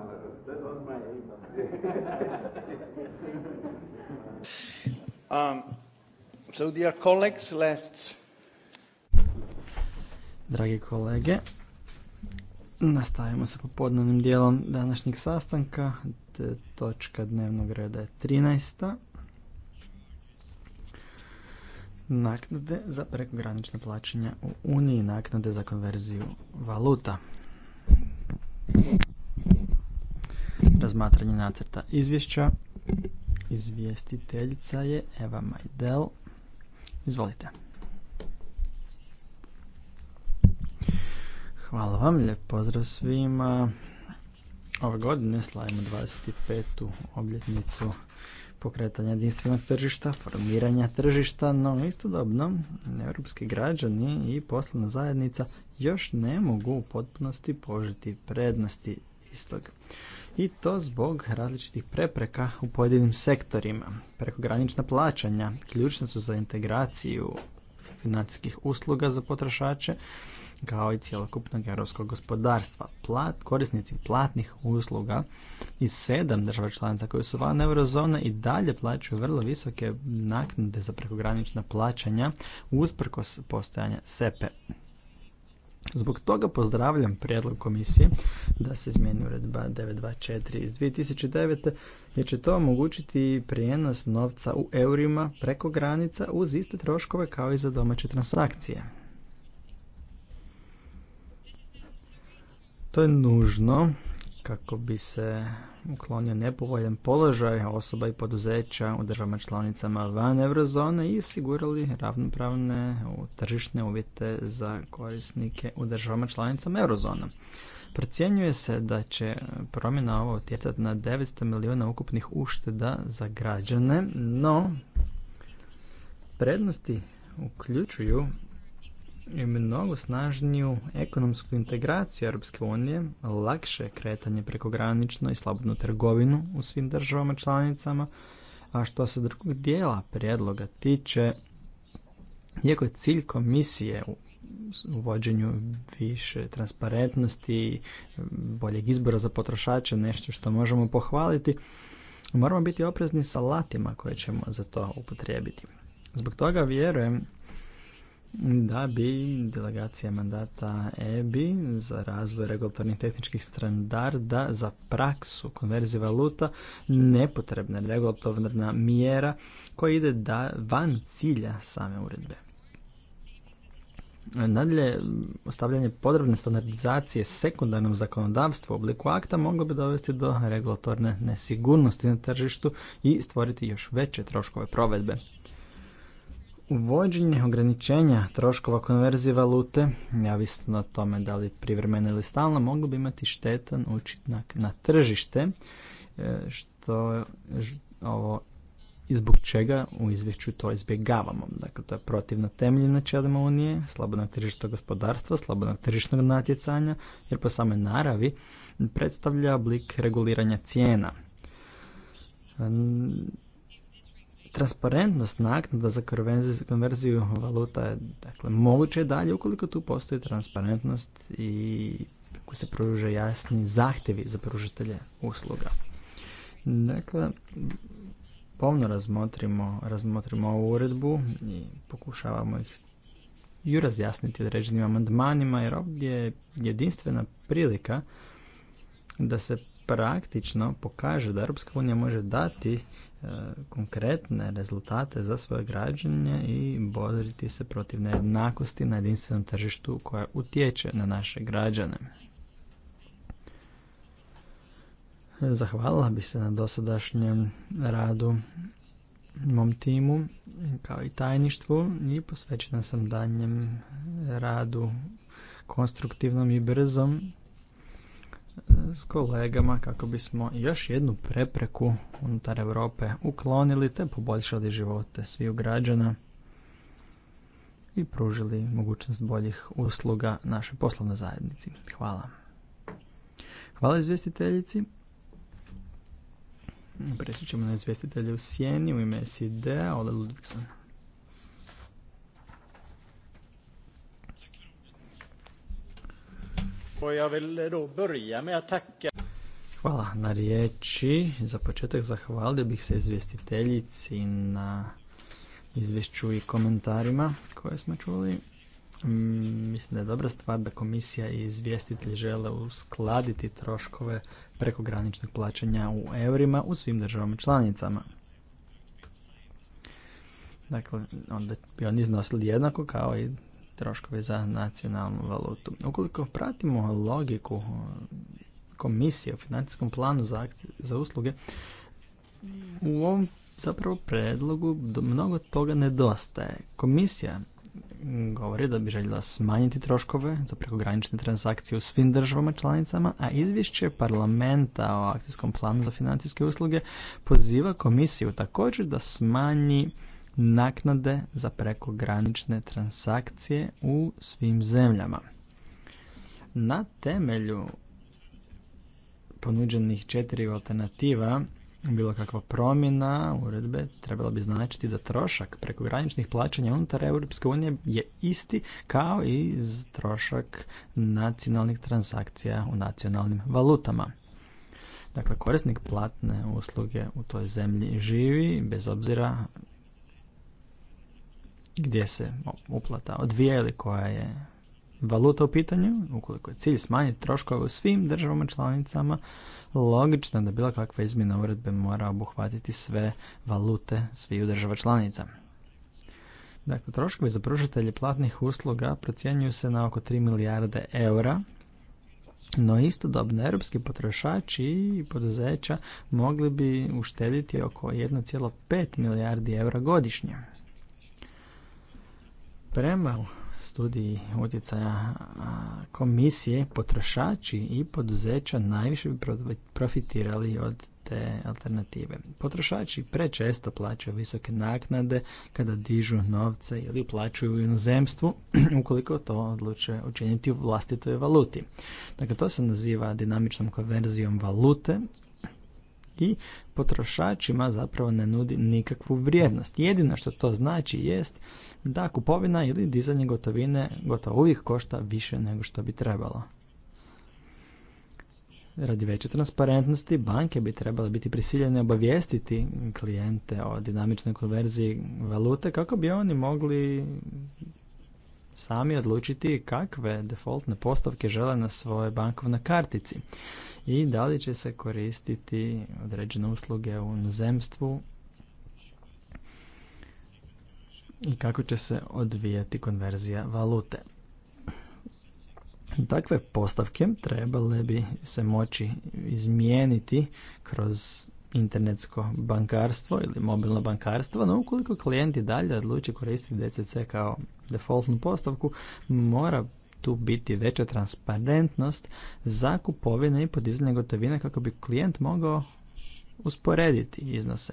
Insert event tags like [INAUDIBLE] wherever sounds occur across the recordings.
[LAUGHS] Um, so dear colleagues, let's... Dragi kolege, nastavimo sa popodnevnim dijelom današnjeg sastanka. Točka dnevnog reda je 13. Naknade za prekogranične plaćanja u Uniji, naknade za konverziju valuta razmatranje nacrta izvješća. Izvjestiteljica je Eva Majdel. Izvolite. Hvala vam, lijep pozdrav svima. Ove godine slavimo 25. obljetnicu pokretanja jedinstvenog tržišta, formiranja tržišta, no istodobno europski građani i poslovna zajednica još ne mogu u potpunosti požiti prednosti istog i to zbog različitih prepreka u pojedinim sektorima. Prekogranična plaćanja ključna su za integraciju financijskih usluga za potrošače kao i cjelokupnog europskog gospodarstva. Plat, korisnici platnih usluga iz sedam država članica koje su van eurozone i dalje plaćaju vrlo visoke naknade za prekogranična plaćanja usprkos postojanja SEPE. Zbog toga pozdravljam prijedlog komisije da se izmijeni uredba 924 iz 2009. jer će to omogućiti prijenos novca u eurima preko granica uz iste troškove kao i za domaće transakcije. To je nužno kako bi se uklonio nepovoljan položaj osoba i poduzeća u državama članicama van eurozone i osigurali ravnopravne tržišne uvjete za korisnike u državama članicama eurozona. Procjenjuje se da će promjena ovo utjecati na 900 milijuna ukupnih ušteda za građane, no prednosti uključuju i mnogo snažniju ekonomsku integraciju Europske unije, lakše kretanje prekogranično i slobodnu trgovinu u svim državama članicama, a što se drugog dijela prijedloga tiče, iako je cilj komisije u uvođenju više transparentnosti i boljeg izbora za potrošače nešto što možemo pohvaliti, moramo biti oprezni sa alatima koje ćemo za to upotrijebiti. Zbog toga vjerujem da bi delegacija mandata EBI za razvoj regulatornih tehničkih standarda za praksu konverzije valuta nepotrebna regulatorna mjera koja ide da van cilja same uredbe. Nadalje, ostavljanje podrobne standardizacije sekundarnom zakonodavstvu u obliku akta moglo bi dovesti do regulatorne nesigurnosti na tržištu i stvoriti još veće troškove provedbe. Uvođenje ograničenja troškova konverzije valute, neovisno o tome da li privremeno ili stalno, moglo bi imati štetan učinak na tržište, e, što ovo i zbog čega u izvješću to izbjegavamo. Dakle, to je protivno na načelima Unije, slobodnog tržišta gospodarstva, na tržišnog natjecanja, jer po samoj naravi predstavlja oblik reguliranja cijena. Transparentnost naknada za konverziju valuta je dakle, moguće dalje ukoliko tu postoji transparentnost i ako se pruže jasni zahtjevi za pružitelje usluga. Dakle, pomno razmotrimo, razmotrimo ovu uredbu i pokušavamo ih ju razjasniti određenim amandmanima jer ovdje je jedinstvena prilika da se praktično pokaže da Europska unija može dati e, konkretne rezultate za svoje građanje i boriti se protiv nejednakosti na jedinstvenom tržištu koja utječe na naše građane. Zahvalila bih se na dosadašnjem radu mom timu kao i tajništvu i posvećena sam danjem radu konstruktivnom i brzom s kolegama kako bismo još jednu prepreku unutar Europe uklonili te poboljšali živote sviju građana i pružili mogućnost boljih usluga našoj poslovnoj zajednici. Hvala. Hvala izvjestiteljici. Preći ćemo na izvjestitelje u sjeni u ime SID-a Ole Eh, Hvala na riječi. Za početak zahvalio bih se izvjestiteljici na izvješću i komentarima koje smo čuli. Mm, mislim da je dobra stvar da komisija i izvjestitelji žele uskladiti troškove prekograničnog plaćanja u eurima u svim državama članicama. Dakle, onda bi oni iznosili jednako kao i troškove za nacionalnu valutu. Ukoliko pratimo logiku eh, komisije o financijskom planu za, akcije, za usluge, u ovom zapravo predlogu mnogo toga nedostaje. Komisija govori da bi željela smanjiti troškove za prekogranične transakcije u svim državama članicama, a izvješće parlamenta o akcijskom planu za financijske usluge poziva komisiju također da smanji naknade za prekogranične transakcije u svim zemljama. Na temelju ponuđenih četiri alternativa bilo kakva promjena uredbe trebala bi značiti da trošak prekograničnih plaćanja unutar Europske unije je isti kao i trošak nacionalnih transakcija u nacionalnim valutama. Dakle, korisnik platne usluge u toj zemlji živi bez obzira gdje se uplata odvija koja je valuta u pitanju, ukoliko je cilj smanjiti troškove u svim državama članicama, logično da bilo kakva izmjena uredbe mora obuhvatiti sve valute sviju država članica. Dakle, troškovi za pružatelje platnih usluga procjenjuju se na oko 3 milijarde eura, no istodobno europski potrošači i poduzeća mogli bi uštediti oko 1,5 milijardi eura godišnje. Prema studiji utjecaja komisije, potrošači i poduzeća najviše bi profitirali od te alternative. Potrošači prečesto plaćaju visoke naknade kada dižu novce ili uplaćuju u inozemstvu [CLEARS THROAT] ukoliko to odluče učiniti u vlastitoj valuti. Dakle, to se naziva dinamičnom konverzijom valute i potrošačima zapravo ne nudi nikakvu vrijednost. Jedino što to znači jest da kupovina ili dizanje gotovine gotovo uvijek košta više nego što bi trebalo. Radi veće transparentnosti banke bi trebale biti prisiljene obavijestiti klijente o dinamičnoj konverziji valute kako bi oni mogli sami odlučiti kakve defaultne postavke žele na svoje bankovne kartici i da li će se koristiti određene usluge u inozemstvu i kako će se odvijati konverzija valute. Takve postavke trebale bi se moći izmijeniti kroz internetsko bankarstvo ili mobilno bankarstvo, no ukoliko klijent i dalje odluči koristiti DCC kao defaultnu postavku, mora tu biti veća transparentnost za kupovine i podizanje gotovine kako bi klijent mogao usporediti iznose.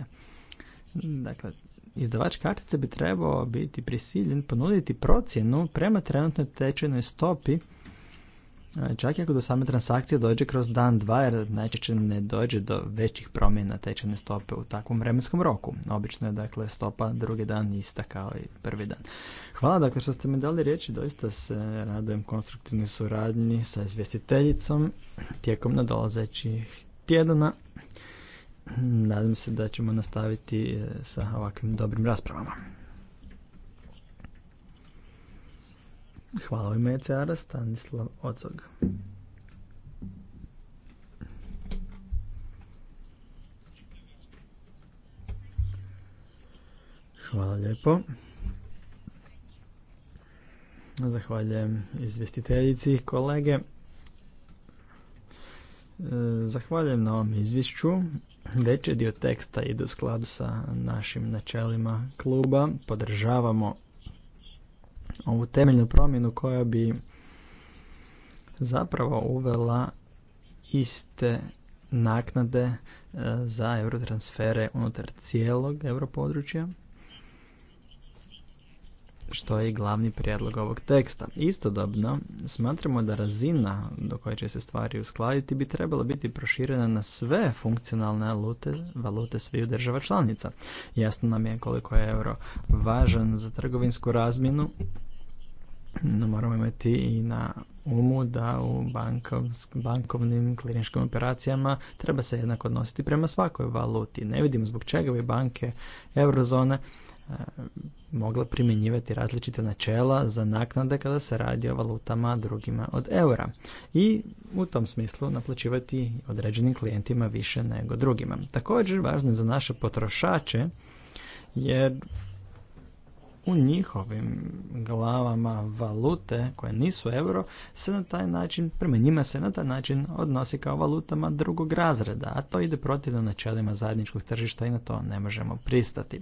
Dakle, izdavač kartice bi trebao biti prisiljen ponuditi procjenu prema trenutnoj tečajnoj stopi Čak i ako do same transakcije dođe kroz dan, dva, jer najčešće ne dođe do većih promjena tečajne stope u takvom vremenskom roku. Obično je dakle stopa drugi dan ista kao i prvi dan. Hvala dakle što ste mi dali riječi, doista se radujem konstruktivnoj suradnji sa izvjestiteljicom tijekom nadolazećih tjedana. Nadam se da ćemo nastaviti eh, sa ovakvim dobrim raspravama. Hvala ime ECR-a Stanislav Ocog. Hvala lijepo. Zahvaljujem izvjestiteljici i kolege. E, zahvaljujem na ovom izvješću. Veći dio teksta ide u skladu sa našim načelima kluba. Podržavamo ovu temeljnu promjenu koja bi zapravo uvela iste naknade e, za eurotransfere unutar cijelog europodručja, što je i glavni prijedlog ovog teksta. Istodobno, smatramo da razina do koje će se stvari uskladiti bi trebala biti proširena na sve funkcionalne valute, valute sviju država članica. Jasno nam je koliko je euro važan za trgovinsku razmjenu, no, moramo imati i na umu da u bankovnim kliničkim operacijama treba se jednako odnositi prema svakoj valuti. Ne vidimo zbog čega bi banke eurozone mogla e, mogle primjenjivati različite načela za naknade kada se radi o valutama drugima od eura i u tom smislu naplaćivati određenim klijentima više nego drugima. Također važno je za naše potrošače jer u njihovim glavama valute koje nisu euro se na taj način, prema njima se na taj način odnosi kao valutama drugog razreda, a to ide protivno načelima zajedničkog tržišta i na to ne možemo pristati.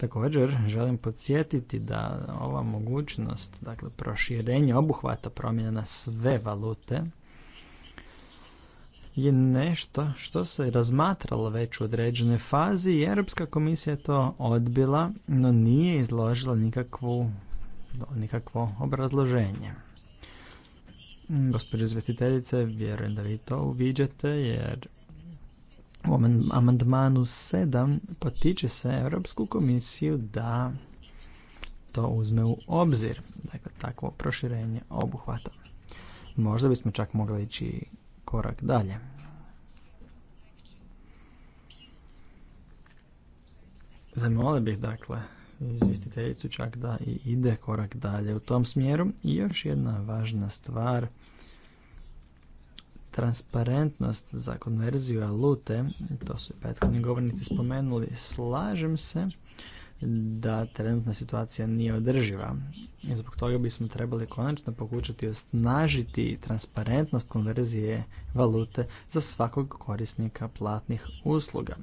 Također želim podsjetiti da ova mogućnost, dakle proširenje obuhvata promjena na sve valute, je nešto što se razmatralo već u određenoj fazi i Europska komisija je to odbila, no nije izložila nikakvu, nikakvo obrazloženje. Gospođo izvestiteljice, vjerujem da vi to uviđate jer u amandmanu 7 potiče se Europsku komisiju da to uzme u obzir, dakle takvo proširenje obuhvata. Možda bismo čak mogli ići korak dalje. Zamolio bih dakle izvjestiteljicu čak da i ide korak dalje u tom smjeru. I još jedna važna stvar, transparentnost za konverziju alute, to su i prethodni govornici spomenuli, slažem se da trenutna situacija nije održiva. I zbog toga bismo trebali konačno pokušati osnažiti transparentnost konverzije valute za svakog korisnika platnih usluga.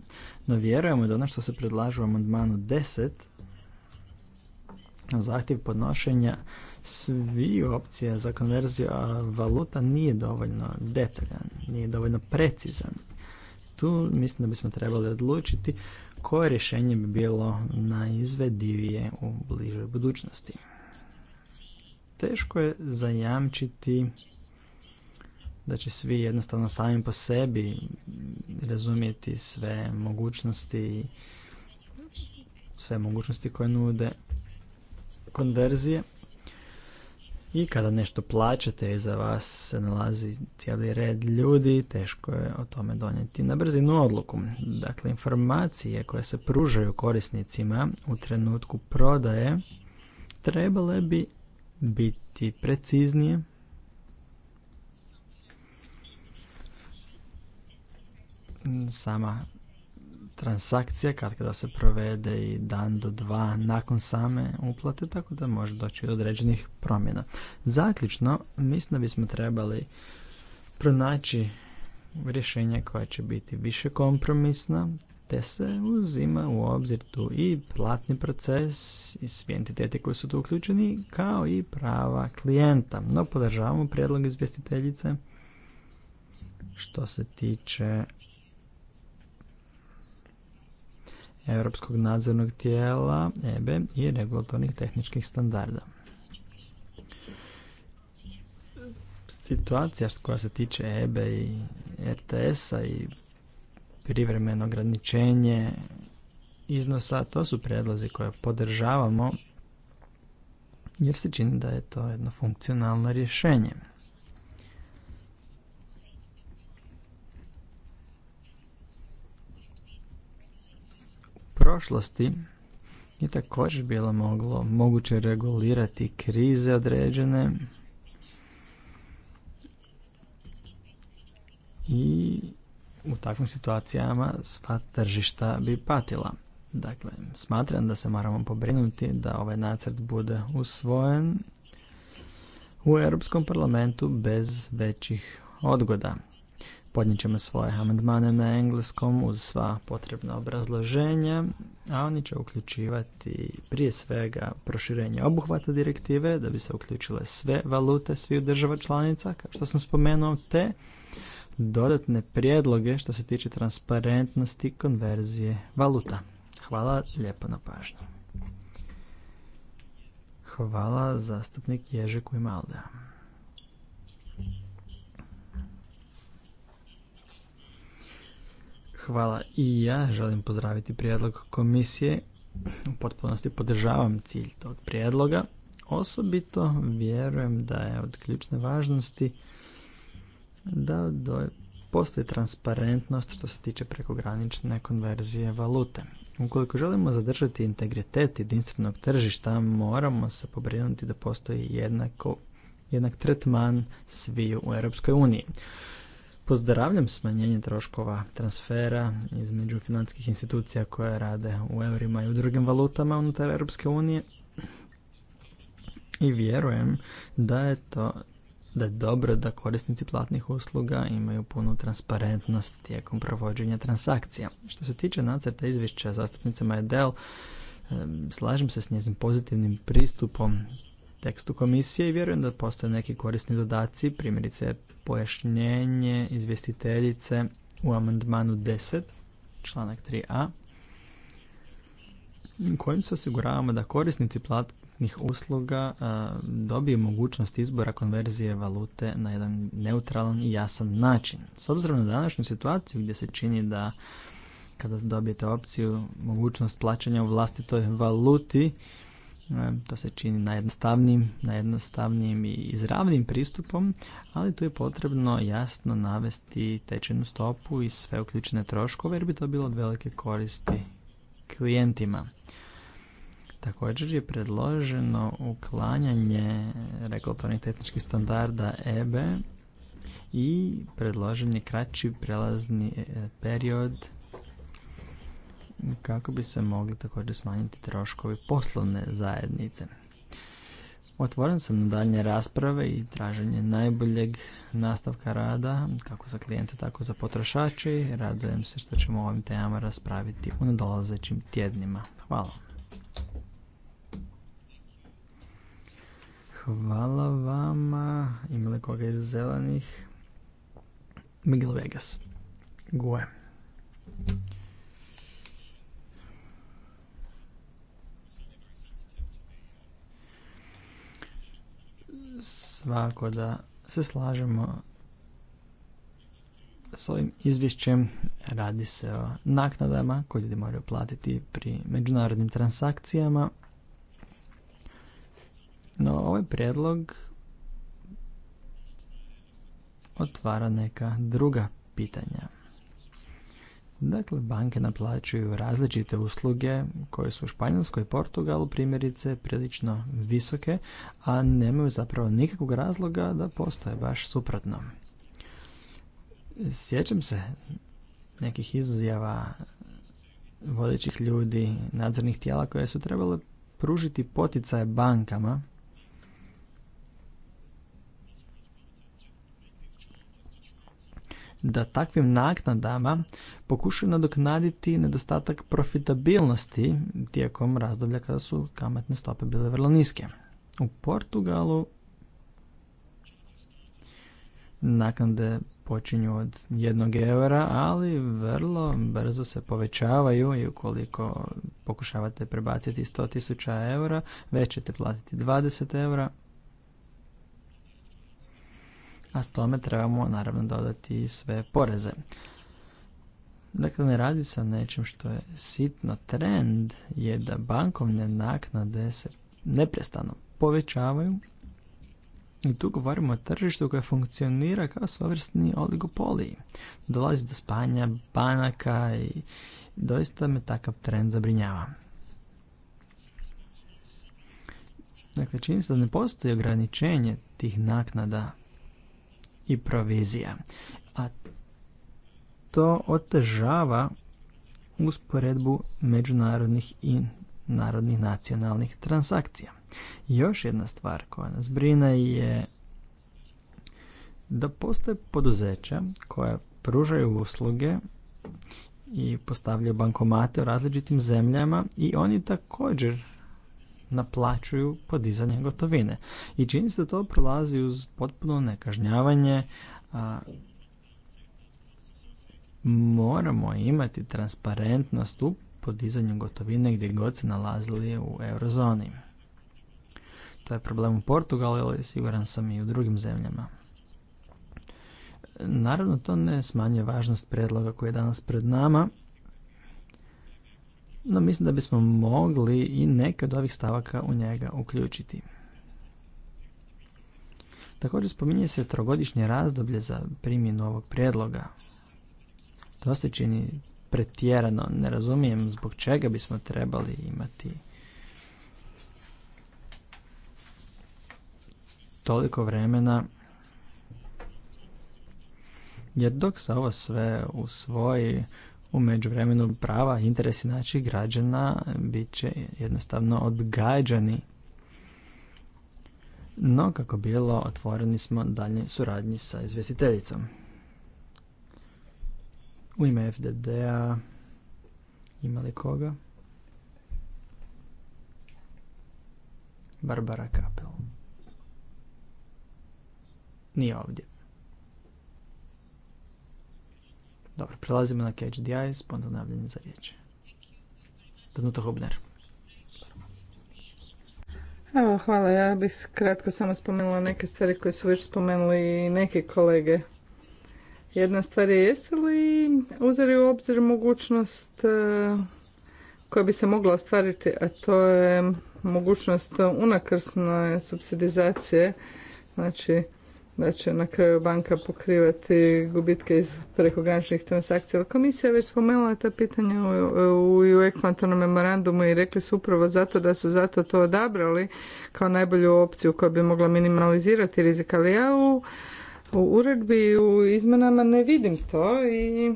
No vjerujemo da ono što se predlažu u amandmanu 10 zahtjev podnošenja svi opcija za konverziju a valuta nije dovoljno detaljan, nije dovoljno precizan. Tu mislim da bismo trebali odlučiti koje rješenje bi bilo najizvedivije u bližoj budućnosti. Teško je zajamčiti da će svi jednostavno sami po sebi razumjeti sve mogućnosti sve mogućnosti koje nude konverzije i kada nešto plaćate i za vas se nalazi cijeli red ljudi, teško je o tome donijeti na brzinu odluku. Dakle, informacije koje se pružaju korisnicima u trenutku prodaje trebale bi biti preciznije. Sama transakcija kad kada se provede i dan do dva nakon same uplate, tako da može doći do određenih promjena. Zaključno, mislim da bismo trebali pronaći rješenje koje će biti više kompromisna, te se uzima u obzir tu i platni proces i svi entiteti koji su tu uključeni, kao i prava klijenta. No, podržavamo prijedlog izvjestiteljice što se tiče Europskog nadzornog tijela EBE i regulatornih tehničkih standarda. Situacija koja se tiče EBE i RTS-a i privremeno ograničenje iznosa, to su prijedlozi koje podržavamo jer se čini da je to jedno funkcionalno rješenje. prošlosti je također bilo moglo moguće regulirati krize određene i u takvim situacijama sva tržišta bi patila. Dakle, smatram da se moramo pobrinuti da ovaj nacrt bude usvojen u Europskom parlamentu bez većih odgoda. Podnijet ćemo svoje amandmane na engleskom uz sva potrebna obrazloženja, a oni će uključivati prije svega proširenje obuhvata direktive da bi se uključile sve valute svih država članica, kao što sam spomenuo, te dodatne prijedloge što se tiče transparentnosti konverzije valuta. Hvala lijepo na pažnju. Hvala zastupnik Ježek Malda. Hvala i ja želim pozdraviti prijedlog komisije. U potpunosti podržavam cilj tog prijedloga. Osobito vjerujem da je od ključne važnosti da postoji transparentnost što se tiče prekogranične konverzije valute. Ukoliko želimo zadržati integritet jedinstvenog tržišta, moramo se pobrinuti da postoji jednak tretman sviju u EU. Pozdravljam smanjenje troškova transfera između financijskih institucija koje rade u eurima i u drugim valutama unutar Europske unije i vjerujem da je to da je dobro da korisnici platnih usluga imaju punu transparentnost tijekom provođenja transakcija. Što se tiče nacrta izvješća zastupnicama Edel, slažem se s njezim pozitivnim pristupom tekstu komisije i vjerujem da postoje neki korisni dodaci, primjerice pojašnjenje izvjestiteljice u amandmanu 10, članak 3a, kojim se osiguravamo da korisnici platnih usluga dobiju mogućnost izbora konverzije valute na jedan neutralan i jasan način. S obzirom na današnju situaciju gdje se čini da kada dobijete opciju mogućnost plaćanja u vlastitoj valuti, E, to se čini najjednostavnijim, najjednostavnijim i izravnim pristupom, ali tu je potrebno jasno navesti tečenu stopu i sve uključene troškove jer bi to bilo od velike koristi klijentima. Također je predloženo uklanjanje regulatornih tehničkih standarda EBE i predložen je kraći prelazni e, period kako bi se mogli također smanjiti troškovi poslovne zajednice. Otvoren sam na daljnje rasprave i traženje najboljeg nastavka rada, kako za klijente, tako za potrošače. Radujem se što ćemo o ovim temama raspraviti u nadolazećim tjednima. Hvala. Hvala vama. Ima koga iz zelenih? Miguel Vegas. Gue. svako da se slažemo s ovim izvješćem. Radi se o naknadama koje ljudi moraju platiti pri međunarodnim transakcijama. No, ovaj prijedlog otvara neka druga pitanja. Dakle, banke naplaćuju različite usluge koje su u Španjolskoj i Portugalu primjerice prilično visoke, a nemaju zapravo nikakvog razloga da postoje baš suprotno. Sjećam se nekih izjava vodećih ljudi, nadzornih tijela koje su trebale pružiti poticaje bankama da takvim naknadama pokušaju nadoknaditi nedostatak profitabilnosti tijekom razdoblja kada su kamatne stope bile vrlo niske. U Portugalu naknade počinju od jednog eura, ali vrlo brzo se povećavaju i ukoliko pokušavate prebaciti 100.000 eura, već ćete platiti 20 eura a tome trebamo naravno dodati sve poreze. Dakle, ne radi se o nečem što je sitno. Trend je da bankovne naknade se neprestano povećavaju i tu govorimo o tržištu koje funkcionira kao svovrsni oligopoliji. Dolazi do spanja banaka i doista me takav trend zabrinjava. Dakle, čini se da ne postoji ograničenje tih naknada i provizija. A to otežava usporedbu međunarodnih i narodnih nacionalnih transakcija. Još jedna stvar koja nas brine je da postoje poduzeća koja pružaju usluge i postavljaju bankomate u različitim zemljama i oni također naplaćuju podizanje gotovine. I čini se da to prolazi uz potpuno nekažnjavanje. A, moramo imati transparentnost u podizanju gotovine gdje god se nalazili u eurozoni. To je problem u Portugalu, ali siguran sam i u drugim zemljama. Naravno, to ne smanjuje važnost predloga koji je danas pred nama, no mislim da bismo mogli i neke od ovih stavaka u njega uključiti. Također spominje se trogodišnje razdoblje za primjenu ovog prijedloga. To se čini pretjerano, ne razumijem zbog čega bismo trebali imati toliko vremena jer dok se ovo sve usvoji, u međuvremenu prava i interesi naših građana bit će jednostavno odgađani. No, kako bilo, otvoreni smo daljnjoj suradnji sa izvjestiteljicom. U ime FDD-a ima li koga? Barbara Kapel. Nije ovdje. Dobro, prelazimo na Catch the pa onda za riječ. Danuta Hobner. Evo, hvala. Ja bih kratko samo spomenula neke stvari koje su već spomenuli i neke kolege. Jedna stvar je jeste li uzeli u obzir mogućnost e, koja bi se mogla ostvariti, a to je mogućnost unakrsne subsidizacije, znači da će na kraju banka pokrivati gubitke iz prekograničnih transakcija. komisija je već spomenula ta pitanja u, u, memorandumu i rekli su upravo zato da su zato to odabrali kao najbolju opciju koja bi mogla minimalizirati rizik. Ali ja u, uredbi i u izmenama ne vidim to i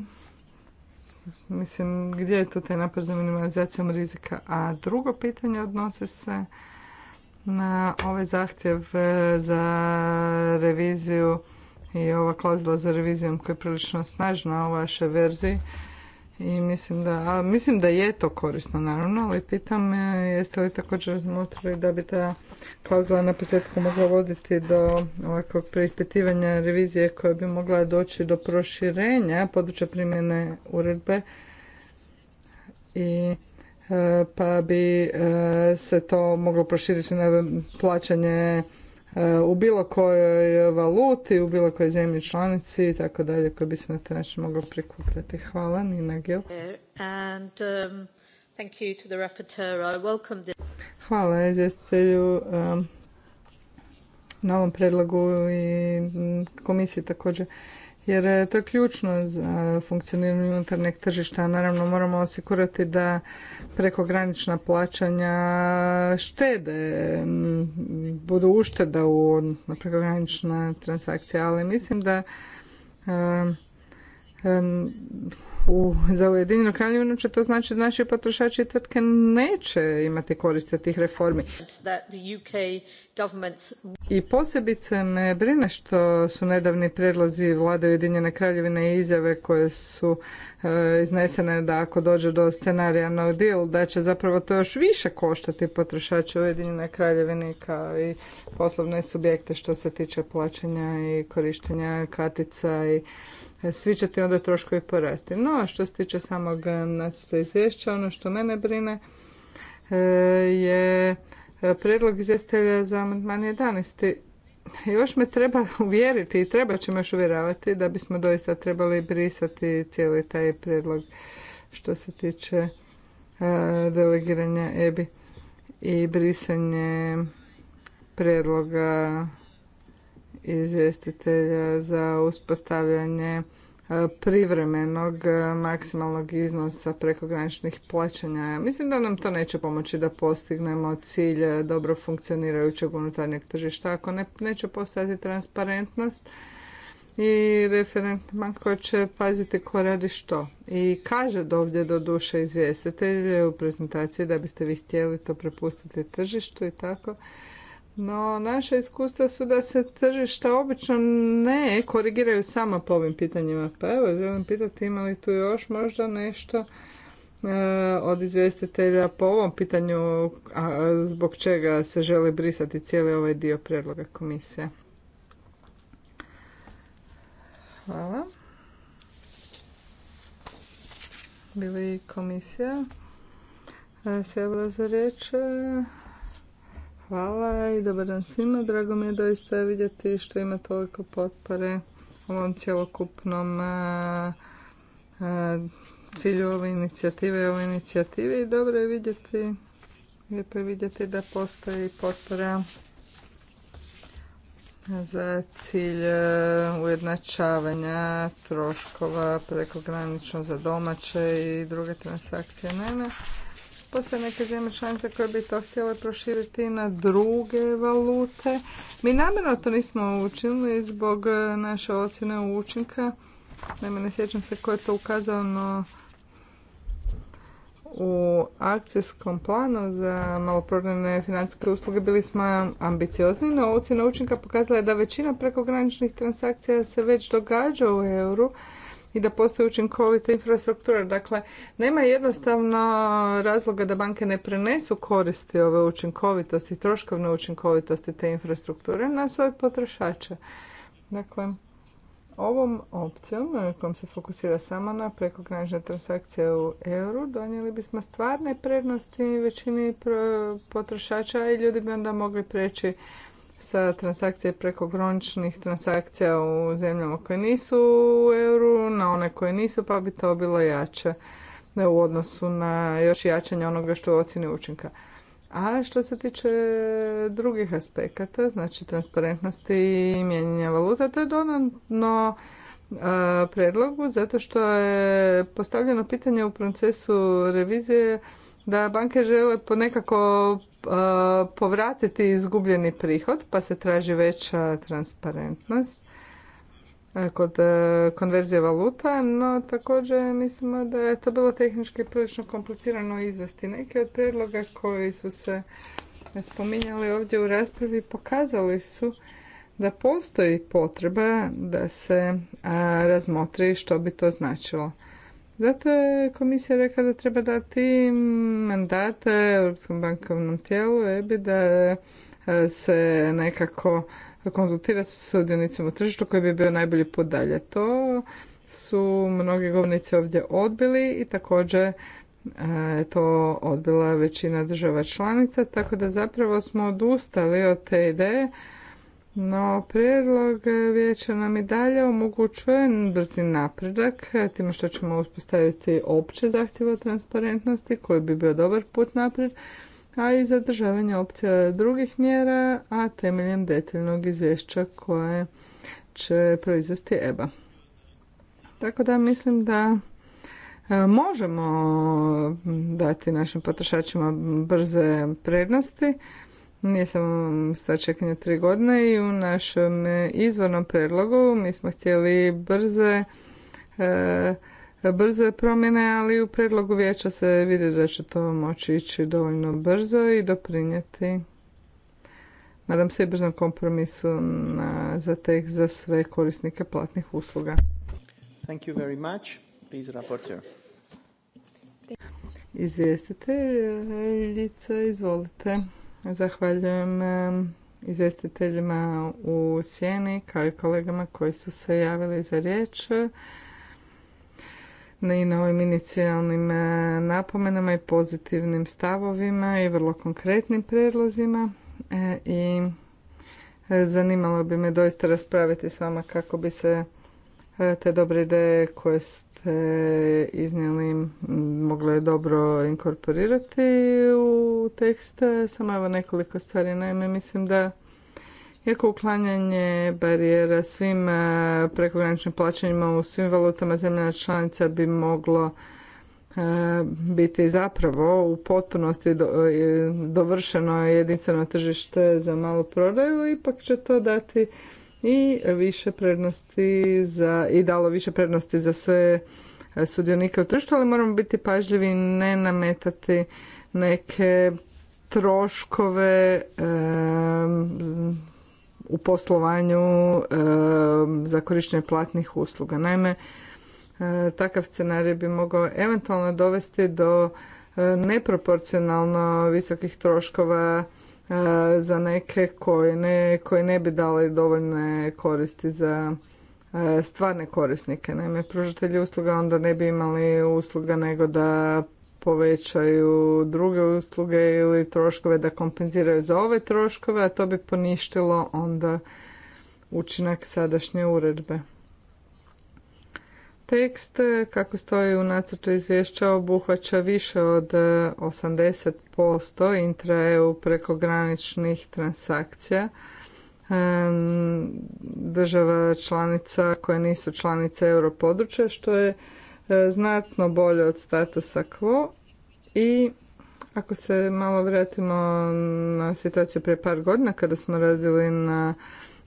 mislim gdje je to taj napad za minimalizacijom rizika. A drugo pitanje odnose se na ovaj zahtjev e, za reviziju i ova klauzula za revizijom koja je prilično snažna u vašoj verziji i mislim da, mislim da je to korisno naravno, ali pitam e, jeste li također razmotrili da bi ta klauzula na posljedku mogla voditi do ovakvog preispitivanja revizije koja bi mogla doći do proširenja područja primjene uredbe i E, pa bi e, se to moglo proširiti na plaćanje e, u bilo kojoj valuti, u bilo kojoj zemlji članici i tako dalje koje bi se na taj način moglo prikupljati. Hvala Nina Gil. Um, Hvala izvjestitelju um, na ovom prijedlogu i mm, komisiji također jer e, to ključno za funkcioniranje unutarnjeg tržišta. Naravno moramo osigurati da prekogranična plaćanja štede, budu ušteda u odnosu na prekogranična transakcija, ali mislim da e, e, u, za Ujedinjeno kraljevinu će to znači da naši potrošači i tvrtke neće imati koristi od tih reformi. I posebice me brine što su nedavni prijedlozi vlade Ujedinjene kraljevine i izjave koje su e, iznesene da ako dođe do scenarija no deal da će zapravo to još više koštati potrošače Ujedinjene kraljevine kao i poslovne subjekte što se tiče plaćanja i korištenja kartica i svi će ti onda troškovi porasti. No, što se tiče samog e, nacrta izvješća, ono što mene brine e, je e, predlog izvjestitelja za amandman 11. Još me treba uvjeriti i treba ćemo još uvjeravati da bismo doista trebali brisati cijeli taj predlog što se tiče delegiranja EBI i brisanje predloga izvjestitelja za uspostavljanje privremenog e, maksimalnog iznosa prekograničnih plaćanja. Mislim da nam to neće pomoći da postignemo cilj e, dobro funkcionirajućeg unutarnjeg tržišta ako ne, neće postati transparentnost i referent banko će paziti ko radi što. I kaže do ovdje do duše izvjestitelje u prezentaciji da biste vi htjeli to prepustiti tržištu i tako. No, naše iskustva su da se tržišta obično ne korigiraju sama po ovim pitanjima. Pa evo, želim pitati ima li tu još možda nešto e, od izvjestitelja po ovom pitanju a zbog čega se želi brisati cijeli ovaj dio predloga komisije. Hvala. Bili komisija. Sve za riječ. Hvala i dobar dan svima. Drago mi je doista vidjeti što ima toliko potpore u ovom cjelokupnom e, e, cilju ove inicijative i ove i dobro je vidjeti lijepo je vidjeti da postoji potpora za cilj e, ujednačavanja troškova prekogranično za domaće i druge transakcije. Naime, Postoje neke zemlje članice koje bi to htjele proširiti na druge valute. Mi namjerno to nismo učinili zbog e, naše ocjene učinka. Naime, ne sjećam se ko je to ukazano u akcijskom planu za maloprodajne financijske usluge bili smo ambiciozni, no ocjena učinka pokazala je da većina prekograničnih transakcija se već događa u euru, i da postoji učinkovita infrastruktura. Dakle, nema jednostavno razloga da banke ne prenesu koristi ove učinkovitosti, troškovne učinkovitosti te infrastrukture na svoje potrošače. Dakle, ovom opcijom eh, kojom se fokusira samo na prekogranične transakcije u euru donijeli bismo stvarne prednosti većini potrošača i ljudi bi onda mogli preći sa transakcije preko transakcija u zemljama koje nisu u euru na one koje nisu pa bi to bilo jače u odnosu na još jačanje onoga što je ocjeni učinka. A što se tiče drugih aspekata, znači transparentnosti i mijenjanja valuta, to je dodatno predlogu zato što je postavljeno pitanje u procesu revizije da banke žele ponekako uh, povratiti izgubljeni prihod pa se traži veća transparentnost uh, kod uh, konverzije valuta, no također mislimo da je to bilo tehnički prilično komplicirano izvesti. Neki od predloga koji su se spominjali ovdje u raspravi pokazali su da postoji potreba da se razmotri što bi to značilo. Zato je komisija rekla da treba dati mandate Europskom bankovnom tijelu EBI da e, se nekako konzultira sa sudionicima u tržištu koji bi bio najbolji put dalje. To su mnogi govornici ovdje odbili i također je to odbila većina država članica, tako da zapravo smo odustali od te ideje no, prijedlog vijeća nam i dalje omogućuje brzi napredak time što ćemo uspostaviti opće zahtjeve o transparentnosti koji bi bio dobar put naprijed, a i zadržavanje opcija drugih mjera, a temeljem detaljnog izvješća koje će proizvesti EBA. Tako da mislim da e, možemo dati našim potrošačima brze prednosti, nisam sta čekanje tri godine i u našem izvornom predlogu mi smo htjeli brze e, brze promjene, ali u predlogu vijeća se vidi da će to moći ići dovoljno brzo i doprinijeti nadam se i brzom kompromisu na, za tekst za sve korisnike platnih usluga. Thank you izvolite. Zahvaljujem izvjestiteljima u sjeni kao i kolegama koji su se javili za riječ i na ovim inicijalnim napomenama i pozitivnim stavovima i vrlo konkretnim prijedlozima e, i e, zanimalo bi me doista raspraviti s vama kako bi se e, te dobre ideje koje ste ste iznijeli moglo je dobro inkorporirati u tekst. Samo evo nekoliko stvari. Naime, mislim da iako uklanjanje barijera svim e, prekograničnim plaćanjima u svim valutama zemljena članica bi moglo e, biti zapravo u potpunosti e, dovršeno jedinstveno tržište za malu prodaju, ipak će to dati i više prednosti za, i dalo više prednosti za sve e, sudionike u tržištu, ali moramo biti pažljivi i ne nametati neke troškove e, u poslovanju e, za korištenje platnih usluga. Naime, takav scenarij bi mogao eventualno dovesti do neproporcionalno visokih troškova E, za neke koji ne, ne bi dali dovoljne koristi za e, stvarne korisnike. Naime, pružatelji usluga onda ne bi imali usluga nego da povećaju druge usluge ili troškove da kompenziraju za ove troškove, a to bi poništilo onda učinak sadašnje uredbe. Tekst, kako stoji u nacrtu izvješća, obuhvaća više od 80% e, intra-EU prekograničnih transakcija e, država članica koje nisu članice europodručja, što je e, znatno bolje od statusa quo i ako se malo vratimo na situaciju prije par godina kada smo radili na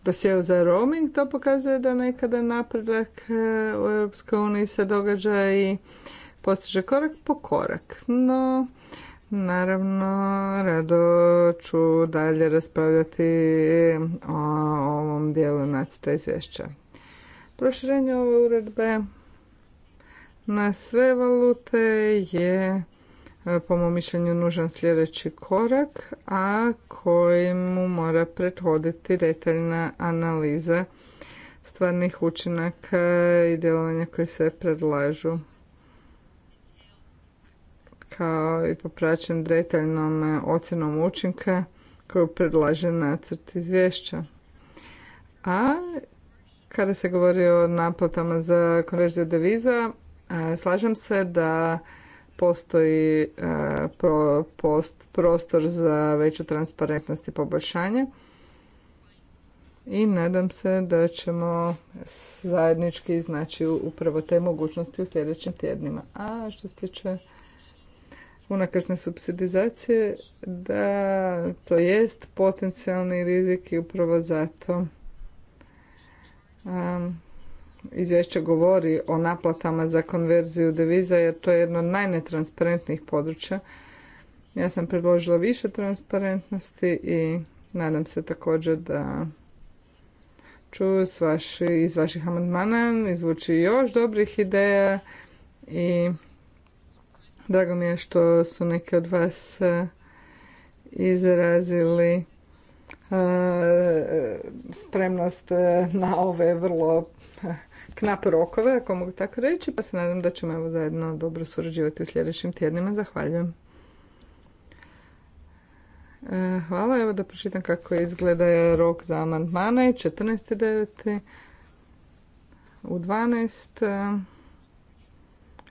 dosjeu za roaming, to pokazuje da nekada napredak e, u EU se događa i postiže korak po korak. No, naravno, rado ću dalje raspravljati o ovom dijelu nacrta izvješća. Proširenje ove uredbe na sve valute je E, po mom mišljenju nužan sljedeći korak, a kojemu mora prethoditi detaljna analiza stvarnih učinaka i djelovanja koji se predlažu kao i popraćen detaljnom ocjenom učinka koju predlaže nacrt izvješća. A kada se govori o naplatama za konverziju deviza, e, slažem se da postoji e, prostor za veću transparentnost i poboljšanje i nadam se da ćemo zajednički znači upravo te mogućnosti u sljedećim tjednima. A što se tiče unakrsne subsidizacije, da to jest potencijalni rizik i upravo zato izvješće govori o naplatama za konverziju deviza jer to je jedno od najnetransparentnijih područja. Ja sam predložila više transparentnosti i nadam se također da ću iz vaših amandmana izvući još dobrih ideja i drago mi je što su neki od vas eh, izrazili E, spremnost e, na ove vrlo e, knape rokove, ako mogu tako reći, pa se nadam da ćemo evo zajedno dobro surađivati u sljedećim tjednima. Zahvaljujem. Hvala, evo da pročitam kako izgleda rok za amandmane, 14.9. u 12.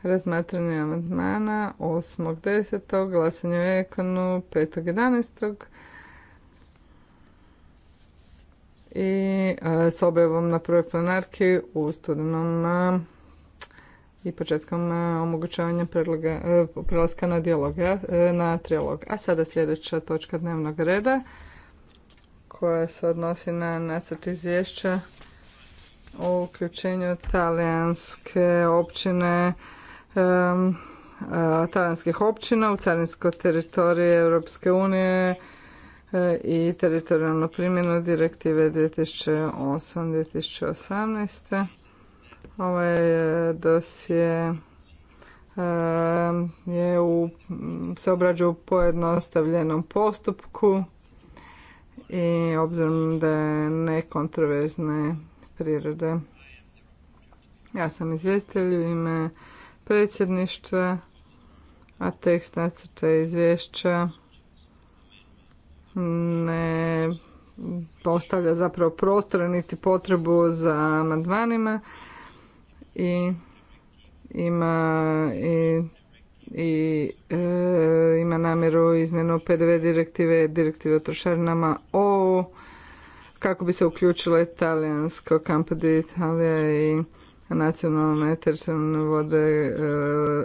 Razmatranje amandmana 8.10. Glasanje u ekonu 5.11 i e, s objavom na prvoj planarki, u studenom e, i početkom e, omogućavanja prelaska na dijalog, na trilog. A sada sljedeća točka dnevnog reda koja se odnosi na nacrt izvješća o uključenju talijanske općine talijanskih općina u carinsko teritorije Europske unije E, i teritorijalnu primjenu direktive 2008-2018. Ovaj e, dosje e, je u, se obrađuje u pojednostavljenom postupku i obzirom da je nekontroverzne prirode. Ja sam izvjestitelj u ime predsjedništva, a tekst nacrta izvješća ne postavlja zapravo prostora niti potrebu za amandmanima i ima i, e, ima namjeru izmjenu PDV direktive, direktive o trošarinama o kako bi se uključilo italijansko Campo di Italia i nacionalne teritorijalne vode e,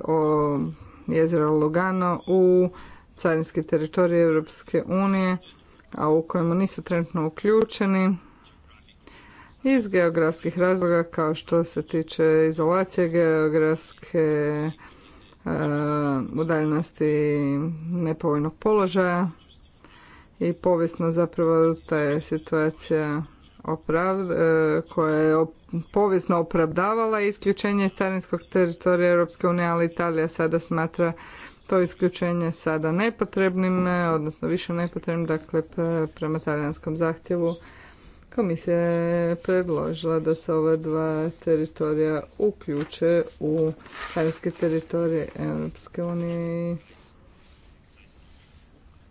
o jezero Lugano u carinski teritorij Europske unije, a u kojemu nisu trenutno uključeni iz geografskih razloga kao što se tiče izolacije geografske eh, udaljenosti nepovoljnog položaja i povijesno zapravo ta je situacija eh, koja je op, povijesno opravdavala isključenje iz carinskog teritorija Europske unije, ali Italija sada smatra to isključenje sada nepotrebnim, e, odnosno više nepotrebnim, dakle prema talijanskom zahtjevu komisija je predložila da se ova dva teritorija uključe u talijanske teritorije Europske unije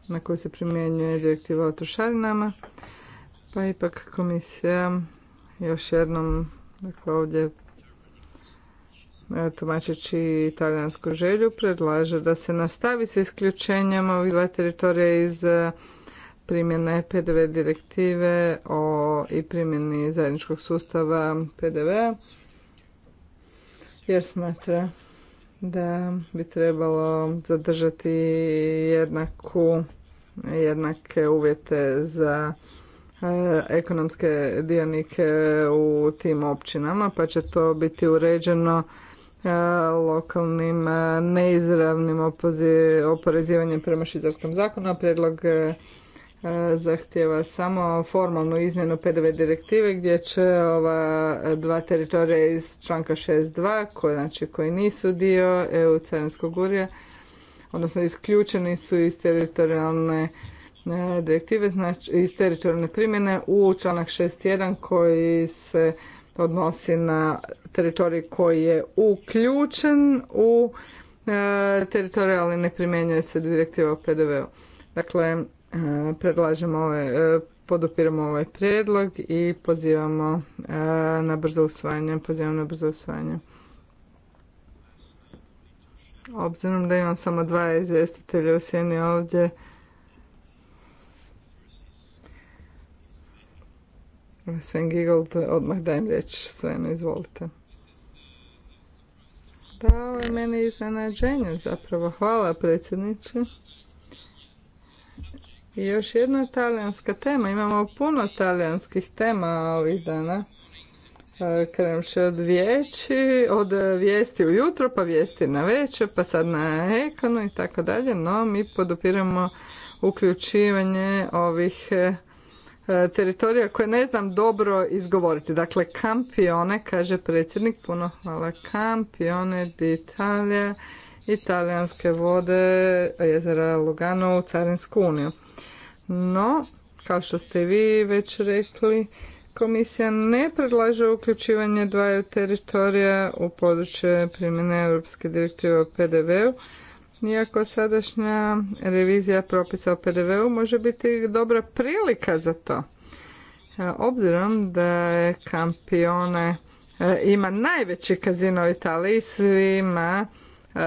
na koje se primjenjuje direktiva o trošarinama. Pa ipak komisija još jednom dakle ovdje E, tumačeći italijansku želju, predlaže da se nastavi s isključenjem ovih dva teritorija iz e, primjene PDV direktive o, i primjeni zajedničkog sustava pdv jer smatra da bi trebalo zadržati jednaku, jednake uvjete za e, ekonomske dionike u tim općinama, pa će to biti uređeno lokalnim neizravnim oporezivanjem prema švicarskom zakonu, a prijedlog zahtjeva samo formalnu izmjenu PDV direktive gdje će ova dva teritorija iz članka 6.2 koji, znači, koji nisu dio EU carinskog urija odnosno isključeni su iz teritorijalne e, direktive, znači iz teritorijalne primjene u članak 6.1 koji se odnosi na teritorij koji je uključen u e, teritorij, ali ne primjenjuje se direktiva o PDV-u. Dakle, e, predlažemo ovaj, e, podupiramo ovaj prijedlog i pozivamo na brzo usvajanje, pozivamo na brzo usvajanje. Obzirom da imam samo dva izvjestitelja u sjeni ovdje, Sven Giegold, odmah dajem riječ Svenu, izvolite. Da, ovo je meni iznenađenje zapravo. Hvala predsjedniče. I još jedna talijanska tema. Imamo puno talijanskih tema ovih dana. E, Kremše od vijeći, od vijesti ujutro, pa vijesti na večer, pa sad na ekonu i tako dalje. No, mi podupiramo uključivanje ovih e, E, teritorija koje ne znam dobro izgovoriti. Dakle, kampione, kaže predsjednik, puno hvala, kampione d'Italia, italijanske vode, jezera Lugano u Carinsku uniju. No, kao što ste vi već rekli, komisija ne predlaže uključivanje dvaju teritorija u područje primjene Europske direktive o PDV-u, iako sadašnja revizija propisa o PDV-u može biti dobra prilika za to. E, obzirom da je kampione e, ima najveći kazino u Italiji, svima e,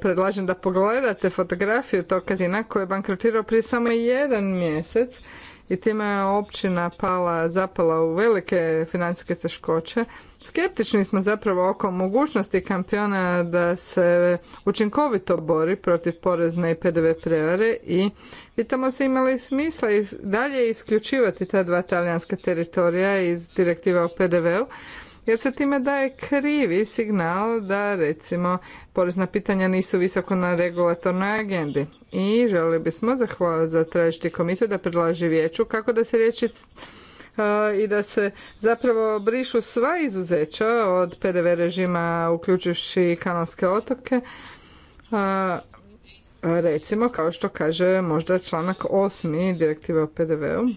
predlažem da pogledate fotografiju tog kazina koji je bankrotirao prije samo jedan mjesec i time je općina pala, zapala u velike financijske teškoće. Skeptični smo zapravo oko mogućnosti kampiona da se učinkovito bori protiv porezne i PDV prevare i pitamo se imali smisla dalje isključivati ta dva talijanska teritorija iz direktiva o PDV-u jer se time daje krivi signal da recimo porezna pitanja nisu visoko na regulatornoj agendi. I želi bismo zatražiti komisiju da predlaže vijeću kako da se riječi uh, i da se zapravo brišu sva izuzeća od PDV režima uključujući kanalske otoke uh, recimo kao što kaže možda članak 8. direktive o PDV-u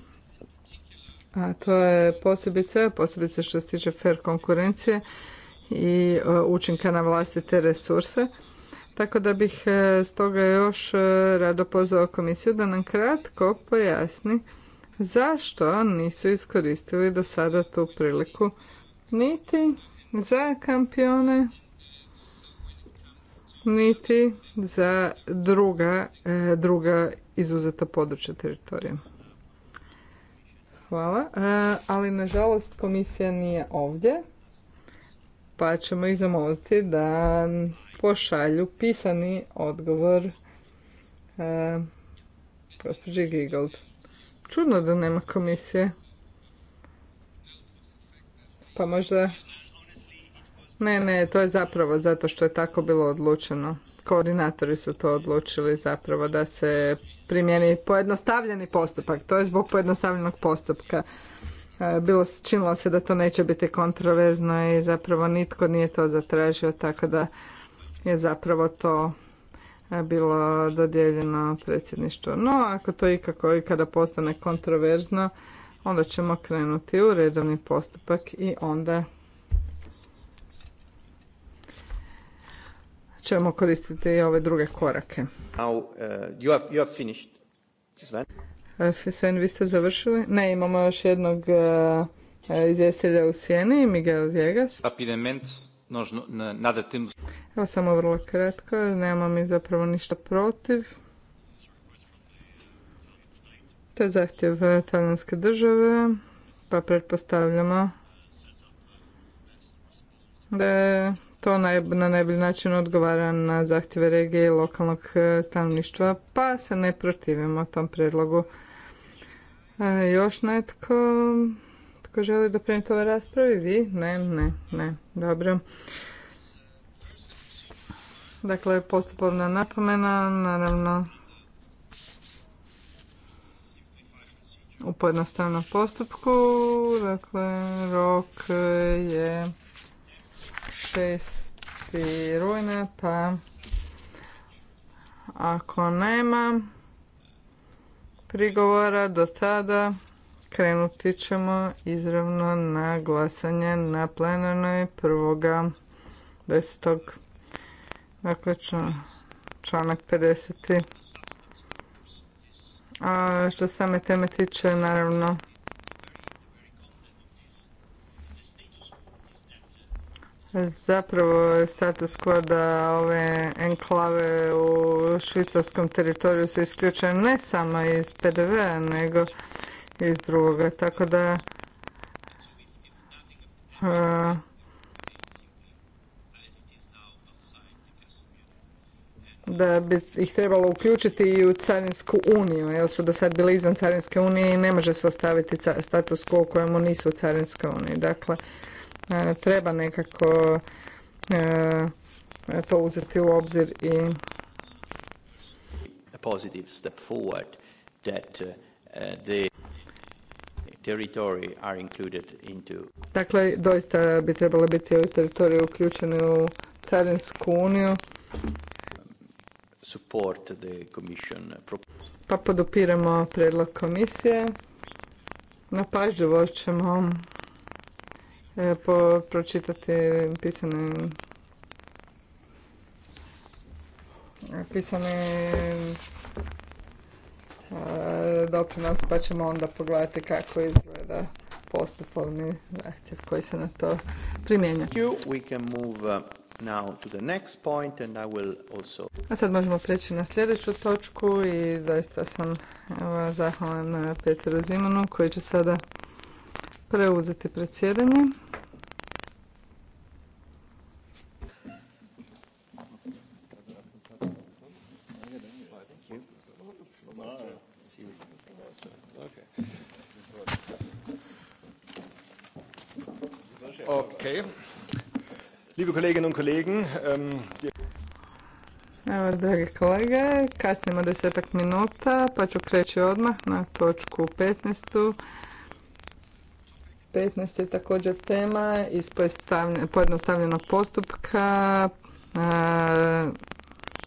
a to je posebice, posebice što se tiče fair konkurencije i e, učinka na vlastite resurse. Tako da bih e, stoga još e, rado pozvao komisiju da nam kratko pojasni zašto nisu iskoristili do sada tu priliku niti za kampione, niti za druga, druga izuzeta područja teritorija. Hvala. E, ali nažalost komisija nije ovdje. Pa ćemo ih zamoliti da pošalju pisani odgovor e, gospođi Gigold. Čudno da nema komisije. Pa možda... Ne, ne, to je zapravo zato što je tako bilo odlučeno. Koordinatori su to odlučili zapravo da se primjeni pojednostavljeni postupak. To je zbog pojednostavljenog postupka. E, bilo činilo se da to neće biti kontroverzno i zapravo nitko nije to zatražio, tako da je zapravo to e, bilo dodijeljeno predsjedništvu. No, ako to ikako i kada postane kontroverzno, onda ćemo krenuti u redovni postupak i onda ćemo koristiti i ove druge korake. Now, eh, you eh, Sven? vi ste završili? Ne, imamo još jednog eh, izvjestitelja u sjeni, Miguel Viegas. Evo samo vrlo kratko, nemamo mi zapravo ništa protiv. To je zahtjev talijanske države, pa pretpostavljamo da je to na najbolji način odgovara na zahtjeve regije i lokalnog e, stanovništva, pa se ne protivimo tom predlogu. E, još netko tko želi doprinijeti ovoj raspravi? Vi? Ne, ne, ne. Dobro. Dakle, postupovna napomena, naravno u pojednostavnom postupku. Dakle, rok e, je 6. rujna, pa ako nema prigovora do tada, krenuti ćemo izravno na glasanje na plenarnoj prvoga desetog Dakle, članak 50. A što same teme tiče, naravno, Zapravo je status quo da ove enklave u švicarskom teritoriju su isključene ne samo iz PDV-a nego iz drugoga. Tako da e, da bi ih trebalo uključiti i u Carinsku uniju, jer su do sad bili izvan Carinske unije i ne može se ostaviti status quo u kojemu nisu u Carinskoj uniji. Dakle, E, treba nekako e, to uzeti u obzir i positive step forward that uh, the territory are included into Dakle, doista bi trebalo biti ovi teritoriji uključeni u Carinsku uniju. Support the commission. Pa podupiramo predlog komisije. pažljivo ćemo E, po, pročitati pisane e, pisane e, doprinos pa ćemo onda pogledati kako izgleda postupovni zahtjev koji se na to primjenjuje. A sad možemo preći na sljedeću točku i doista sam zahvalan uh, Petru Zimanu koji će sada preuzeti predsjedanje. Ähm, Evo, dragi kolege, kasnimo desetak minuta, pa ću kreći odmah na točku 15. 15 je također tema iz pojednostavljenog postupka,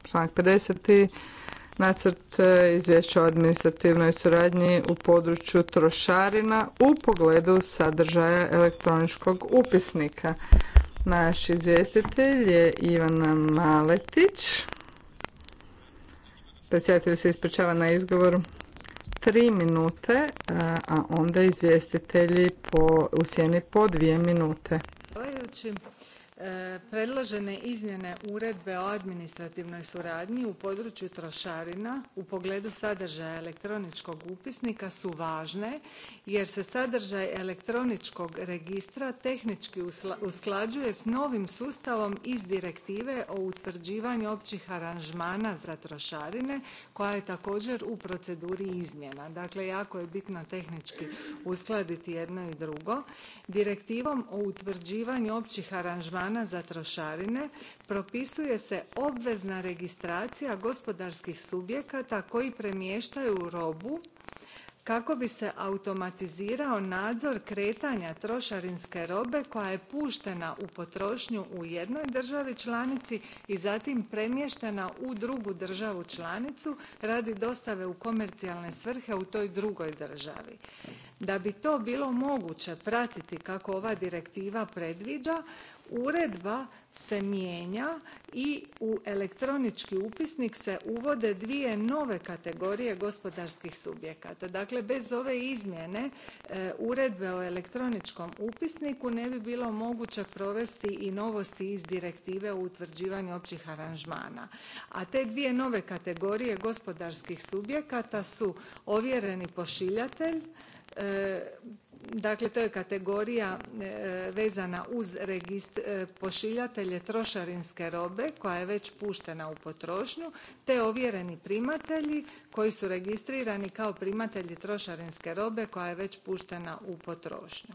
članak 50. Nacrt e, izvješća o administrativnoj suradnji u području trošarina u pogledu sadržaja elektroničkog upisnika. Naš izvjestitelj je Ivana Maletić. Predsjedatelj se ispričava na izgovoru tri minute, a onda izvjestitelji po, u sjeni po dvije minute. E, predložene izmjene Uredbe o administrativnoj suradnji u području trošarina u pogledu sadržaja elektroničkog upisnika su važne jer se sadržaj elektroničkog registra tehnički usklađuje s novim sustavom iz Direktive o utvrđivanju općih aranžmana za trošarine koja je također u proceduri izmjena. Dakle, jako je bitno tehnički uskladiti jedno i drugo. Direktivom o utvrđivanju općih aranžmana za trošarine propisuje se obvezna registracija gospodarskih subjekata koji premještaju robu kako bi se automatizirao nadzor kretanja trošarinske robe koja je puštena u potrošnju u jednoj državi članici i zatim premještena u drugu državu članicu radi dostave u komercijalne svrhe u toj drugoj državi da bi to bilo moguće pratiti kako ova direktiva predviđa uredba se mijenja i u elektronički upisnik se uvode dvije nove kategorije gospodarskih subjekata dakle bez ove izmjene e, uredbe o elektroničkom upisniku ne bi bilo moguće provesti i novosti iz direktive o utvrđivanju općih aranžmana a te dvije nove kategorije gospodarskih subjekata su ovjereni pošiljatelj E, dakle to je kategorija e, vezana uz e, pošiljatelje trošarinske robe koja je već puštena u potrošnju te ovjereni primatelji koji su registrirani kao primatelji trošarinske robe koja je već puštena u potrošnju.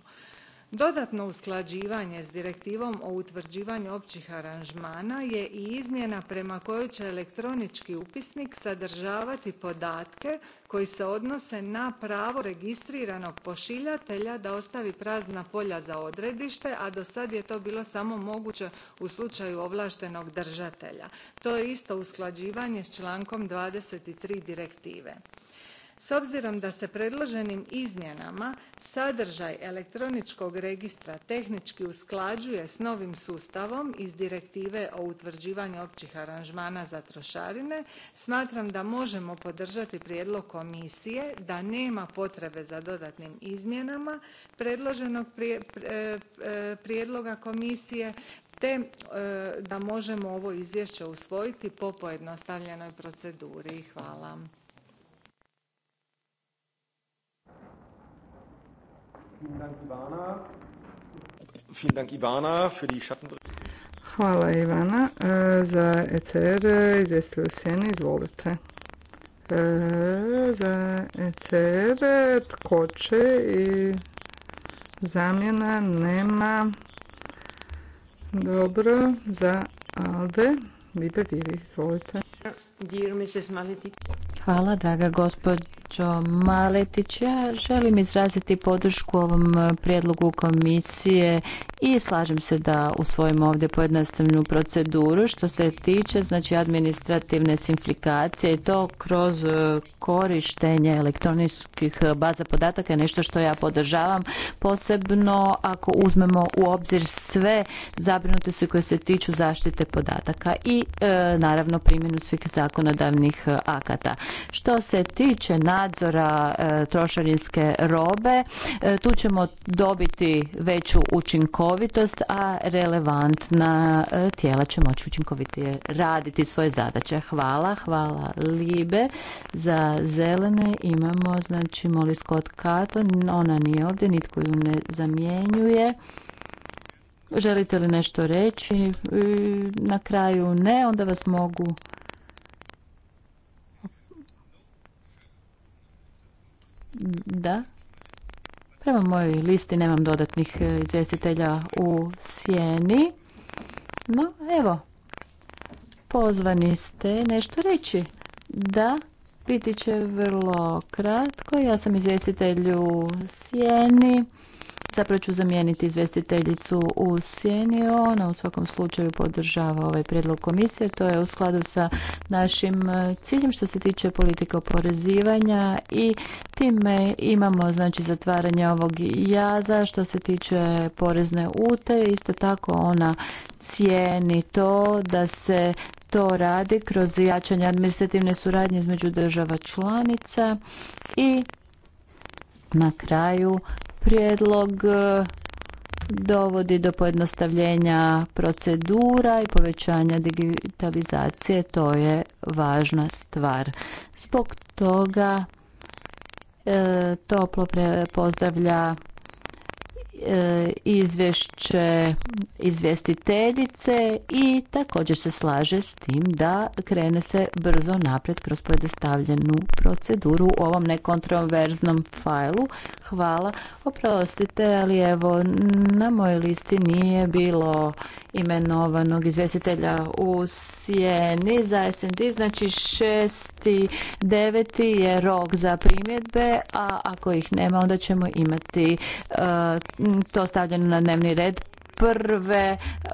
Dodatno usklađivanje s direktivom o utvrđivanju općih aranžmana je i izmjena prema kojoj će elektronički upisnik sadržavati podatke koji se odnose na pravo registriranog pošiljatelja da ostavi prazna polja za odredište, a do sad je to bilo samo moguće u slučaju ovlaštenog držatelja. To je isto usklađivanje s člankom 23. direktive. S obzirom da se predloženim izmjenama sadržaj elektroničkog registra tehnički usklađuje s novim sustavom iz Direktive o utvrđivanju općih aranžmana za trošarine, smatram da možemo podržati prijedlog komisije da nema potrebe za dodatnim izmjenama predloženog e, e, prijedloga komisije te e, da možemo ovo izvješće usvojiti po pojednostavljenoj proceduri. Hvala. Hvala Ivana. E, za ECR izvjestitelj u izvolite. E, za ECR tko i zamjena nema. Dobro, za Alde, Libe Viri, izvolite. Hvala, draga gospođo gospođo Maletić. Ja želim izraziti podršku ovom prijedlogu komisije i slažem se da usvojimo ovdje pojednostavnu proceduru što se tiče znači administrativne simplikacije i to kroz korištenje elektroničkih baza podataka je nešto što ja podržavam posebno ako uzmemo u obzir sve zabrinutosti koje se tiču zaštite podataka i e, naravno primjenu svih zakonodavnih akata. Što se tiče na nadzora e, trošarinske robe. E, tu ćemo dobiti veću učinkovitost, a relevantna e, tijela će moći učinkovitije raditi svoje zadaće. Hvala, hvala Libe. Za zelene imamo, znači, Molly Scott ona nije ovdje, nitko ju ne zamjenjuje. Želite li nešto reći? Na kraju ne, onda vas mogu Da. Prema mojoj listi nemam dodatnih e, izvjestitelja u sjeni. No, evo. Pozvani ste nešto reći. Da, biti će vrlo kratko. Ja sam izvjestitelj u sjeni Zapravo ću zamijeniti izvestiteljicu u sjeni. Ona u svakom slučaju podržava ovaj prijedlog komisije. To je u skladu sa našim e, ciljem što se tiče politika oporezivanja i time imamo znači zatvaranje ovog jaza što se tiče porezne ute. Isto tako ona cijeni to da se to radi kroz jačanje administrativne suradnje između država članica i na kraju prijedlog e, dovodi do pojednostavljenja procedura i povećanja digitalizacije, to je važna stvar. Zbog toga e, toplo pozdravlja E, izvješće izvjestiteljice i također se slaže s tim da krene se brzo naprijed kroz pojednostavljenu proceduru u ovom nekontroverznom fajlu. Hvala. Oprostite, ali evo na mojoj listi nije bilo imenovanog izvjestitelja u sjeni za SND, znači šesti je rok za primjedbe, a ako ih nema onda ćemo imati e, to stavljeno na dnevni red prve eh,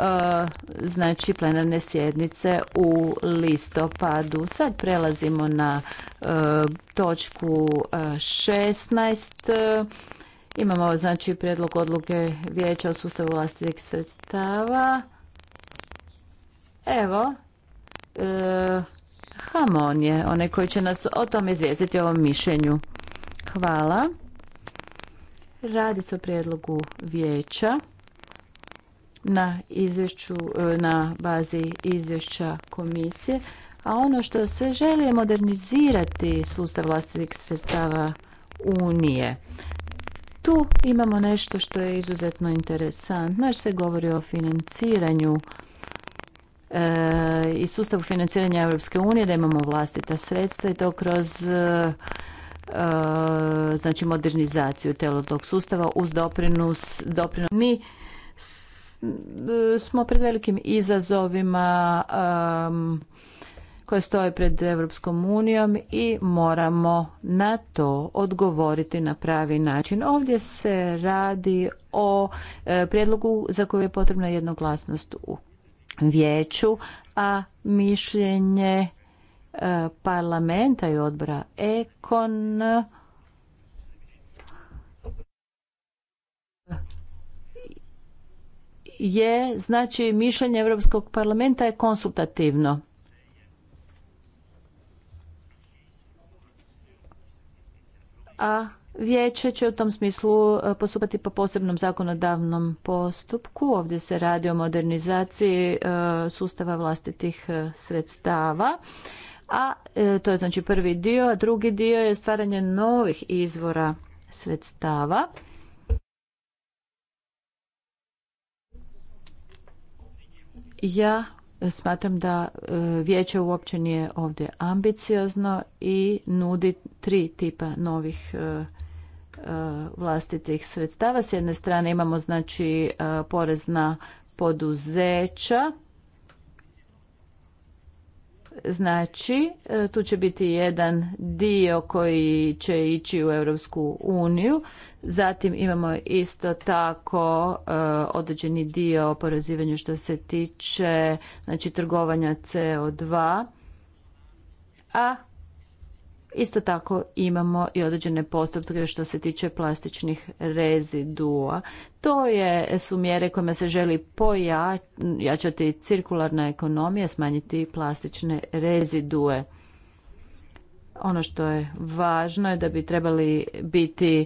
znači plenarne sjednice u listopadu. Sad prelazimo na eh, točku 16. Eh, Imamo znači prijedlog odluke vijeća o sustavu vlastitih sredstava. Evo, e, Hamon je onaj koji će nas o tom izvijestiti o ovom mišljenju. Hvala. Radi se o prijedlogu vijeća na izvješću e, na bazi izvješća komisije, a ono što se želi je modernizirati sustav vlastitih sredstava unije. Tu imamo nešto što je izuzetno interesantno jer se govori o financiranju e, i sustavu financiranja Europske unije da imamo vlastita sredstva i to kroz e, Eh, znači modernizaciju tog sustava uz doprinos, doprinos. Mi eh, smo pred velikim izazovima koje stoje pred Europskom unijom i moramo na to odgovoriti na pravi način. Ovdje se radi o eh, prijedlogu za koju je potrebna jednoglasnost u vijeću, a mišljenje E, parlamenta i odbora Ekon je, znači, mišljenje Europskog parlamenta je konsultativno. A Vijeće će u tom smislu e, postupati po posebnom zakonodavnom postupku. Ovdje se radi o modernizaciji e, sustava vlastitih sredstava a e, to je znači prvi dio, a drugi dio je stvaranje novih izvora sredstava. Ja smatram da e, vijeće uopće nije ovdje ambiciozno i nudi tri tipa novih e, vlastitih sredstava. S jedne strane imamo znači porez na poduzeća Znači, e, tu će biti jedan dio koji će ići u Europsku uniju. Zatim imamo isto tako e, određeni dio oporezivanja što se tiče znači, trgovanja CO2. A Isto tako imamo i određene postupke što se tiče plastičnih rezidua. To je, su mjere kojima se želi pojačati cirkularna ekonomija, smanjiti plastične rezidue. Ono što je važno je da bi trebali biti e,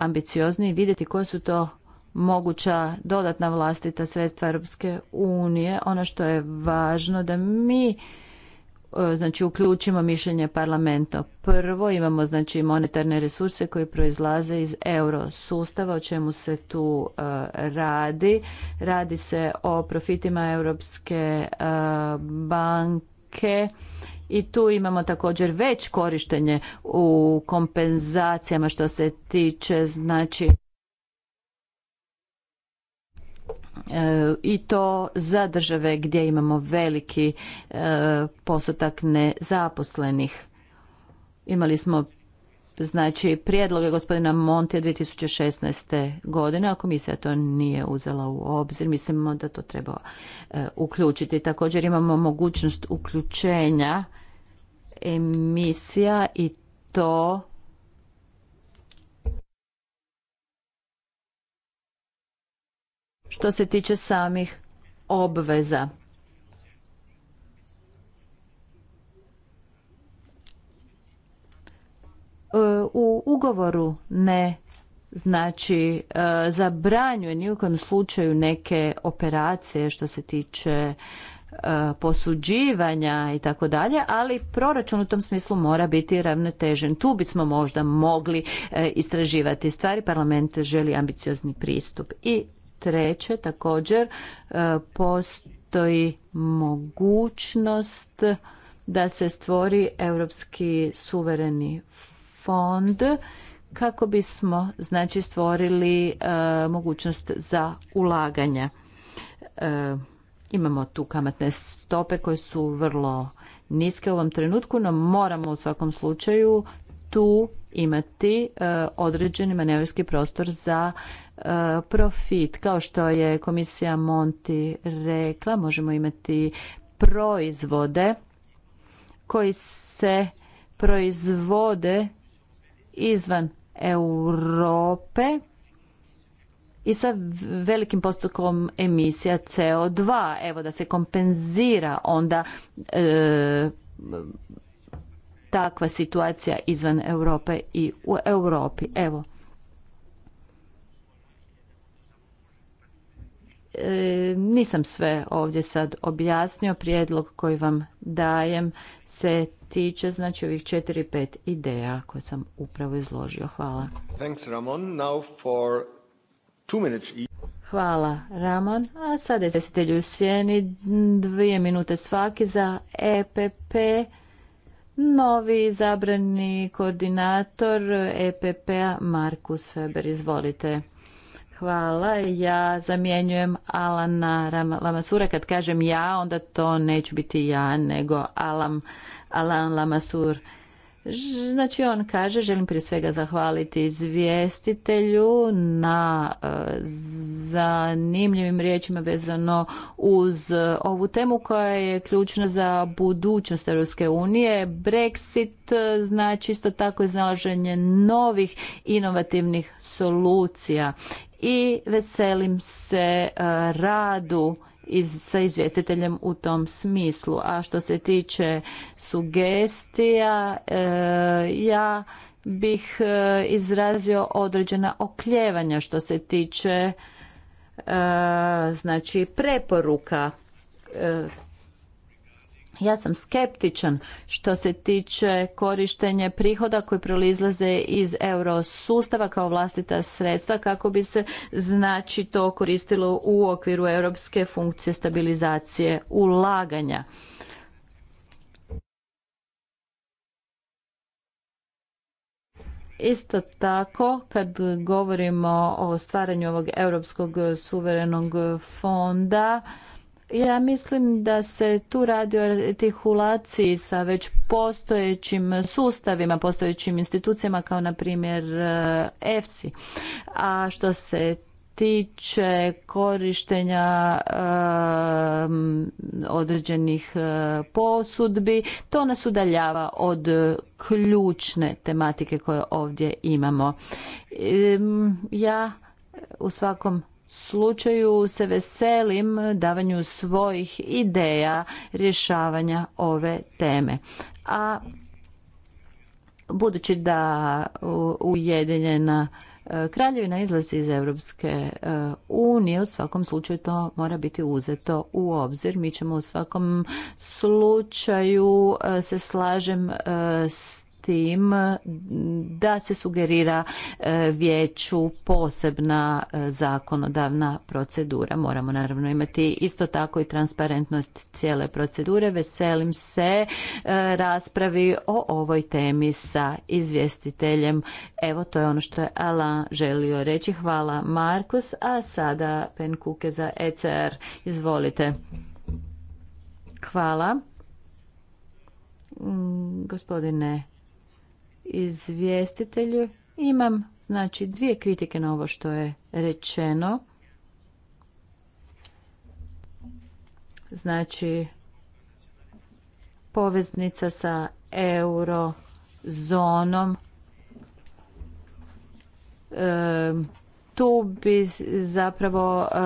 ambiciozni i vidjeti koje su to moguća dodatna vlastita sredstva Europske unije. Ono što je važno da mi E, znači uključimo mišljenje parlamenta. Prvo imamo znači monetarne resurse koji proizlaze iz euro sustava, o čemu se tu e, radi. Radi se o profitima Europske e, banke i tu imamo također već korištenje u kompenzacijama što se tiče znači E, i to za države gdje imamo veliki e, postotak nezaposlenih. Imali smo znači prijedloge gospodina Monte 2016. godine, ali komisija to nije uzela u obzir. Mislimo da to treba e, uključiti. Također imamo mogućnost uključenja emisija i to što se tiče samih obveza. E, u ugovoru ne znači e, zabranjuje ni u kojem slučaju neke operacije što se tiče e, posuđivanja i tako dalje, ali proračun u tom smislu mora biti ravnotežen. Tu bismo možda mogli istraživati stvari. Parlament želi ambiciozni pristup. I treće također e, postoji mogućnost da se stvori europski suvereni fond kako bismo znači stvorili e, mogućnost za ulaganja. E, imamo tu kamatne stope koje su vrlo niske u ovom trenutku, no moramo u svakom slučaju tu imati određeni manevarski prostor za E, profit. Kao što je komisija Monti rekla, možemo imati proizvode koji se proizvode izvan Europe i sa velikim postotkom emisija CO2. Evo da se kompenzira onda e, takva situacija izvan Europe i u Europi. Evo nisam sve ovdje sad objasnio. Prijedlog koji vam dajem se tiče znači ovih 4 5 ideja koje sam upravo izložio. Hvala. Thanks Ramon. Now for e- Hvala Ramon. A sada je u sjeni dvije minute svaki za EPP. Novi zabrani koordinator EPP-a Markus Weber. Izvolite. Hvala. Ja zamjenjujem Alana Lamasura. Kad kažem ja, onda to neću biti ja, nego Alam, Alan Lamasur. Znači on kaže, želim prije svega zahvaliti izvjestitelju na e, zanimljivim riječima vezano uz e, ovu temu koja je ključna za budućnost Europske unije. Brexit e, znači isto tako iznalaženje novih inovativnih solucija i veselim se e, radu iz, sa izvjestiteljem u tom smislu. A što se tiče sugestija, e, ja bih e, izrazio određena okljevanja što se tiče znači preporuka ja sam skeptičan što se tiče korištenja prihoda koji proizlaze iz eurosustava kao vlastita sredstva kako bi se znači to koristilo u okviru europske funkcije stabilizacije ulaganja. Isto tako, kad govorimo o stvaranju ovog europskog suverenog fonda, ja mislim da se tu radi o artikulaciji sa već postojećim sustavima, postojećim institucijama kao na primjer EFSI. Eh, A što se tiče korištenja eh, određenih eh, posudbi, to nas udaljava od ključne tematike koje ovdje imamo. ja u svakom slučaju se veselim davanju svojih ideja rješavanja ove teme. A budući da Ujedinjena e, Kraljevina izlazi iz Europske e, unije, u svakom slučaju to mora biti uzeto u obzir. Mi ćemo u svakom slučaju e, se slažem s tim da se sugerira e, vijeću posebna e, zakonodavna procedura. Moramo naravno imati isto tako i transparentnost cijele procedure. Veselim se e, raspravi o ovoj temi sa izvjestiteljem. Evo to je ono što je Ala želio reći. Hvala Markus, a sada Pen Kuke za ECR. Izvolite. Hvala. Mm, gospodine izvjestitelju. Imam znači dvije kritike na ovo što je rečeno. Znači poveznica sa eurozonom. E, tu bi zapravo eh,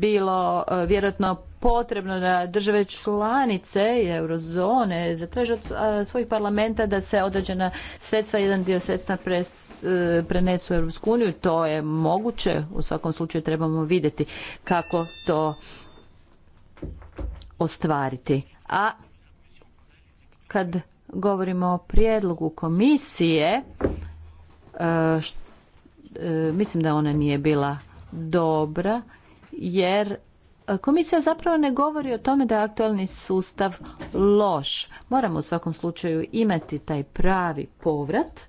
bilo e, vjerojatno potrebno da države članice i eurozone zatraže od svojih parlamenta da se određena sredstva, jedan dio sredstva e, prenesu u Europsku uniju. To je moguće, u svakom slučaju trebamo vidjeti kako to ostvariti. A kad govorimo o prijedlogu komisije, e, e, mislim da ona nije bila dobra, jer Komisija zapravo ne govori o tome da je aktualni sustav loš. Moramo u svakom slučaju imati taj pravi povrat,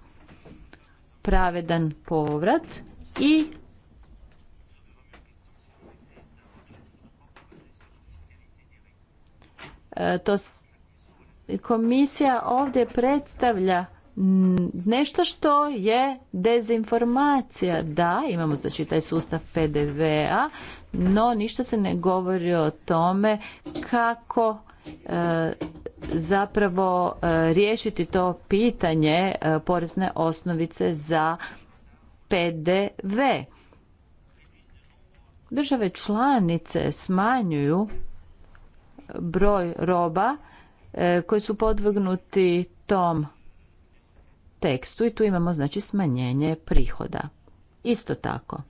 pravedan povrat i e, to komisija ovdje predstavlja nešto što je dezinformacija. Da, imamo znači taj sustav PDV-a no ništa se ne govori o tome kako e, zapravo e, riješiti to pitanje e, porezne osnovice za PDV. Države članice smanjuju broj roba e, koji su podvrgnuti tom tekstu i tu imamo znači smanjenje prihoda. Isto tako.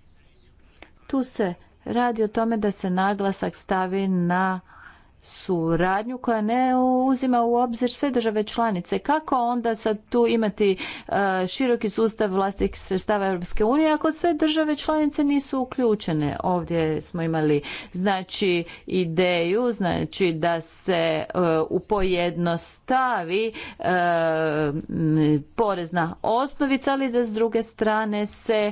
Tu se radi o tome da se naglasak stavi na suradnju koja ne uzima u obzir sve države članice. Kako onda sad tu imati e, široki sustav vlastitih sredstava Europske unije ako sve države članice nisu uključene? Ovdje smo imali znači ideju znači da se e, u pojednostavi e, porezna osnovica, ali da s druge strane se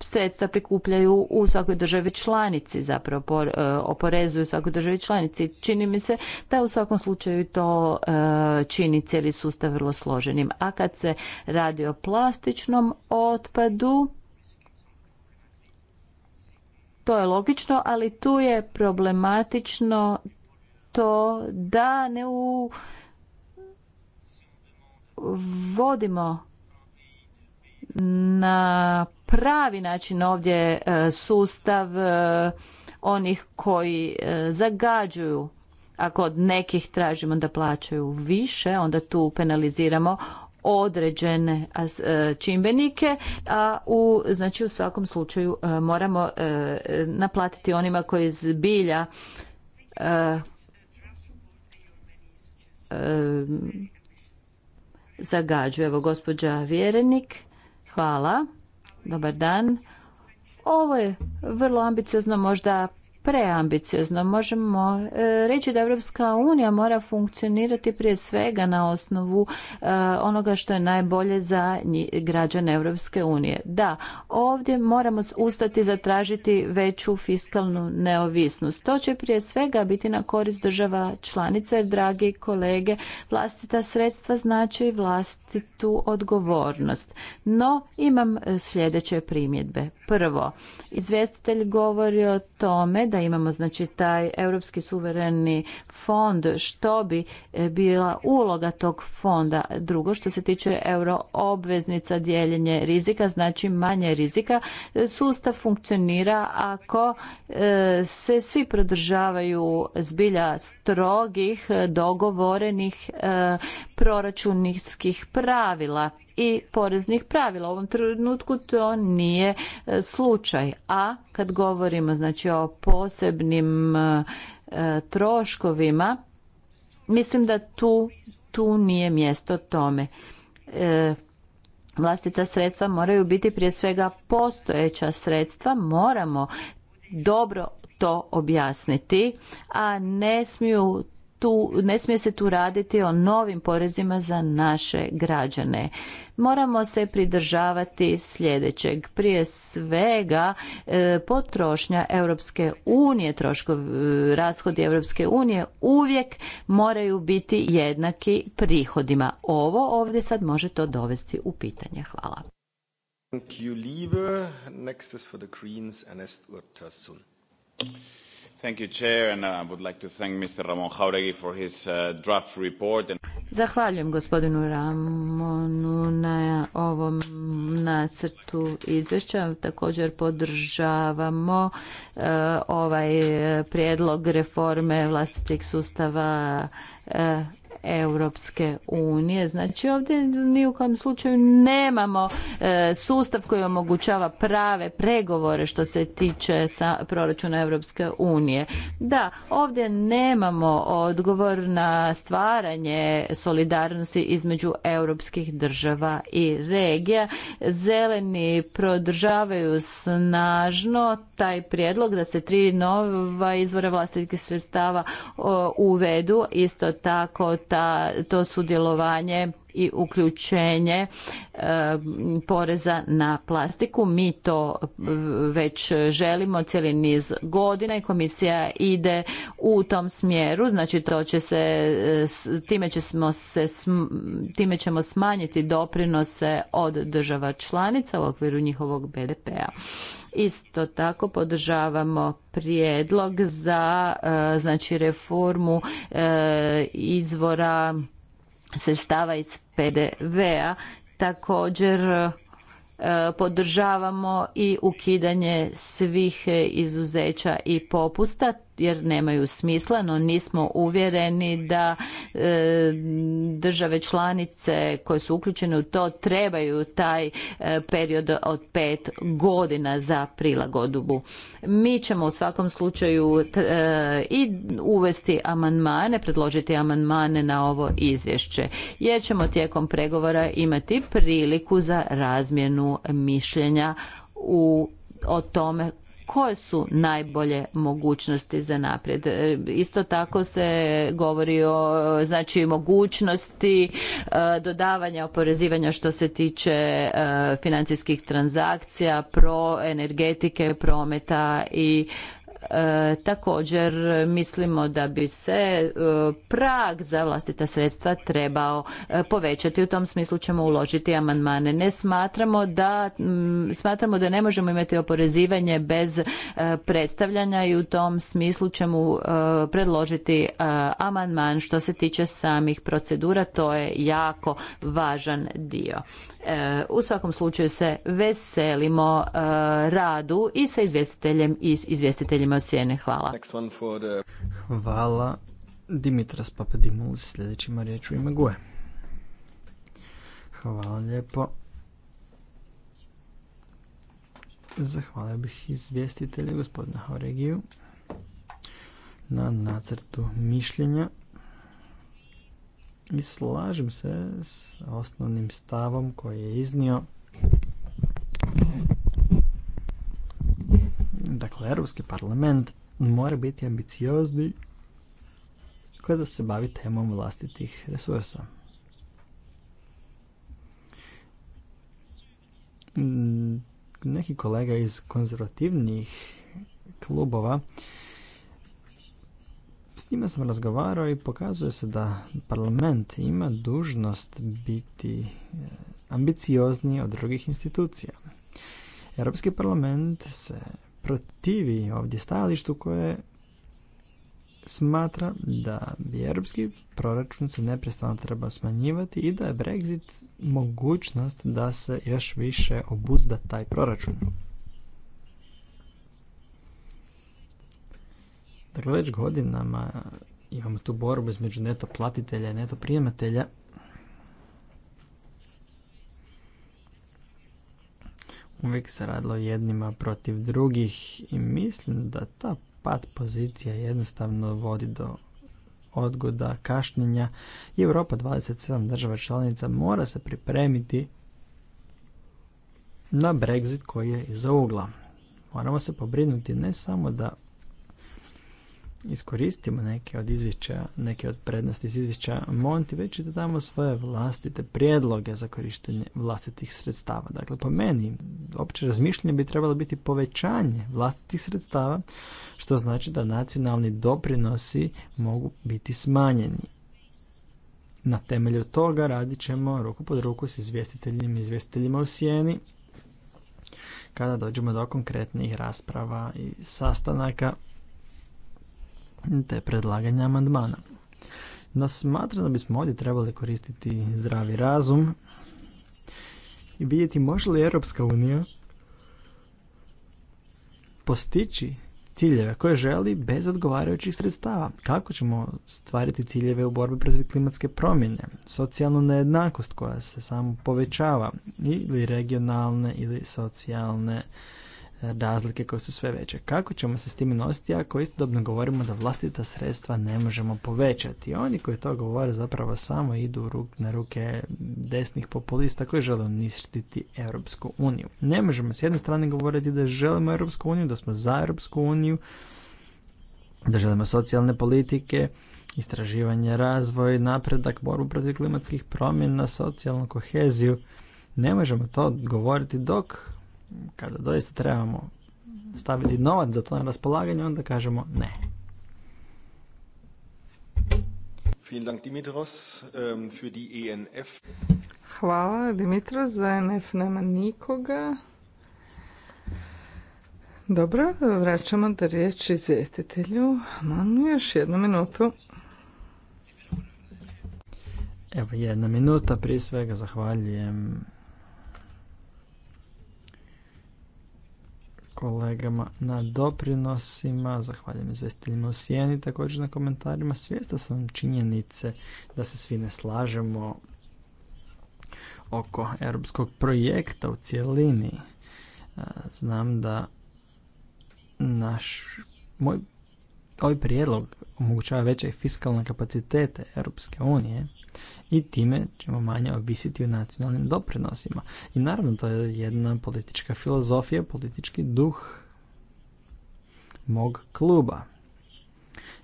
sredstva prikupljaju u svakoj državi članici zapravo oporezuju svakoj državi članici. Čini mi se da u svakom slučaju to e, čini cijeli sustav vrlo složenim. A kad se radi o plastičnom otpadu, to je logično, ali tu je problematično to da ne u vodimo na pravi način ovdje e, sustav e, onih koji e, zagađuju ako od nekih tražimo da plaćaju više, onda tu penaliziramo određene e, čimbenike, a u, znači u svakom slučaju e, moramo naplatiti onima koji zbilja zagađuje. Evo, gospođa Vjerenik, hvala. Dobar dan. Ovo je vrlo ambiciozno, možda preambiciozno. Možemo e, reći da Europska unija mora funkcionirati prije svega na osnovu e, onoga što je najbolje za građane Europske unije. Da, ovdje moramo ustati zatražiti veću fiskalnu neovisnost. To će prije svega biti na korist država članica, jer dragi kolege, vlastita sredstva znači vlast tu odgovornost. No, imam e, sljedeće primjedbe. Prvo, izvjestitelj govori o tome da imamo znači taj Europski suvereni fond, što bi e, bila uloga tog fonda. Drugo, što se tiče euro obveznica dijeljenje rizika, znači manje rizika. E, sustav funkcionira ako se svi prodržavaju zbilja strogih, dogovorenih proračunskih pravila pravila i poreznih pravila. U ovom trenutku to nije e, slučaj. A kad govorimo znači o posebnim e, troškovima, mislim da tu, tu nije mjesto tome. E, vlastita sredstva moraju biti prije svega postojeća sredstva, moramo dobro to objasniti, a ne smiju tu, ne smije se tu raditi o novim porezima za naše građane. Moramo se pridržavati sljedećeg. Prije svega e, potrošnja Europske unije, troškovi, e, rashodi Europske unije uvijek moraju biti jednaki prihodima. Ovo ovdje sad može to dovesti u pitanje. Hvala. Thank you, Zahvaljujem gospodinu Ramonu na ovom nacrtu izvješća. Također podržavamo uh, ovaj prijedlog reforme vlastitih sustava uh, Europske unije. Znači ovdje ni u kojem slučaju nemamo e, sustav koji omogućava prave pregovore što se tiče sa proračuna Europske unije. Da, ovdje nemamo odgovor na stvaranje solidarnosti između europskih država i regija. Zeleni prodržavaju snažno taj prijedlog da se tri nova izvora vlastitih sredstava uvedu. Isto tako ta, to sudjelovanje i uključenje e, poreza na plastiku. Mi to e, već želimo cijeli niz godina i komisija ide u tom smjeru, znači to će se, e, time, ćemo se, time ćemo smanjiti doprinose od država članica u okviru njihovog BDP-a. Isto tako podržavamo prijedlog za e, znači reformu e, izvora sredstava iz PDV-a. Također e, podržavamo i ukidanje svih izuzeća i popusta jer nemaju smisla, no nismo uvjereni da e, države članice koje su uključene u to trebaju taj e, period od pet godina za prilagodbu. Mi ćemo u svakom slučaju e, i uvesti amandmane, predložiti amandmane na ovo izvješće, jer ćemo tijekom pregovora imati priliku za razmjenu mišljenja u o tome koje su najbolje mogućnosti za naprijed. E, isto tako se govori o znači mogućnosti e, dodavanja oporezivanja što se tiče e, financijskih transakcija, pro energetike, prometa i E, također mislimo da bi se e, prag za vlastita sredstva trebao e, povećati. U tom smislu ćemo uložiti amandmane. Ne smatramo da smatramo da ne možemo imati oporezivanje bez predstavljanja i u tom smislu ćemo predložiti amandman što se tiče samih procedura. To je jako važan dio. U svakom slučaju se veselimo radu i sa izvjestiteljem i s izvjestiteljima izvjestiteljima sjene. Hvala. Hvala. Dimitras Papadimulis, sljedećima riječ u ime Gue. Hvala lijepo. Zahvalio bih izvjestitelja gospodina Horegiju na nacrtu mišljenja i slažem se s osnovnim stavom koji je iznio Dakle, Europski parlament mora biti ambiciozni kada se bavi temom vlastitih resursa. Mm, neki kolega iz konzervativnih klubova s njima sam razgovarao i pokazuje se da parlament ima dužnost biti e, ambiciozniji od drugih institucija. Europski parlament se protivi ovdje stajalištu koje smatra da bi europski proračun se neprestano treba smanjivati i da je Brexit mogućnost da se još više obuzda taj proračun. Dakle, već godinama imamo tu borbu između neto platitelja i neto primatelja uvijek se radilo jednima protiv drugih i mislim da ta pad pozicija jednostavno vodi do odgoda, kašnjenja i Europa 27 država članica mora se pripremiti na Brexit koji je iza ugla. Moramo se pobrinuti ne samo da iskoristimo neke od izvješća, neke od prednosti iz izvješća Monti, već i da damo svoje vlastite prijedloge za korištenje vlastitih sredstava. Dakle, po meni, opće razmišljanje bi trebalo biti povećanje vlastitih sredstava, što znači da nacionalni doprinosi mogu biti smanjeni. Na temelju toga radit ćemo ruku pod ruku s izvjestiteljima i izvjestiteljima u sjeni, kada dođemo do konkretnih rasprava i sastanaka te predlaganja amandmana. No smatram da bismo ovdje trebali koristiti zdravi razum i vidjeti može li Europska unija postići ciljeve koje želi bez odgovarajućih sredstava. Kako ćemo stvariti ciljeve u borbi protiv klimatske promjene, socijalnu nejednakost koja se samo povećava ili regionalne ili socijalne razlike koje su sve veće. Kako ćemo se s tim nositi ako istodobno govorimo da vlastita sredstva ne možemo povećati? Oni koji to govore zapravo samo idu na ruke desnih populista koji žele uništiti Europsku uniju. Ne možemo s jedne strane govoriti da želimo Europsku uniju, da smo za Europsku uniju, da želimo socijalne politike, istraživanje, razvoj, napredak, borbu protiv klimatskih promjena, socijalnu koheziju. Ne možemo to govoriti dok kada doista trebamo staviti novac za to na raspolaganje, onda kažemo ne. Ähm, e Hvala Dimitros, za ENF nema nikoga. Dobro, vraćamo da riječ izvjestitelju. Manu, još jednu minutu. Evo jedna minuta, prije svega zahvaljujem kolegama na doprinosima, zahvaljujem izvestiteljima u Sijeni, također na komentarima. Svijesta sam činjenice da se svi ne slažemo oko europskog projekta u cjelini. Znam da naš, moj Ovaj prijedlog omogućava veće fiskalne kapacitete Europske unije i time ćemo manje ovisiti u nacionalnim doprinosima. I naravno to je jedna politička filozofija, politički duh mog kluba.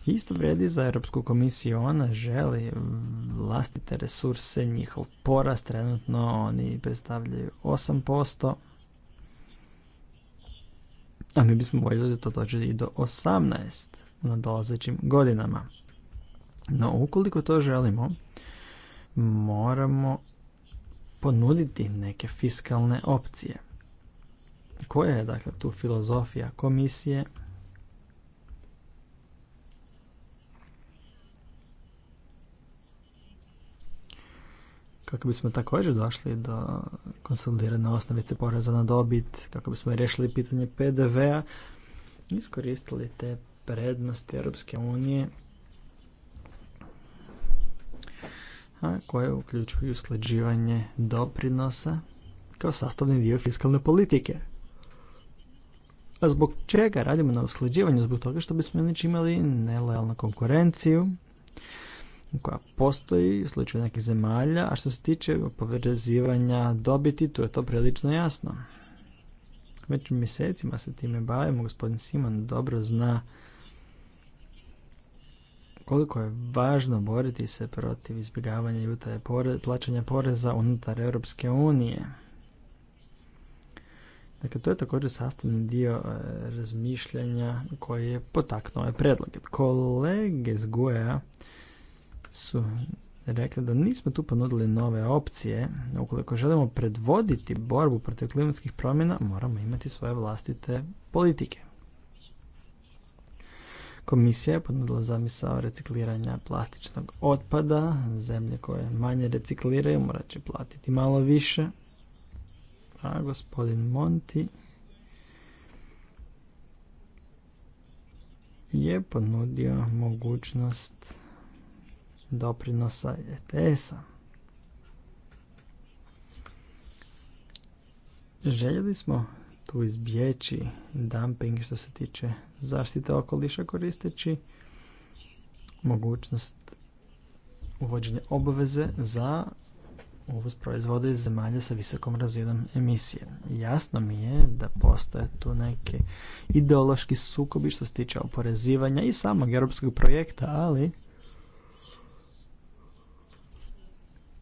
Isto vredi za Europsku komisiju, ona želi vlastite resurse, njihov porast, trenutno oni predstavljaju 8%, a mi bismo voljeli da to dođe i do 18% nadolazećim godinama. No, ukoliko to želimo, moramo ponuditi neke fiskalne opcije. Koja je dakle tu filozofija komisije? Kako bismo također došli do konsolidirane osnovice poreza na dobit, kako bismo riješili pitanje PDV-a, iskoristili te prednosti Europske unije koje uključuju usklađivanje doprinosa kao sastavni dio fiskalne politike. A zbog čega radimo na usklađivanju? Zbog toga što bismo inače imali nelojalnu konkurenciju koja postoji u slučaju nekih zemalja, a što se tiče povezivanja dobiti, tu je to prilično jasno. Već mjesecima se time bavimo, gospodin Simon dobro zna koliko je važno boriti se protiv izbjegavanja i utaje plaćanja poreza unutar Europske unije. Dakle, to je također sastavni dio e, razmišljanja koji je potaknuo ove predloge. Kolege iz GUEA su rekli da nismo tu ponudili nove opcije. Ukoliko želimo predvoditi borbu protiv klimatskih promjena, moramo imati svoje vlastite politike. Komisija je ponudila zamisao recikliranja plastičnog otpada. Zemlje koje manje recikliraju morat će platiti malo više. A gospodin Monti je ponudio mogućnost doprinosa ETS-a. Željeli smo tu izbjeći dumping što se tiče zaštite okoliša koristeći mogućnost uvođenja obveze za uvoz proizvode iz zemalja sa visokom razinom emisije. Jasno mi je da postoje tu neke ideološki sukobi što se tiče oporezivanja i samog europskog projekta, ali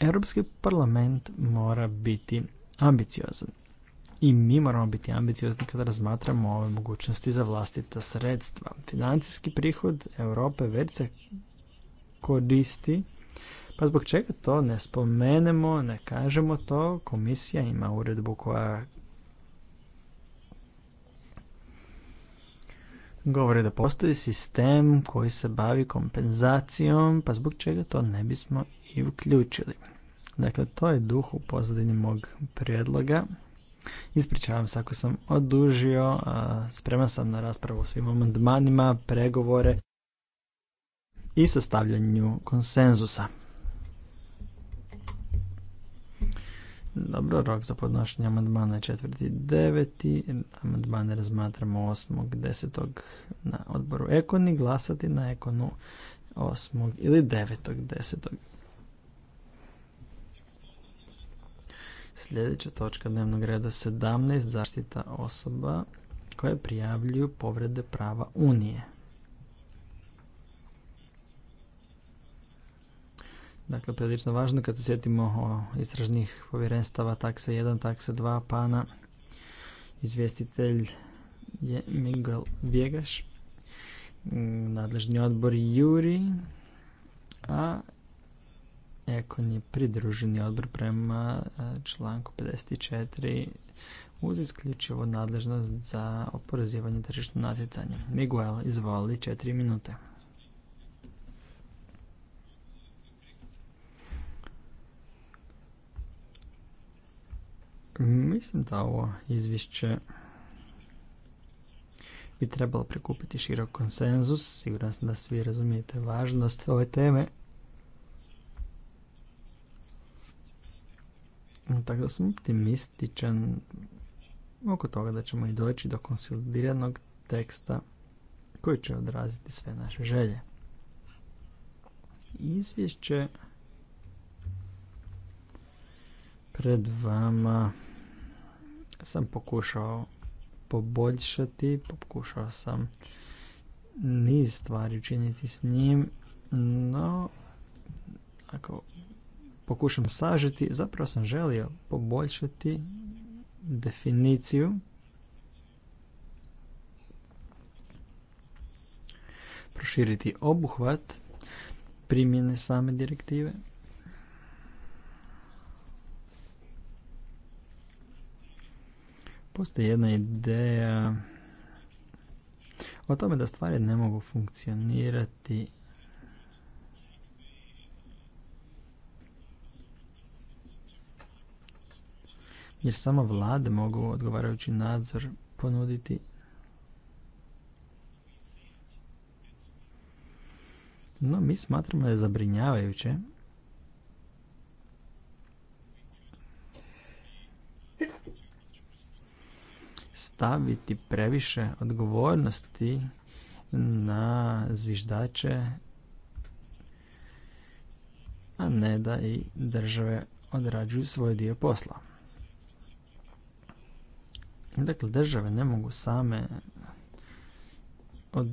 Europski parlament mora biti ambiciozan i mi moramo biti ambiciozni kada razmatramo ove mogućnosti za vlastita sredstva. Financijski prihod Europe već se koristi, pa zbog čega to ne spomenemo, ne kažemo to, komisija ima uredbu koja govori da postoji sistem koji se bavi kompenzacijom, pa zbog čega to ne bismo i uključili. Dakle, to je duh u pozadini mog prijedloga. Ispričavam se ako sam odužio, spreman sam na raspravu o svim amandmanima, pregovore i sastavljanju konsenzusa. Dobro, rok za podnošenje amandmana je 4.9. Amandmane razmatramo desetog na odboru ekoni. glasati na Ekonu 8. ili desetog. Sljedeća točka dnevnog reda 17. Zaštita osoba koje prijavljuju povrede prava Unije. Dakle, prilično važno kad se sjetimo o istražnih povjerenstava takse 1, takse 2, pana. Izvjestitelj je Miguel Vjegaš. Nadležni odbor Juri. A Ekon je pridruženi odbor prema e, članku 54 uz isključivo nadležnost za oporezivanje tržišnog natjecanja. Miguel, izvoli, četiri minute. Mislim da ovo izvješće bi trebalo prikupiti širok konsenzus. Siguran sam da svi razumijete važnost ove teme. Mm, tako da sam optimističan oko toga da ćemo i doći do konsolidiranog teksta koji će odraziti sve naše želje. Izvješće pred vama sam pokušao poboljšati, pokušao sam niz stvari učiniti s njim, no ako pokušam sažeti, zapravo sam želio poboljšati definiciju proširiti obuhvat primjene same direktive postoji jedna ideja o tome da stvari ne mogu funkcionirati jer samo vlade mogu odgovarajući nadzor ponuditi. No, mi smatramo da je zabrinjavajuće staviti previše odgovornosti na zviždače, a ne da i države odrađuju svoj dio posla. Dakle, države ne mogu same od,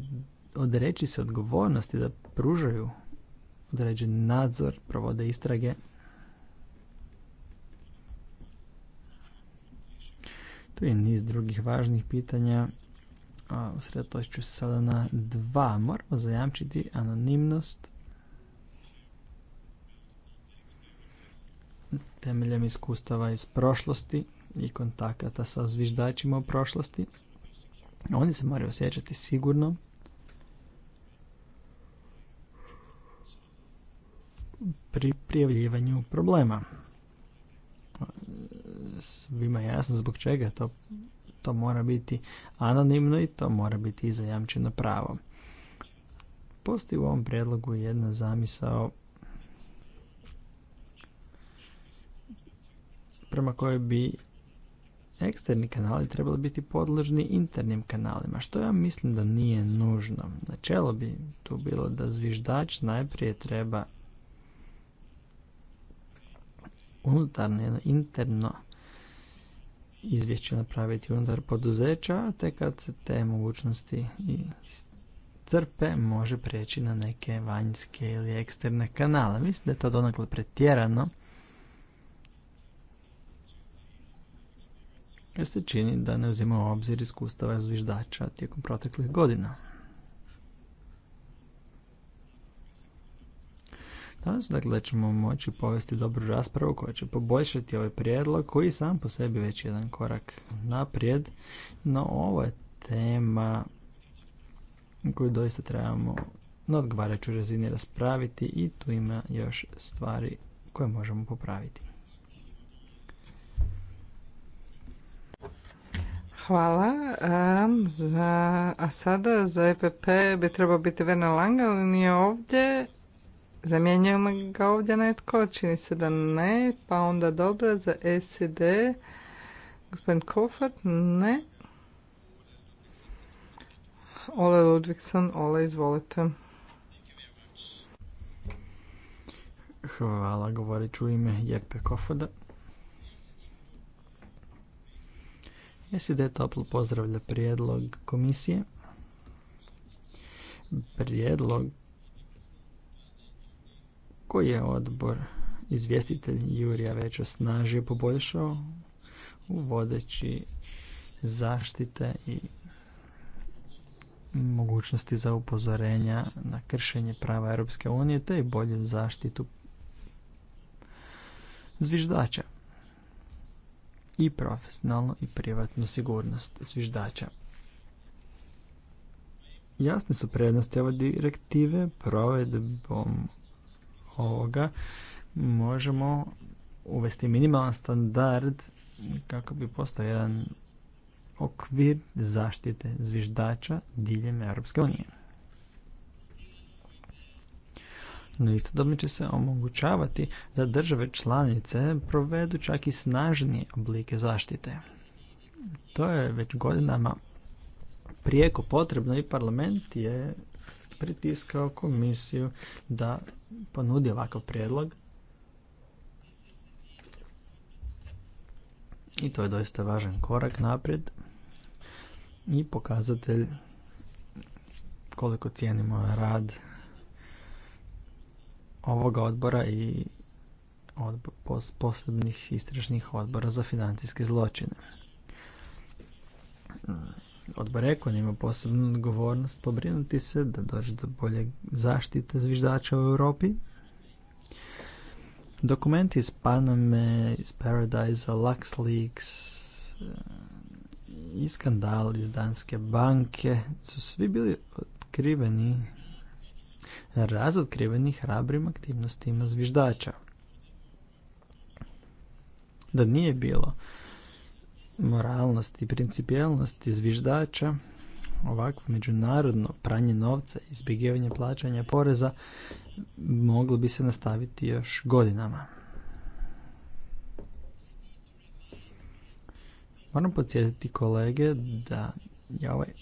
odreći se odgovornosti da pružaju određen nadzor, provode istrage. Tu je niz drugih važnih pitanja. Usredotočit ću se sada na dva. Moramo zajamčiti anonimnost temeljem iskustava iz prošlosti i kontakata sa zviždačima u prošlosti. Oni se moraju osjećati sigurno. pri prijavljivanju problema. Svima je jasno zbog čega to, to mora biti anonimno i to mora biti zajamčeno pravo. Postoji u ovom prijedlogu jedna zamisao prema kojoj bi eksterni kanali trebali biti podložni internim kanalima, što ja mislim da nije nužno. Načelo bi tu bilo da zviždač najprije treba unutarno, jedno interno izvješće napraviti unutar poduzeća, te kad se te mogućnosti crpe, može preći na neke vanjske ili eksterne kanale. Mislim da je to donakle pretjerano jer se čini da ne uzima u obzir iskustava zviždača tijekom proteklih godina. Danas dakle ćemo moći povesti dobru raspravu koja će poboljšati ovaj prijedlog koji sam po sebi već jedan korak naprijed, no ovo je tema koju doista trebamo na odgovarajućoj razini raspraviti i tu ima još stvari koje možemo popraviti. Hvala. za, a sada za EPP bi trebao biti Vena Langa, ali nije ovdje. Zamjenjujemo ga ovdje netko, čini se da ne, pa onda dobro za e SED. Gospodin Kofat, ne. Ole Ludvigson, Ole, izvolite. Hvala, govorit ću ime Jepe Kofoda. SID toplo pozdravlja prijedlog komisije. Prijedlog koji je odbor izvjestitelj Jurija već osnažio poboljšao uvodeći zaštite i mogućnosti za upozorenja na kršenje prava Europske unije te i bolju zaštitu zviždača i profesionalnu i privatnu sigurnost zviždača. Jasne su prednosti ove direktive, provedbom ovoga možemo uvesti minimalan standard kako bi postao jedan okvir zaštite zviždača diljem Europske unije. No istodobno će se omogućavati da države članice provedu čak i snažnije oblike zaštite. To je već godinama prijeko potrebno i parlament je pritiskao komisiju da ponudi ovakav prijedlog. I to je doista važan korak naprijed i pokazatelj koliko cijenimo rad ovoga odbora i posebnih istražnih odbora za financijske zločine. Odbor Ekon ima posebnu odgovornost pobrinuti se da dođe do bolje zaštite zviždača u Europi. Dokumenti iz Paname, iz Paradise, Leaks eh, i skandal iz Danske banke su svi bili otkriveni razotkriveni hrabrim aktivnostima zviždača. Da nije bilo moralnosti i principijalnosti zviždača, ovakvo međunarodno pranje novca i izbjegivanje plaćanja poreza moglo bi se nastaviti još godinama. Moram podsjetiti kolege da je ovaj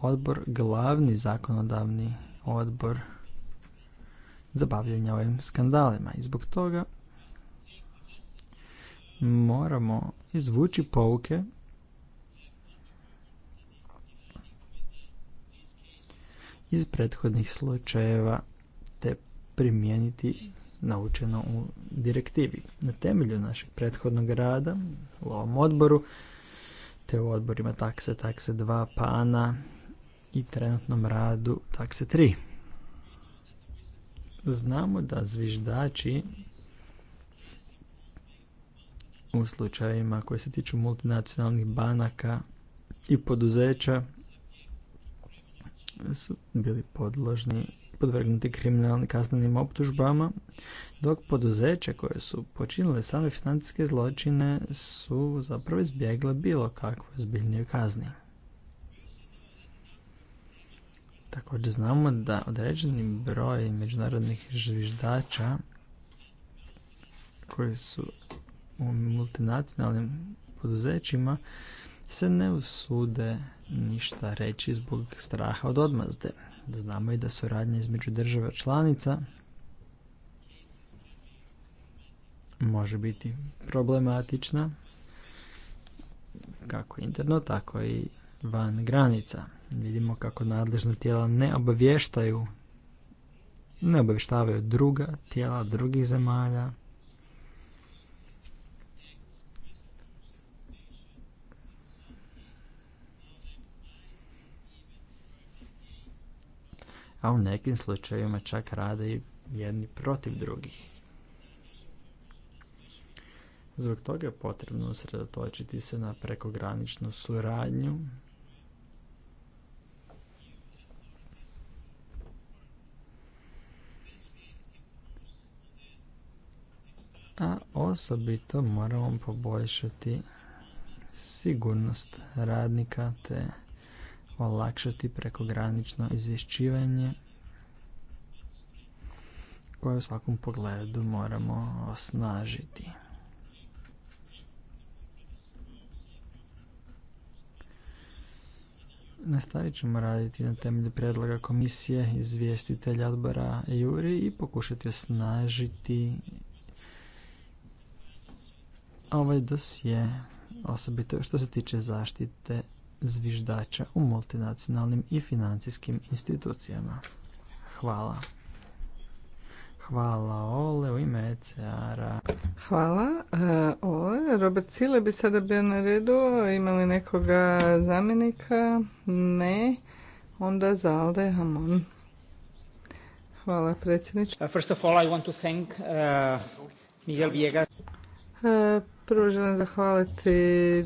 odbor glavni zakonodavni odbor za ovim skandalima i zbog toga moramo izvući pouke iz prethodnih slučajeva te primijeniti naučeno u direktivi. Na temelju našeg prethodnog rada u ovom odboru te u odborima takse, takse 2, pana i trenutnom radu takse 3. Znamo da zviždači u slučajevima koji se tiču multinacionalnih banaka i poduzeća su bili podložni podvrgnuti kriminalnim kaznenim optužbama, dok poduzeće koje su počinile same financijske zločine su zapravo izbjegle bilo kakve zbiljnije kazni. Također znamo da određeni broj međunarodnih žviždača koji su u multinacionalnim poduzećima se ne usude ništa reći zbog straha od odmazde. Znamo i da suradnja između država članica može biti problematična kako interno, tako i van granica. Vidimo kako nadležna tijela ne obavještaju, ne obavještavaju druga tijela drugih zemalja. A u nekim slučajevima čak rade i jedni protiv drugih. Zbog toga je potrebno usredotočiti se na prekograničnu suradnju a osobito moramo poboljšati sigurnost radnika te olakšati prekogranično izvješćivanje koje u svakom pogledu moramo osnažiti. Nastavit ćemo raditi na temelju predloga komisije, izvjestitelja odbora Juri i pokušati osnažiti ovaj dosje, osobito što se tiče zaštite zviždača u multinacionalnim i financijskim institucijama. Hvala. Hvala Ole u ime ECR-a. Hvala. E, Ole, Robert Cile bi sada bio na redu. Imali nekoga zamjenika? Ne. Onda Zalde, Hvala predsjedniče. Uh, first to thank uh, Miguel e, Prvo želim zahvaliti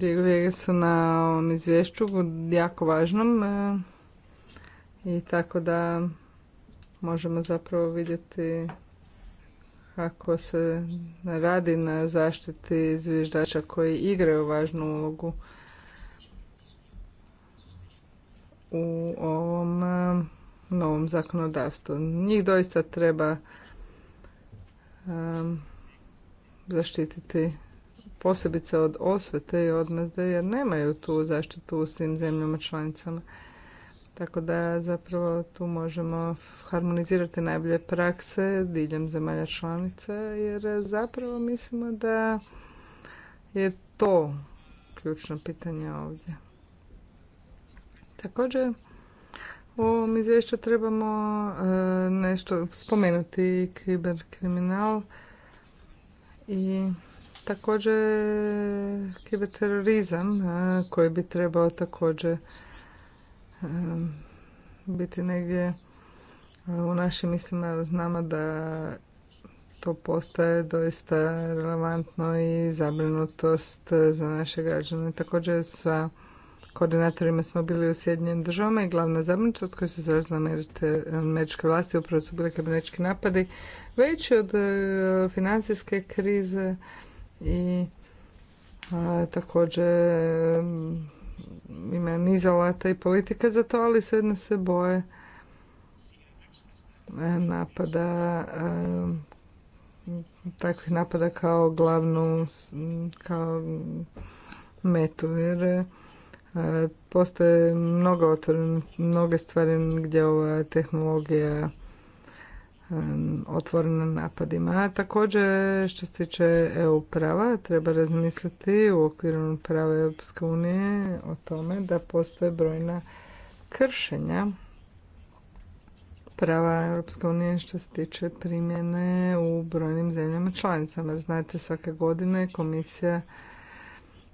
Diego Vegasu na ovom izvješću, jako važnom. E, I tako da možemo zapravo vidjeti kako se radi na zaštiti zviždača koji igraju važnu ulogu u ovom e, novom zakonodavstvu. Njih doista treba e, zaštititi posebice od osvete i odmazde jer nemaju tu zaštitu u svim zemljama članicama. Tako da zapravo tu možemo harmonizirati najbolje prakse diljem zemalja članica jer zapravo mislimo da je to ključno pitanje ovdje. Također u ovom izvješću trebamo e, nešto spomenuti kriminal i Također, kiberterorizam koji bi trebao također biti negdje u našim mislima. Znamo da to postaje doista relevantno i zabrinutost e, za naše građane. Također sa koordinatorima smo bili u Sjedinjenim državama i glavna zabrinutost koja se zrazna američke vlasti upravo su bili kibernetički napadi, veći od e, financijske krize i a, također ima niz alata i politika za to, ali svejedno se boje e, napada takvih napada kao glavnu kao metu jer e, postoje mnogo mnoge stvari gdje ova tehnologija otvorena napadima. također što se tiče EU prava, treba razmisliti u okviru prava Europske unije o tome da postoje brojna kršenja prava Europske unije što se tiče primjene u brojnim zemljama članicama. Znate, svake godine komisija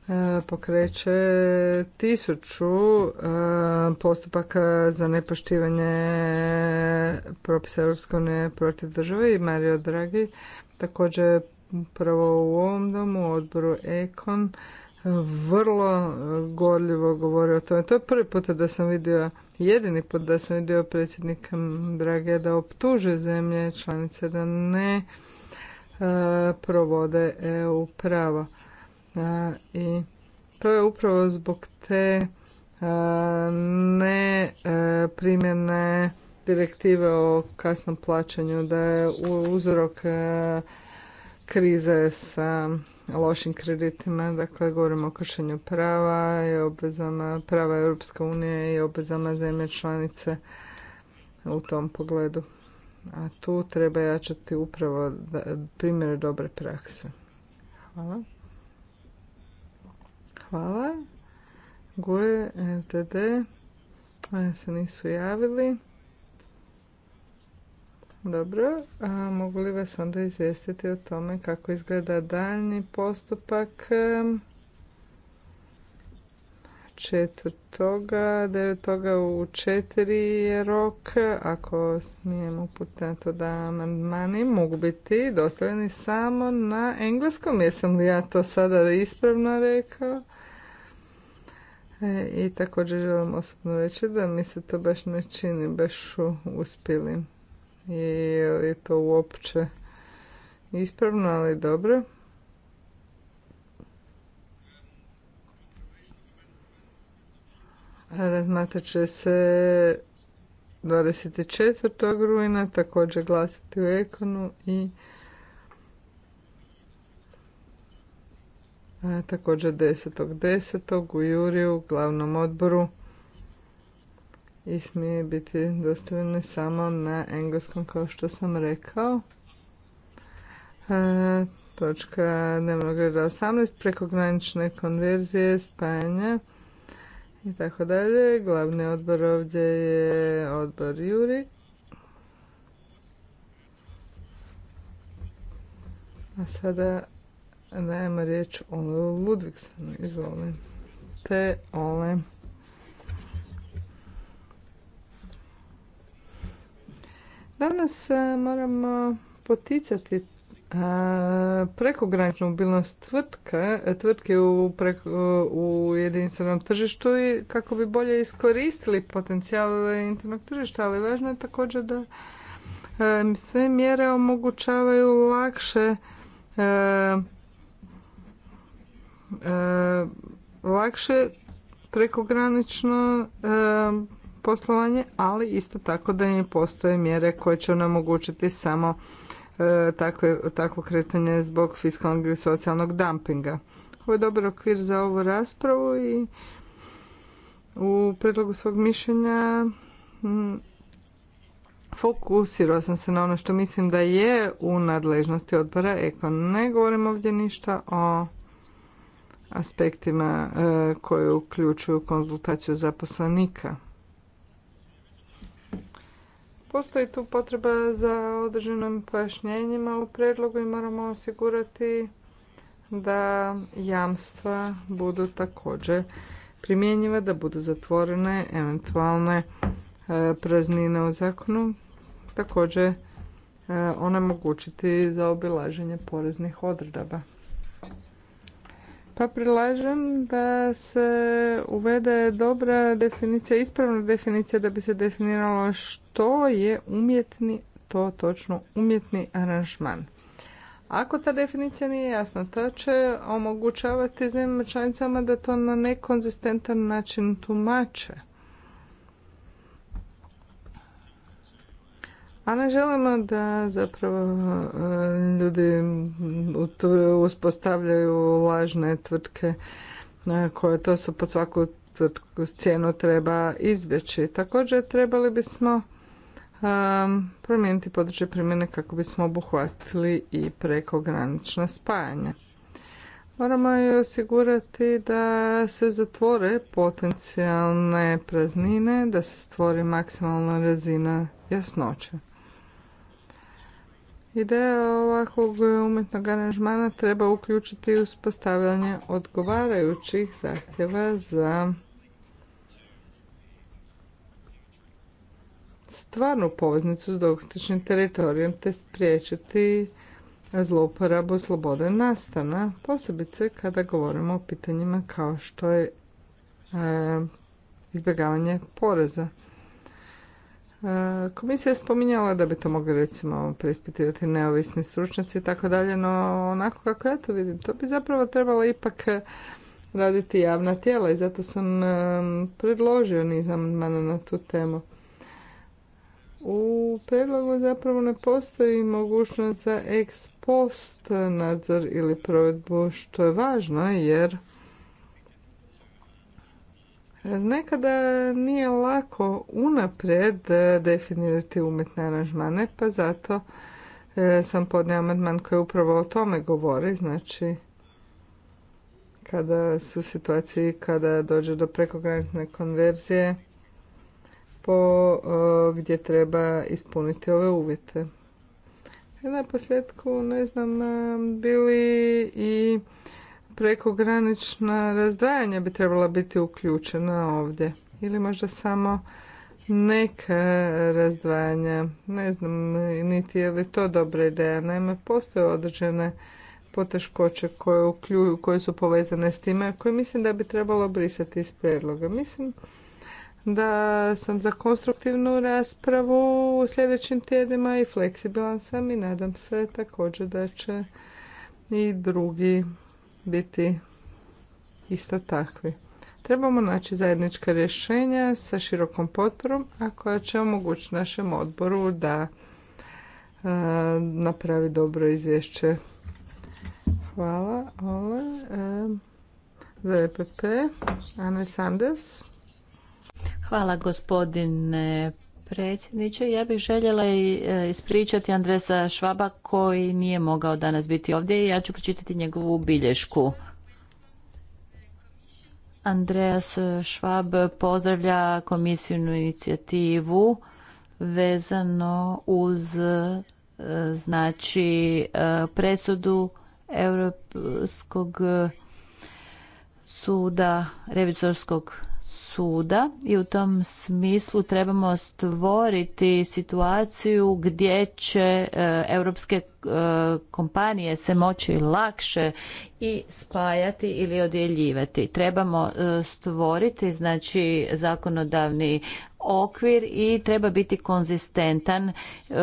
E, pokreće tisuću e, postupaka za nepoštivanje propisa Europske unije protiv države i Mario Draghi također prvo u ovom domu, u odboru Ekon, vrlo gorljivo govori o tome. To je prvi put da sam vidio, jedini put da sam vidio predsjednika Drage da optuže zemlje članice da ne e, provode EU pravo. I to je upravo zbog te ne e, primjene direktive o kasnom plaćanju da je uzrok e, krize sa lošim kreditima, dakle govorimo o kršenju prava i obvezama prava Europske unije i obvezama zemlje članice u tom pogledu. A tu treba jačati upravo primjere dobre prakse. Hvala. Hvala. Guje, TD se nisu javili. Dobro, a mogu li vas onda izvijestiti o tome kako izgleda daljni postupak četvrtoga, devetoga u četiri je rok. Ako smijem uputiti na to da amandmani mogu biti dostavljeni samo na engleskom. Jesam li ja to sada ispravno rekao? E, I također želim osobno reći da mi se to baš ne čini, baš uspjeli. I je to uopće ispravno, ali dobro. Razmatrat će se 24. rujna, također glasati u Ekonu i E, također 10.10. 10. u Juriju, u glavnom odboru i smije biti dostavljene samo na engleskom kao što sam rekao. E, točka dnevnog reda 18, prekogranične konverzije, spajanja i tako dalje. Glavni odbor ovdje je odbor Juri. A sada Dajemo riječ o Ludvigsenu, izvoli. Te Ole. Danas e, moramo poticati e, prekograničnu mobilnost tvrtke, e, tvrtke u, preko, u jedinstvenom tržištu i kako bi bolje iskoristili potencijal internog tržišta, ali važno je također da sve mjere omogućavaju lakše E, lakše prekogranično e, poslovanje, ali isto tako da im postoje mjere koje će omogućiti samo e, takve, takvo kretanje zbog fiskalnog i socijalnog dumpinga. Ovo je dobar okvir za ovu raspravu i u predlogu svog mišljenja fokusirao sam se na ono što mislim da je u nadležnosti odbora Eko. Ne govorim ovdje ništa o aspektima e, koje uključuju konzultaciju zaposlenika. Postoji tu potreba za određenim pojašnjenjima u predlogu i moramo osigurati da jamstva budu također primjenjiva, da budu zatvorene eventualne e, praznine u zakonu. Također e, onemogućiti obilaženje poreznih odredaba. Pa prilažem da se uvede dobra definicija, ispravna definicija da bi se definiralo što je umjetni, to točno umjetni aranžman. Ako ta definicija nije jasna, to će omogućavati zemljama članicama da to na nekonzistentan način tumače. a ne želimo da zapravo e, ljudi uspostavljaju lažne tvrtke e, koje to su pod svaku tvrtku cijenu treba izbjeći. Također trebali bismo e, promijeniti područje primjene kako bismo obuhvatili i prekogranična spajanja. Moramo je osigurati da se zatvore potencijalne praznine, da se stvori maksimalna razina jasnoće. Ideja ovakvog umjetnog aranžmana treba uključiti uspostavljanje odgovarajućih zahtjeva za stvarnu poveznicu s dogotičnim teritorijom te spriječiti zlouporabu slobode nastana, posebice kada govorimo o pitanjima kao što je e, izbjegavanje poreza. E, komisija je spominjala da bi to mogli recimo preispitivati neovisni stručnjaci i tako dalje, no onako kako ja to vidim, to bi zapravo trebalo ipak raditi javna tijela i zato sam e, predložio niz amandmana na tu temu. U predlogu zapravo ne postoji mogućnost za ex post nadzor ili provedbu, što je važno jer Nekada nije lako unaprijed e, definirati umjetne aranžmane, pa zato e, sam podnio amandman koji upravo o tome govori, znači kada su situaciji kada dođe do prekogranične konverzije po e, gdje treba ispuniti ove uvjete. Na posljedku ne znam bili i prekogranična razdvajanja bi trebala biti uključena ovdje ili možda samo neka razdvajanja. Ne znam niti je li to dobra ideja. Naime, postoje određene poteškoće koje, ukljuju, koje su povezane s time, koje mislim da bi trebalo brisati iz prijedloga. Mislim da sam za konstruktivnu raspravu u sljedećim tjednima i fleksibilan sam i nadam se također da će i drugi biti isto takvi. Trebamo naći zajednička rješenja sa širokom potporom, a koja će omogućiti našem odboru da e, napravi dobro izvješće. Hvala, Ole. E, za EPP, Ana Sanders. Hvala gospodine predsjedniče. Ja bih željela e, ispričati Andresa Švaba koji nije mogao danas biti ovdje i ja ću pročitati njegovu bilješku. Andreas Švab pozdravlja komisijnu inicijativu vezano uz e, znači e, presudu Europskog suda revizorskog suda i u tom smislu trebamo stvoriti situaciju gdje će e, europske e, kompanije se moći lakše i spajati ili odjeljivati. Trebamo e, stvoriti znači zakonodavni okvir i treba biti konzistentan e,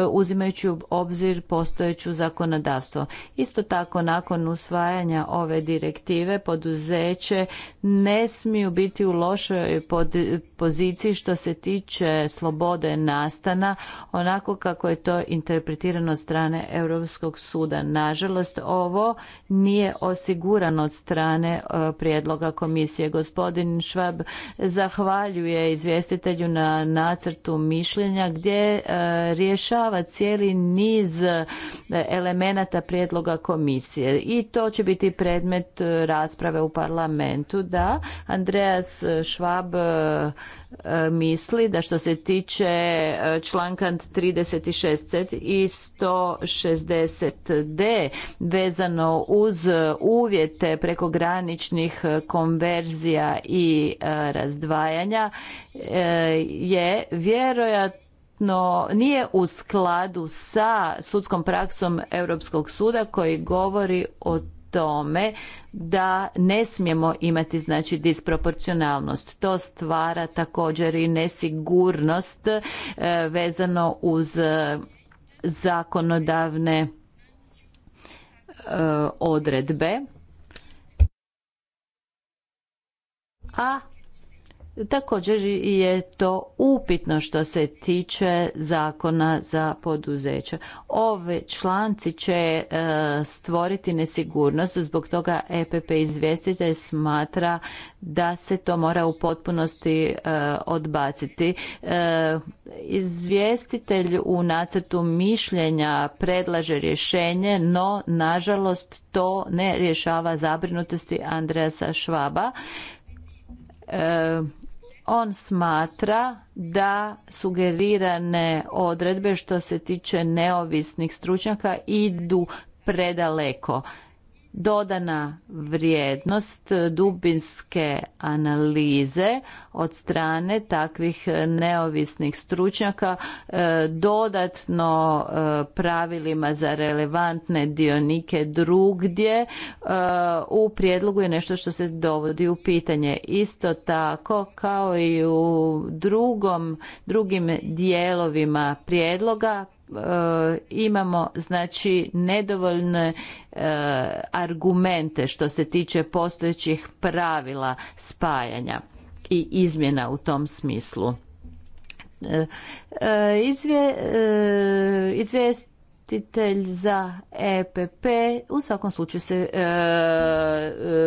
uzimajući u obzir postojeću zakonodavstvo. Isto tako nakon usvajanja ove direktive poduzeće ne smiju biti u lošoj poziciji što se tiče slobode nastana onako kako je to interpretirano od strane Europskog suda. Nažalost ovo nije osigurano od strane e, prijedloga komisije. Gospodin Švab zahvaljuje izvjestitelju na nacrtu mišljenja gdje e, rješava cijeli niz e, elemenata prijedloga komisije i to će biti predmet e, rasprave u parlamentu da Andreas Schwab E, misli da što se tiče e, članka 36 i 160d vezano uz uvjete prekograničnih konverzija i e, razdvajanja je vjerojatno nije u skladu sa sudskom praksom Europskog suda koji govori o tome da ne smijemo imati znači disproporcionalnost. To stvara također i nesigurnost e, vezano uz e, zakonodavne e, odredbe. A Također je to upitno što se tiče zakona za poduzeće. Ove članci će e, stvoriti nesigurnost, zbog toga EPP izvjestitelj smatra da se to mora u potpunosti e, odbaciti. E, izvjestitelj u nacrtu mišljenja predlaže rješenje, no nažalost to ne rješava zabrinutosti Andreasa Švaba on smatra da sugerirane odredbe što se tiče neovisnih stručnjaka idu predaleko dodana vrijednost dubinske analize od strane takvih neovisnih stručnjaka e, dodatno e, pravilima za relevantne dionike drugdje e, u prijedlogu je nešto što se dovodi u pitanje. Isto tako kao i u drugom, drugim dijelovima prijedloga E, imamo znači nedovoljne e, argumente što se tiče postojećih pravila spajanja i izmjena u tom smislu. E, izvjestitelj za EPP u svakom slučaju se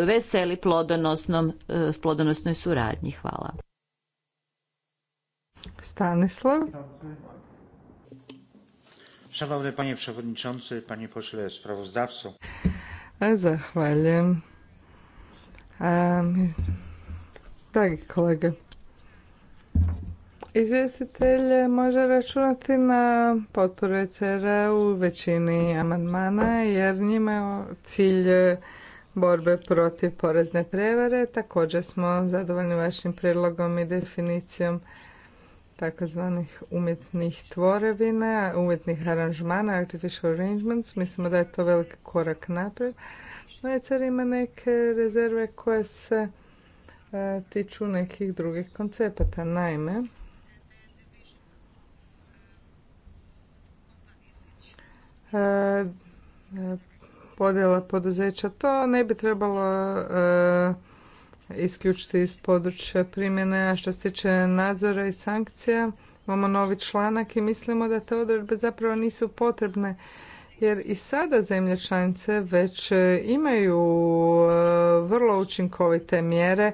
veseli plodonosnoj suradnji. Hvala. Stanislav. Szanowny panie Zahvaljujem. dragi kolege, Izvjestitelj može računati na potporu ECR-a u većini amandmana jer njima cilj borbe protiv porezne prevare. Također smo zadovoljni vašim prijedlogom i definicijom takozvanih umjetnih tvorevina, umjetnih aranžmana, artificial arrangements. Mislimo da je to veliki korak naprijed. No, ECR ima neke rezerve koje se e, tiču nekih drugih koncepata. Naime, e, e, podjela poduzeća, to ne bi trebalo isključiti iz područja primjene, a što se tiče nadzora i sankcija, imamo novi članak i mislimo da te odredbe zapravo nisu potrebne jer i sada zemlje članice već imaju e, vrlo učinkovite mjere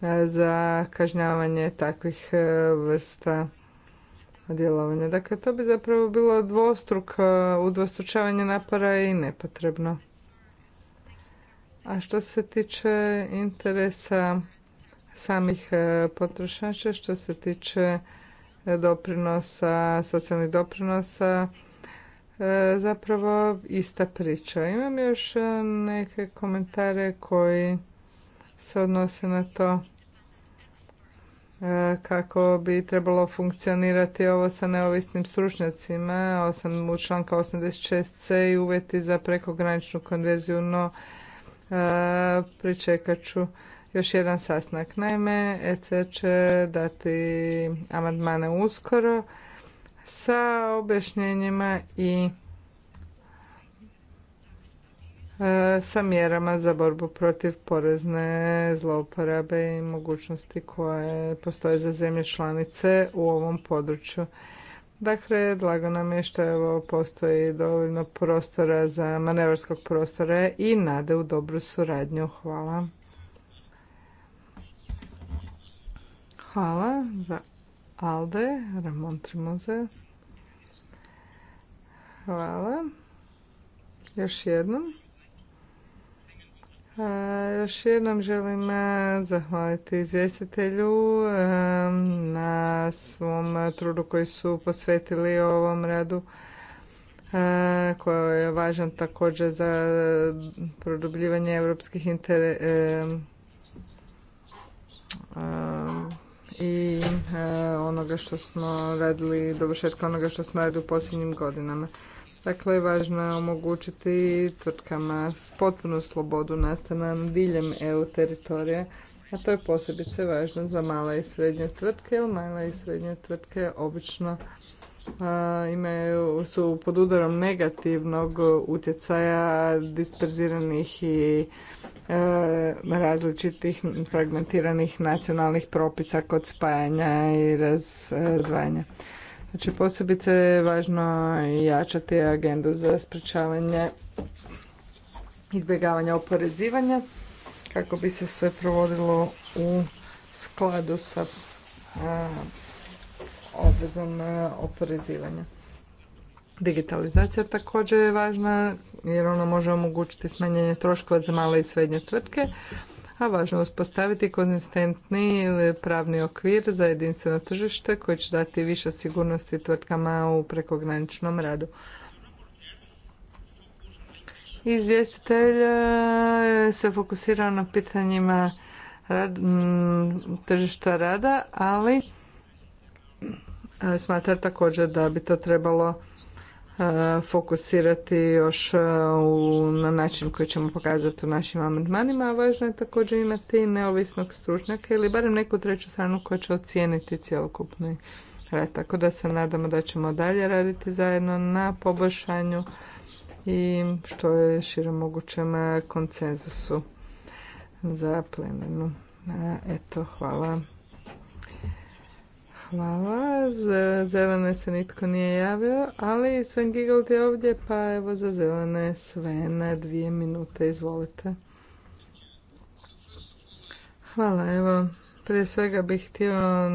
e, za kažnjavanje takvih e, vrsta djelovanja. Dakle, to bi zapravo bilo dvostruk, udvostručavanje napora i nepotrebno. A što se tiče interesa samih e, potrošača, što se tiče e, doprinosa, socijalnih doprinosa, e, zapravo ista priča. Imam još neke komentare koji se odnose na to kako bi trebalo funkcionirati ovo sa neovisnim stručnjacima, Osim u članka 86c i uvjeti za prekograničnu konverziju, no E, pričekat ću još jedan sastanak. Naime, EC će dati amandmane uskoro sa objašnjenjima i e, sa mjerama za borbu protiv porezne zlouporabe i mogućnosti koje postoje za zemlje članice u ovom području. Dakle, drago nam je što evo postoji dovoljno prostora za manevarskog prostora i nade u dobru suradnju. Hvala. Hvala za Alde, Ramon Trimoze. Hvala. Još jednom. Još jednom želim zahvaliti izvjestitelju na svom trudu koji su posvetili ovom radu koji je važan također za produbljivanje europskih interesa i onoga što smo radili, dovršetka onoga što smo radili u posljednjim godinama. Dakle, važno je omogućiti tvrtkama potpunu slobodu nastana diljem EU teritorija, a to je posebice važno za male i srednje tvrtke, jer male i srednje tvrtke obično imaju, su pod udarom negativnog utjecaja disperziranih i e, različitih fragmentiranih nacionalnih propisa kod spajanja i razdvajanja. Znači posebice je važno jačati agendu za sprečavanje izbjegavanja oporezivanja kako bi se sve provodilo u skladu sa obvezom oporezivanja. Digitalizacija također je važna jer ona može omogućiti smanjenje troškova za male i srednje tvrtke, a važno je uspostaviti konzistentni pravni okvir za jedinstveno tržište koji će dati više sigurnosti tvrtkama u prekograničnom radu. Izvjestitelj e, se fokusirao na pitanjima rad, tržišta rada, ali e, smatra također da bi to trebalo E, fokusirati još e, na način koji ćemo pokazati u našim amandmanima, a važno je također imati neovisnog stručnjaka ili barem neku treću stranu koja će ocijeniti cjelokupni rad. Tako da se nadamo da ćemo dalje raditi zajedno na poboljšanju i što je šire mogućem e, konsenzusu za plenarnu. Eto, hvala. Hvala. Za zelene se nitko nije javio, ali Sven Gigold je ovdje, pa evo za zelene sve na dvije minute. Izvolite. Hvala. Evo, prije svega bih htio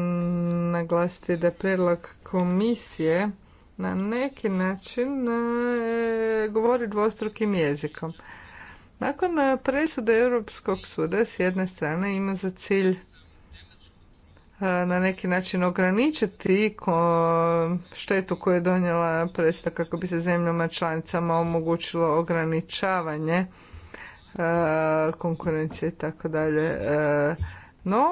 naglasiti da predlog komisije na neki način e, govori dvostrukim jezikom. Nakon presude Europskog suda s jedne strane ima za cilj na neki način ograničiti štetu koju je donijela presuda kako bi se zemljama članicama omogućilo ograničavanje konkurencije i tako dalje. No,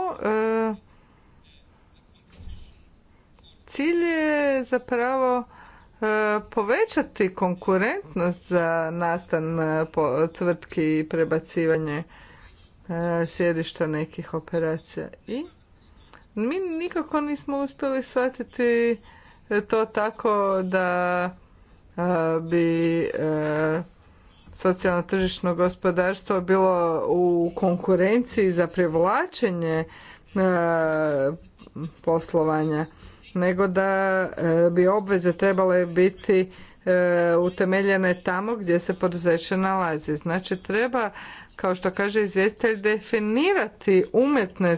cilj je zapravo povećati konkurentnost za nastan tvrtki i prebacivanje sjedišta nekih operacija i mi nikako nismo uspjeli shvatiti e, to tako da e, bi e, socijalno tržišno gospodarstvo bilo u konkurenciji za privlačenje poslovanja nego da bi obveze trebale biti utemeljene tamo gdje se poduzeće nalazi. Znači treba, kao što kaže izvjestelj, definirati umetne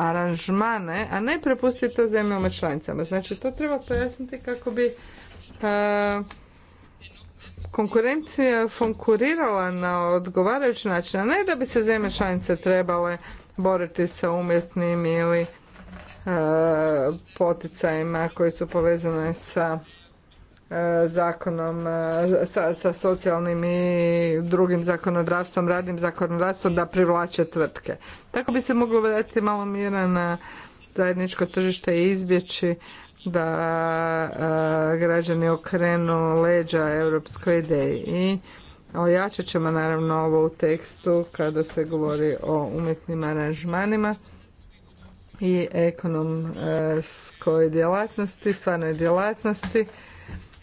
aranžmane, a ne prepustiti to zemljama članicama. Znači to treba pojasniti kako bi e, konkurencija funkurirala na odgovarajući način, a ne da bi se zemlje članice trebale boriti sa umjetnim ili e, poticajima koji su povezane sa E, zakonom, e, sa, socijalnim i drugim zakonodavstvom, radnim zakonodavstvom da privlače tvrtke. Tako bi se moglo vratiti malo mira na zajedničko tržište i izbjeći da e, građani okrenu leđa europskoj ideji i ojačat ćemo naravno ovo u tekstu kada se govori o umjetnim aranžmanima i ekonomskoj djelatnosti, stvarnoj djelatnosti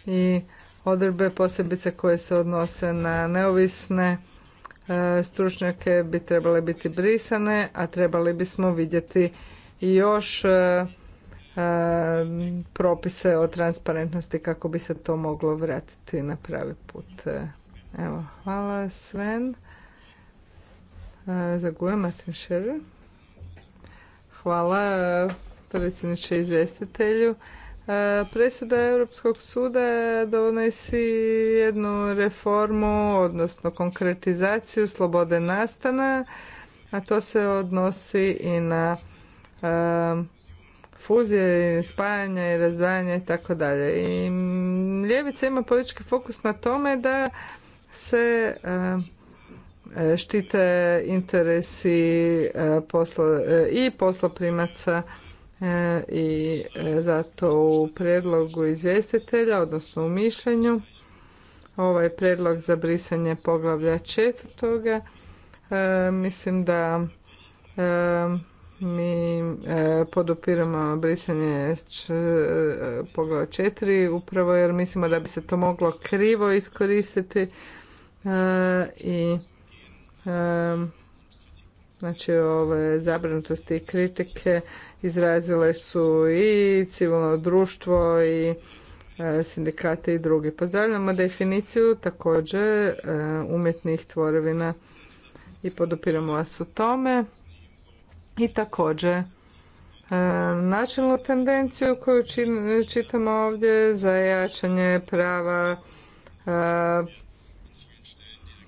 i odredbe posebice koje se odnose na neovisne e, stručnjake bi trebale biti brisane, a trebali bismo vidjeti još e, e, propise o transparentnosti kako bi se to moglo vratiti na pravi put. Evo, hvala Sven. za Martin Scherer. Hvala predsjedniče izvjestitelju. E, presuda Europskog suda donesi jednu reformu, odnosno konkretizaciju slobode nastana, a to se odnosi i na e, fuzije, spajanja i razdvajanja i tako dalje. I ljevica ima politički fokus na tome da se e, štite interesi i posloprimaca E, i e, zato u predlogu izvjestitelja, odnosno u mišljenju, ovaj predlog za brisanje poglavlja četvrtoga, e, mislim da mi podupiramo brisanje poglavlja četiri upravo jer mislimo da bi se to moglo krivo iskoristiti i Znači ove zabrinutosti i kritike izrazile su i civilno društvo i e, sindikate i drugi. Pozdravljamo definiciju također e, umjetnih tvorevina i podupiramo vas u tome. I također e, načelnu tendenciju koju čitamo ovdje za jačanje prava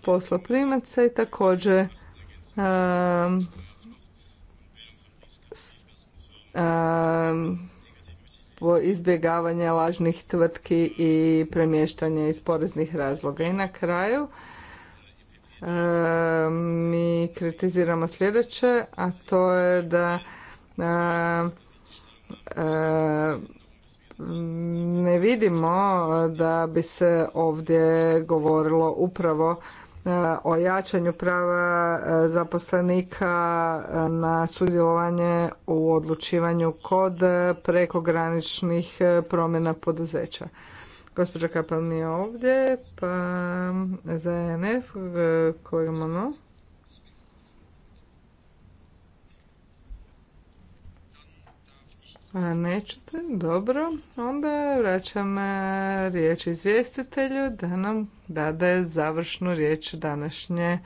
posla primaca i također Ehm, ehm, izbjegavanje lažnih tvrtki i premještanje iz poreznih razloga. I na kraju ehm, mi kritiziramo sljedeće, a to je da ne vidimo da bi se ovdje govorilo upravo E, o jačanju prava e, zaposlenika e, na sudjelovanje u odlučivanju kod prekograničnih promjena poduzeća. Gospođa Kapel nije ovdje, pa za NF kolega Nećete? Dobro. Onda vraćam e, riječ izvjestitelju da nam dade završnu riječ današnje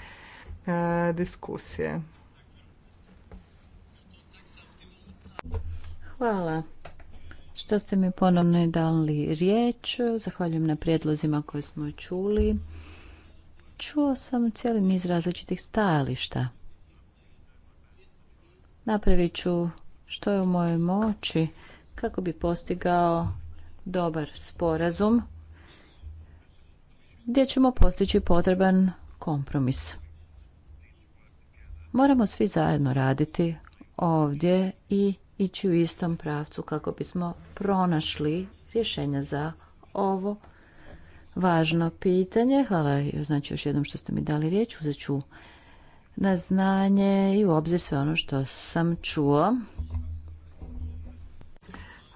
e, diskusije. Hvala što ste mi ponovno dali riječ. Zahvaljujem na prijedlozima koje smo čuli. Čuo sam cijeli niz različitih stajališta. Napravit ću što je u mojoj moći kako bi postigao dobar sporazum gdje ćemo postići potreban kompromis. Moramo svi zajedno raditi ovdje i ići u istom pravcu kako bismo pronašli rješenja za ovo važno pitanje. Hvala znači, još jednom što ste mi dali riječ. Uzet ću na znanje i u obzir sve ono što sam čuo.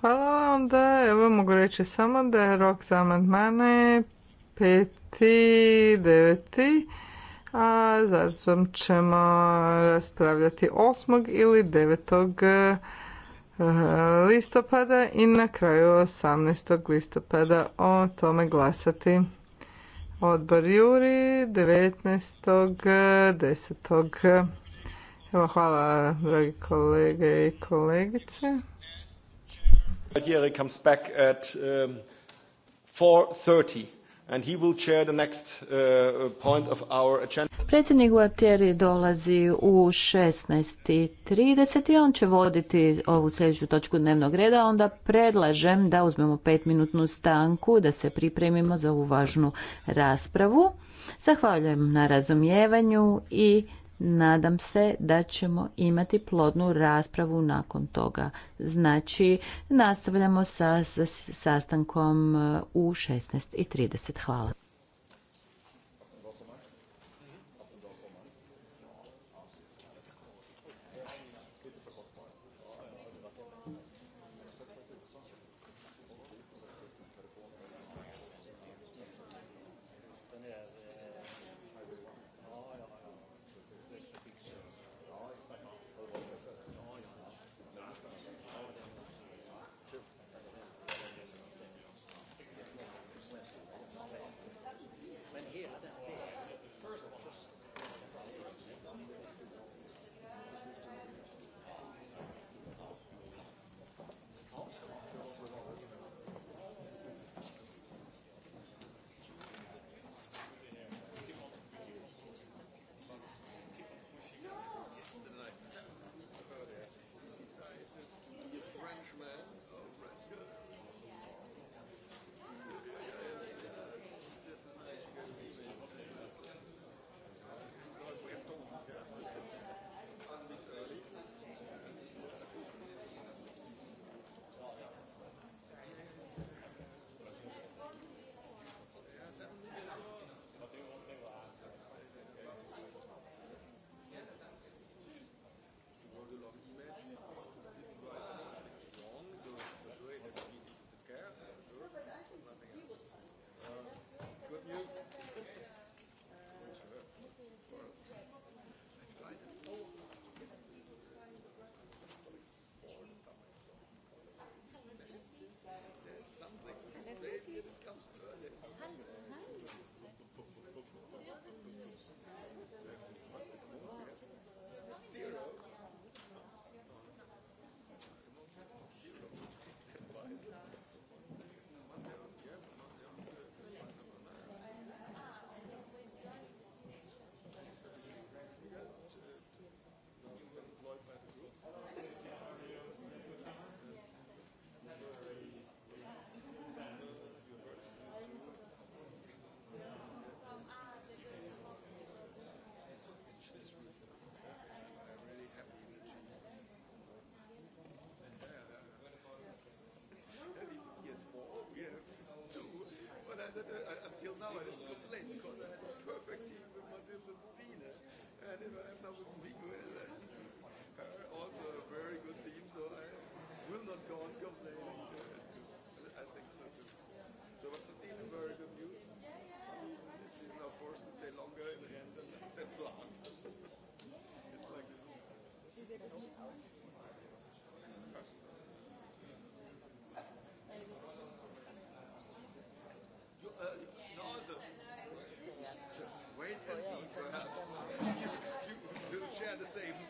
Hvala vam da, evo mogu reći samo da je rok za amandmane deveti, A zatim ćemo raspravljati osmog ili 9 eh, listopada i na kraju 18. listopada o tome glasati. Odbor Juri 19.10. Evo, hvala, dragi kolege i kolegice. Juri comes back at um, 4.30. And he will uh, Predsjednik dolazi u 16.30 i on će voditi ovu sljedeću točku dnevnog reda. Onda predlažem da uzmemo petminutnu stanku, da se pripremimo za ovu važnu raspravu. Zahvaljujem na razumijevanju i Nadam se da ćemo imati plodnu raspravu nakon toga. Znači, nastavljamo sa sastankom u 16.30. Hvala. also a very good team, so I will not go on complaining. so but the is very good news. stay longer it's like save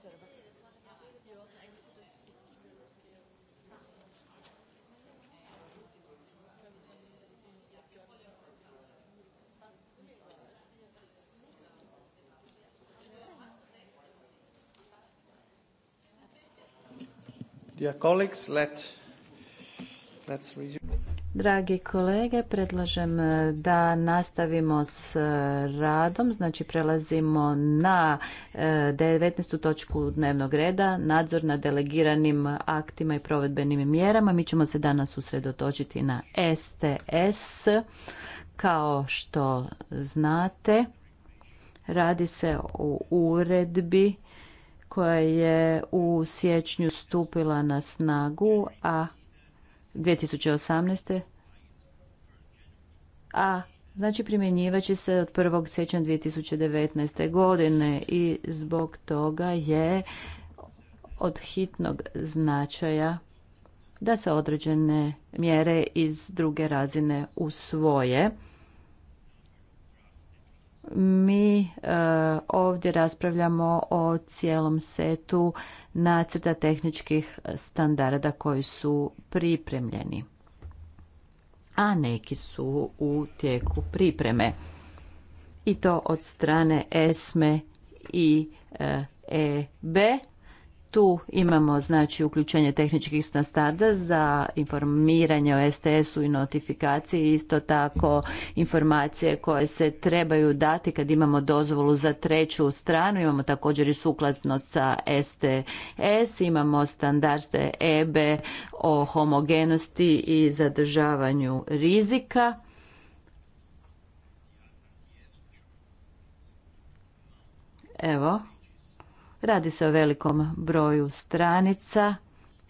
Gracias. Dragi kolege, predlažem eh, da nastavimo s eh, radom, znači prelazimo na 19. Eh, točku dnevnog reda, nadzor na delegiranim aktima i provedbenim mjerama. Mi ćemo se danas usredotočiti na STS. Kao što znate, radi se o uredbi koja je u siječnju stupila na snagu, a 2018. A znači primjenjivaće se od 1. siječnja 2019. godine i zbog toga je od hitnog značaja da se određene mjere iz druge razine usvoje mi e, ovdje raspravljamo o cijelom setu nacrta tehničkih standarda koji su pripremljeni a neki su u tijeku pripreme i to od strane ESME i EB e tu imamo znači uključenje tehničkih standarda za informiranje o STS-u i notifikaciji, isto tako informacije koje se trebaju dati kad imamo dozvolu za treću stranu, imamo također i sukladnost sa STS, imamo standarde EBE o homogenosti i zadržavanju rizika. Evo, Radi se o velikom broju stranica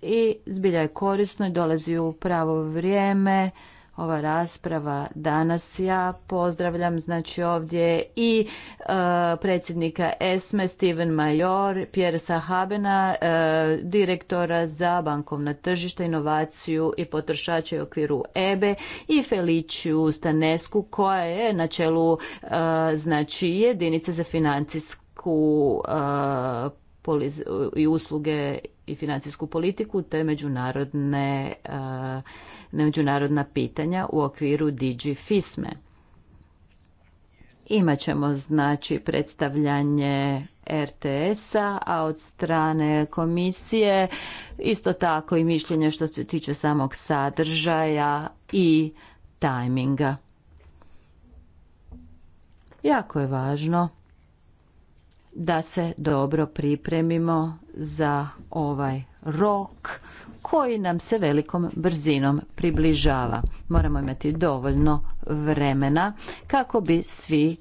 i zbilja je korisno i dolazi u pravo vrijeme ova rasprava danas ja pozdravljam znači ovdje i e, predsjednika ESME Steven Major, Pierre Sahabena, e, direktora za bankovna tržišta, inovaciju i potrošače u okviru EBE e i Feliciju Stanesku koja je na čelu znači jedinice za financijsku E, i usluge i financijsku politiku te međunarodne, e, međunarodna pitanja u okviru DG FISME. Imaćemo znači predstavljanje RTS-a, a od strane komisije isto tako i mišljenje što se tiče samog sadržaja i tajminga. Jako je važno da se dobro pripremimo za ovaj rok koji nam se velikom brzinom približava. Moramo imati dovoljno vremena kako bi svi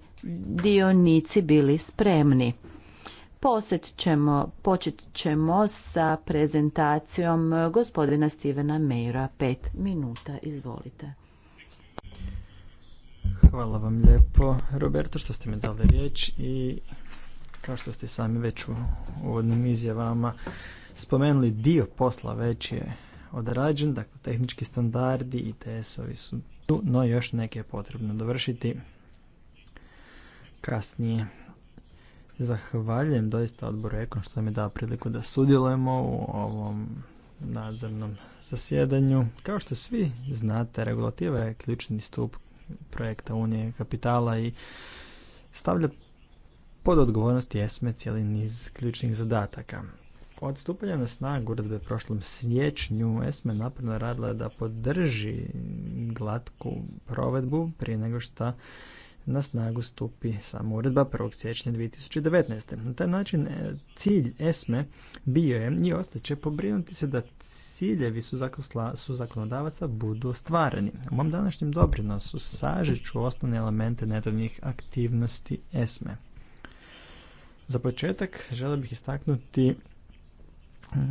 dionici bili spremni. Posjet ćemo, počet ćemo sa prezentacijom gospodina Stevena Mejra. Pet minuta, izvolite. Hvala vam lijepo, Roberto, što ste mi dali riječ i kao što ste sami već u uvodnim izjavama spomenuli, dio posla već je odrađen, dakle tehnički standardi i TS-ovi su tu, no još neke je potrebno dovršiti kasnije. Zahvaljujem doista odboru Ekon što mi da priliku da sudjelujemo u ovom nadzornom zasjedanju. Kao što svi znate, regulativa je ključni stup projekta Unije kapitala i stavlja pod odgovornosti ESME cijeli niz ključnih zadataka. Od stupanja na snagu uredbe prošlom siječnju ESME napredno radila da podrži glatku provedbu prije nego što na snagu stupi samo uredba 1. siječnja 2019. Na taj način e, cilj ESME bio je i ostaće pobrinuti se da ciljevi su zakonodavaca budu ostvareni. U mom današnjem doprinosu sažet ću osnovne elemente nedavnih aktivnosti ESME. Za početak želio bih istaknuti mm,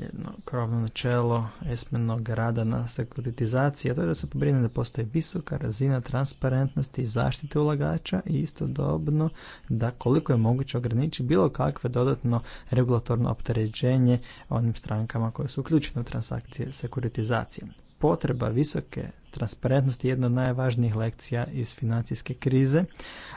jedno krovno načelo esmenog rada na sekuritizaciji, a to je da se pobrine da postoji visoka razina transparentnosti i zaštite ulagača i istodobno da koliko je moguće ograniči bilo kakve dodatno regulatorno opterećenje onim strankama koje su uključene u transakcije sekuritizacije. Potreba visoke transparentnost je jedna od najvažnijih lekcija iz financijske krize,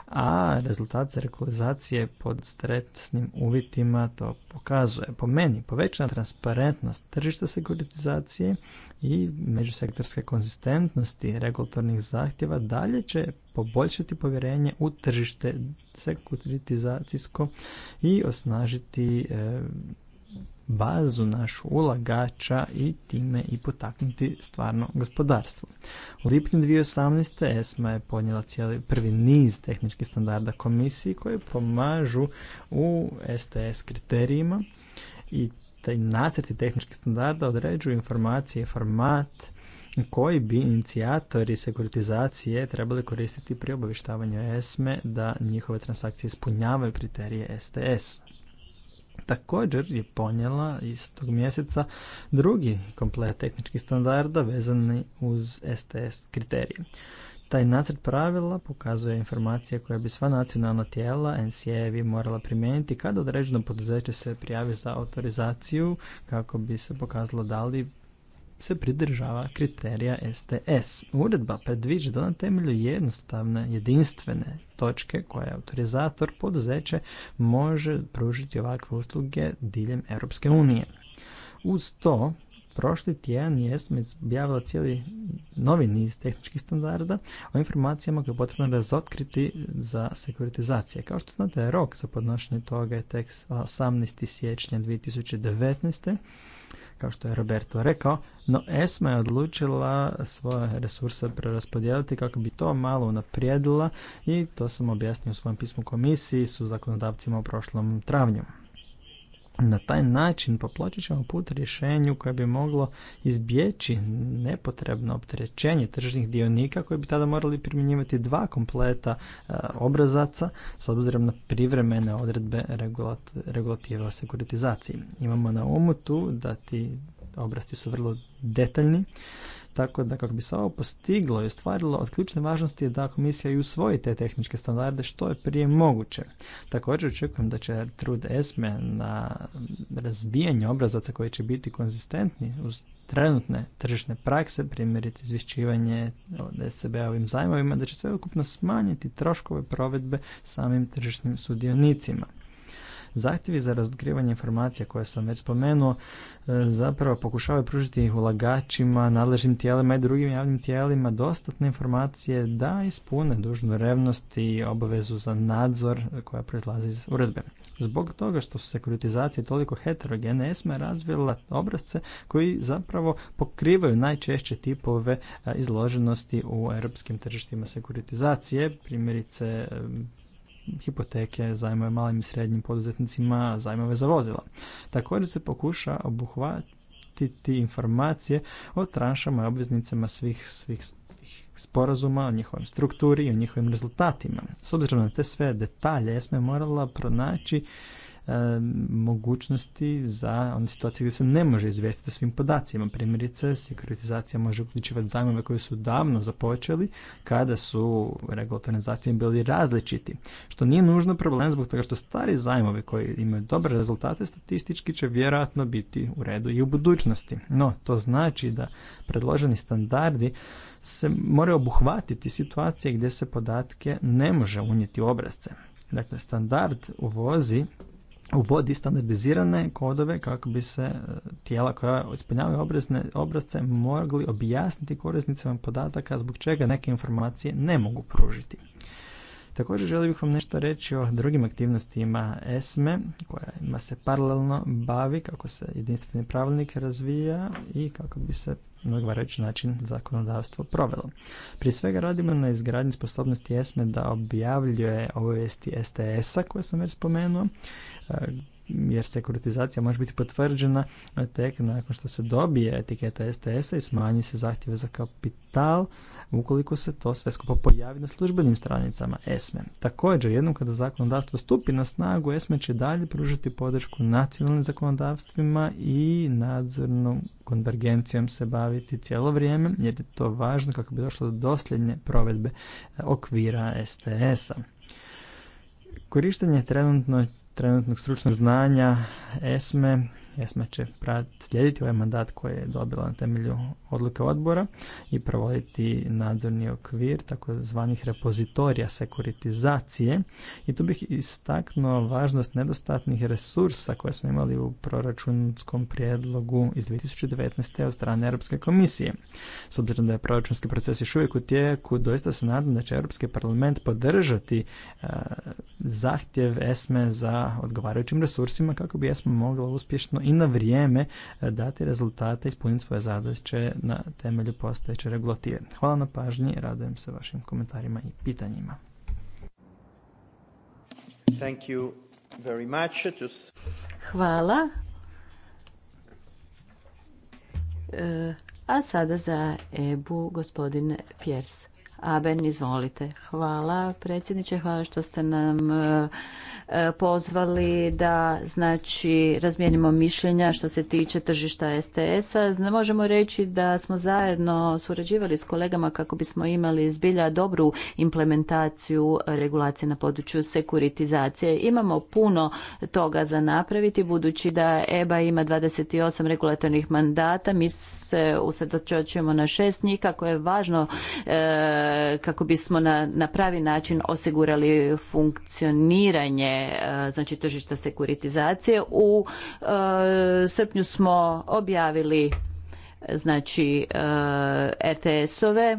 a rezultat cirkulizacije pod stresnim uvjetima to pokazuje. Po meni, povećana transparentnost tržišta sekuritizacije i međusektorske konzistentnosti regulatornih zahtjeva dalje će poboljšati povjerenje u tržište sekuritizacijsko i osnažiti e, bazu našu ulagača i time i potaknuti stvarno gospodarstvo. U lipnju 2018. ESMA je podnijela cijeli prvi niz tehničkih standarda komisiji koji pomažu u STS kriterijima i taj nacrti tehničkih standarda određuju informacije i format koji bi inicijatori sekuritizacije trebali koristiti pri obavještavanju ESME da njihove transakcije ispunjavaju kriterije STS također je ponijela tog mjeseca drugi komplet tehničkih standarda vezani uz STS kriterije. Taj nacrt pravila pokazuje informacije koje bi sva nacionalna tijela NCAV morala primijeniti kada određeno poduzeće se prijavi za autorizaciju kako bi se pokazalo da li se pridržava kriterija STS. Uredba predviđa da na temelju jednostavne, jedinstvene točke koje autorizator poduzeće može pružiti ovakve usluge diljem Europske unije. Uz to, prošli tjedan jesmo e izjavila cijeli novi niz tehničkih standarda o informacijama koje je potrebno razotkriti za sekuritizacije. Kao što znate, rok za podnošenje toga je tek 18. siječnja 2019 kao što je Roberto rekao, no ESMA je odlučila svoje resurse preraspodijeliti kako bi to malo unaprijedila i to sam objasnio u svojem pismu komisiji su zakonodavcima u prošlom travnju. Na taj način poplaćat ćemo put rješenju koje bi moglo izbjeći nepotrebno opterećenje tržnih dionika koji bi tada morali primjenjivati dva kompleta e, obrazaca s obzirom na privremene odredbe regulat, regulative o sekuritizaciji. Imamo na umu tu da ti obrazci su vrlo detaljni tako da kako bi se ovo postiglo i ostvarilo, od ključne važnosti je da komisija i usvoji te tehničke standarde što je prije moguće. Također očekujem da će trud ESME na razvijanje obrazaca koji će biti konzistentni uz trenutne tržišne prakse, primjerice izvješćivanje od SCB-ovim zajmovima, da će sve ukupno smanjiti troškove provedbe samim tržišnim sudionicima. Zahtjevi za razotkrivanje informacija koje sam već spomenuo e, zapravo pokušavaju pružiti ulagačima, nadležnim tijelima i drugim javnim tijelima dostatne informacije da ispune dužnu revnost i obavezu za nadzor koja proizlazi iz uredbe. Zbog toga što su sekuritizacije toliko heterogene, ESMA je razvila obrazce koji zapravo pokrivaju najčešće tipove e, izloženosti u europskim tržištima sekuritizacije, primjerice hipoteke, zajmove malim i srednjim poduzetnicima, zajmove za vozila. Također se pokuša obuhvatiti informacije o tranšama i obveznicama svih, svih sporazuma, o njihovoj strukturi i o njihovim rezultatima. S obzirom na te sve detalje, smo je morala pronaći E, mogućnosti za one situacije gdje se ne može izvijestiti o svim podacima. Primjerice, sekuritizacija može uključivati zajmove koji su davno započeli kada su regulatorni bili različiti. Što nije nužno problem zbog toga što stari zajmovi koji imaju dobre rezultate statistički će vjerojatno biti u redu i u budućnosti. No, to znači da predloženi standardi se moraju obuhvatiti situacije gdje se podatke ne može unijeti u obrazce. Dakle, standard uvozi uvodi standardizirane kodove kako bi se e, tijela koja ispunjavaju obrazne, obrazce mogli objasniti korisnicima podataka zbog čega neke informacije ne mogu pružiti. Također želio bih vam nešto reći o drugim aktivnostima ESME koja ima se paralelno bavi kako se jedinstveni pravilnik razvija i kako bi se na odgovarajući način zakonodavstvo provelo. Prije svega radimo na izgradnji sposobnosti ESME da objavljuje obavijesti STS-a koje sam već spomenuo, jer sekuritizacija može biti potvrđena tek nakon što se dobije etiketa STS-a i smanji se zahtjeve za kapital ukoliko se to sve skupo pojavi na službenim stranicama ESME. E. Također, jednom kada zakonodavstvo stupi na snagu, ESME e će dalje pružiti podršku nacionalnim zakonodavstvima i nadzornom konvergencijom se baviti cijelo vrijeme, jer je to važno kako bi došlo do dosljednje provedbe e, okvira STS-a. Korištenje trenutno trenutnog stručnog znanja ESME ESMA će slijediti ovaj mandat koji je dobila na temelju odluke odbora i provoditi nadzorni okvir takozvanih repozitorija sekuritizacije. I tu bih istaknuo važnost nedostatnih resursa koje smo imali u proračunskom prijedlogu iz 2019. od strane Europske komisije. S obzirom da je proračunski proces još uvijek u tijeku, doista se nadam da će Europski parlament podržati e, zahtjev ESME za odgovarajućim resursima kako bi ESME mogla uspješno i na vrijeme e, dati rezultate i ispuniti svoje zadaće na temelju postojeće regulative. Hvala na pažnji, radujem se vašim komentarima i pitanjima. Thank you very much. Hvala. E, a sada za EBU gospodin Fjers. Aben, izvolite. Hvala predsjedniče, hvala što ste nam e, E, pozvali da znači razmijenimo mišljenja što se tiče tržišta STS-a. Možemo reći da smo zajedno surađivali s kolegama kako bismo imali zbilja dobru implementaciju regulacije na području sekuritizacije. Imamo puno toga za napraviti budući da EBA ima 28 regulatornih mandata. Mi se usredočujemo na šest njih kako je važno e, kako bismo na pravi način osigurali funkcioniranje E, znači tržišta sekuritizacije. U e, srpnju smo objavili znači e, RTS-ove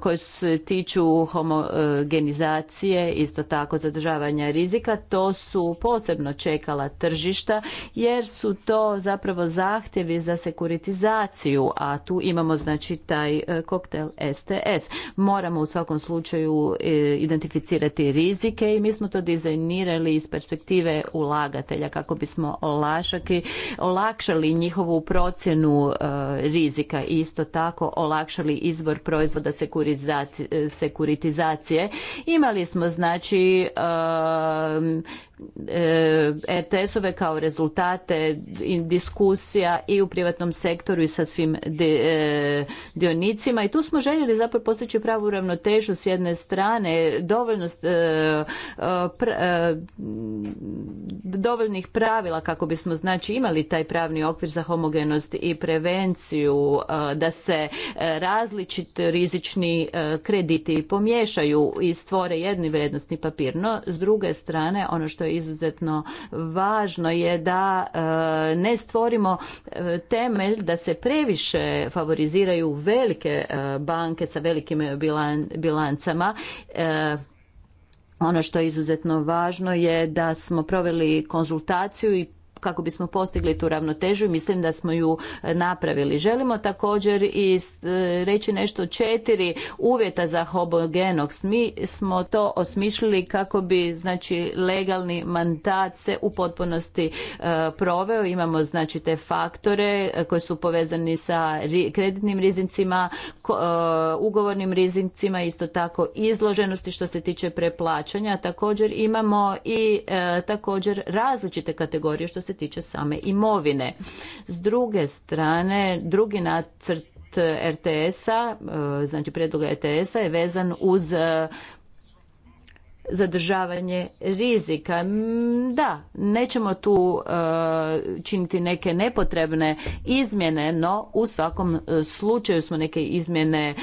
koje se tiču homogenizacije, isto tako zadržavanja rizika, to su posebno čekala tržišta jer su to zapravo zahtjevi za sekuritizaciju, a tu imamo znači taj e, koktel STS. Moramo u svakom slučaju e, identificirati rizike i mi smo to dizajnirali iz perspektive ulagatelja kako bismo olašaki, olakšali njihovu procjenu e, rizika i isto tako olakšali izbor proizvoda eh, sekuritizacije. Imali smo znači eh, RTS-ove e, e kao rezultate diskusija i u privatnom sektoru i sa svim e, dionicima i tu smo željeli zapravo postići pravu ravnotežu s jedne strane dovoljno dovoljnih pravila kako bismo znači imali taj pravni okvir za homogenost i prevenciju da se različiti rizični krediti pomiješaju i stvore jedni vrijednosni papir no s druge strane ono što je izuzetno važno je da e, ne stvorimo e, temelj da se previše favoriziraju velike e, banke sa velikim bilancama ono što je izuzetno važno je da smo proveli konzultaciju i kako bismo postigli tu ravnotežu i mislim da smo ju e, napravili. Želimo također i e, reći nešto četiri uvjeta za homogenox. Mi smo to osmišljili kako bi znači legalni mandat se u potpunosti e, proveo. Imamo znači te faktore koji su povezani sa kreditnim rizicima, ugovornim rizicima, isto tako izloženosti što se tiče preplaćanja. Također imamo i također različite kategorije što se tiče same imovine. S druge strane, drugi nacrt RTS-a, e, znači prijedlog rts a je vezan uz e, zadržavanje rizika. Da, nećemo tu e, činiti neke nepotrebne izmjene, no u svakom e, slučaju smo neke izmjene e,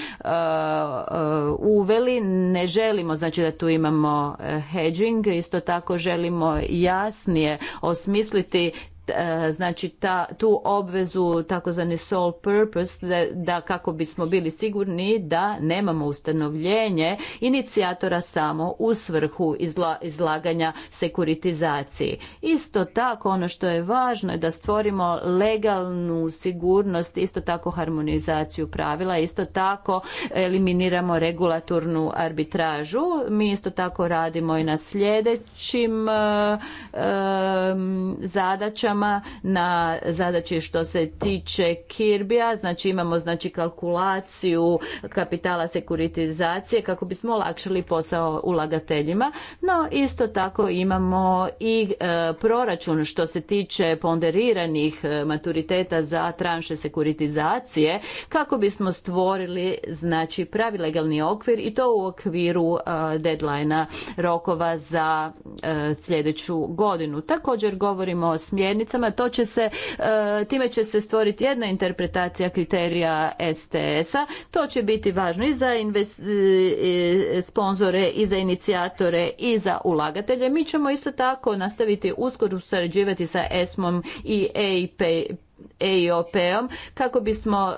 uveli. Ne želimo, znači da tu imamo hedging, isto tako želimo jasnije osmisliti E, znači tu obvezu takozvani sole purpose da, kako bismo bili sigurni da nemamo ustanovljenje inicijatora samo u svrhu izlaganja sekuritizaciji. Isto tako ono što je važno je da stvorimo legalnu sigurnost, isto tako harmonizaciju pravila, isto tako eliminiramo regulatornu arbitražu. Mi isto tako radimo i na sljedećim e, e zadaćama na zadaći što se tiče Kirbija, znači imamo znači kalkulaciju kapitala sekuritizacije kako bismo olakšali posao ulagateljima, no isto tako imamo i e, proračun što se tiče ponderiranih e, maturiteta za tranše sekuritizacije kako bismo stvorili znači pravi legalni okvir i to u okviru e, deadline rokova za e, sljedeću godinu. Također govorimo o smjernicama smjernicama, to se, e, time će se stvoriti jedna interpretacija kriterija STS-a. To će biti važno i za e, e, sponzore i za inicijatore i za ulagatelje. Mi ćemo isto tako nastaviti uskoro surađivati sa ESMom i EIP EIOP-om kako bismo e,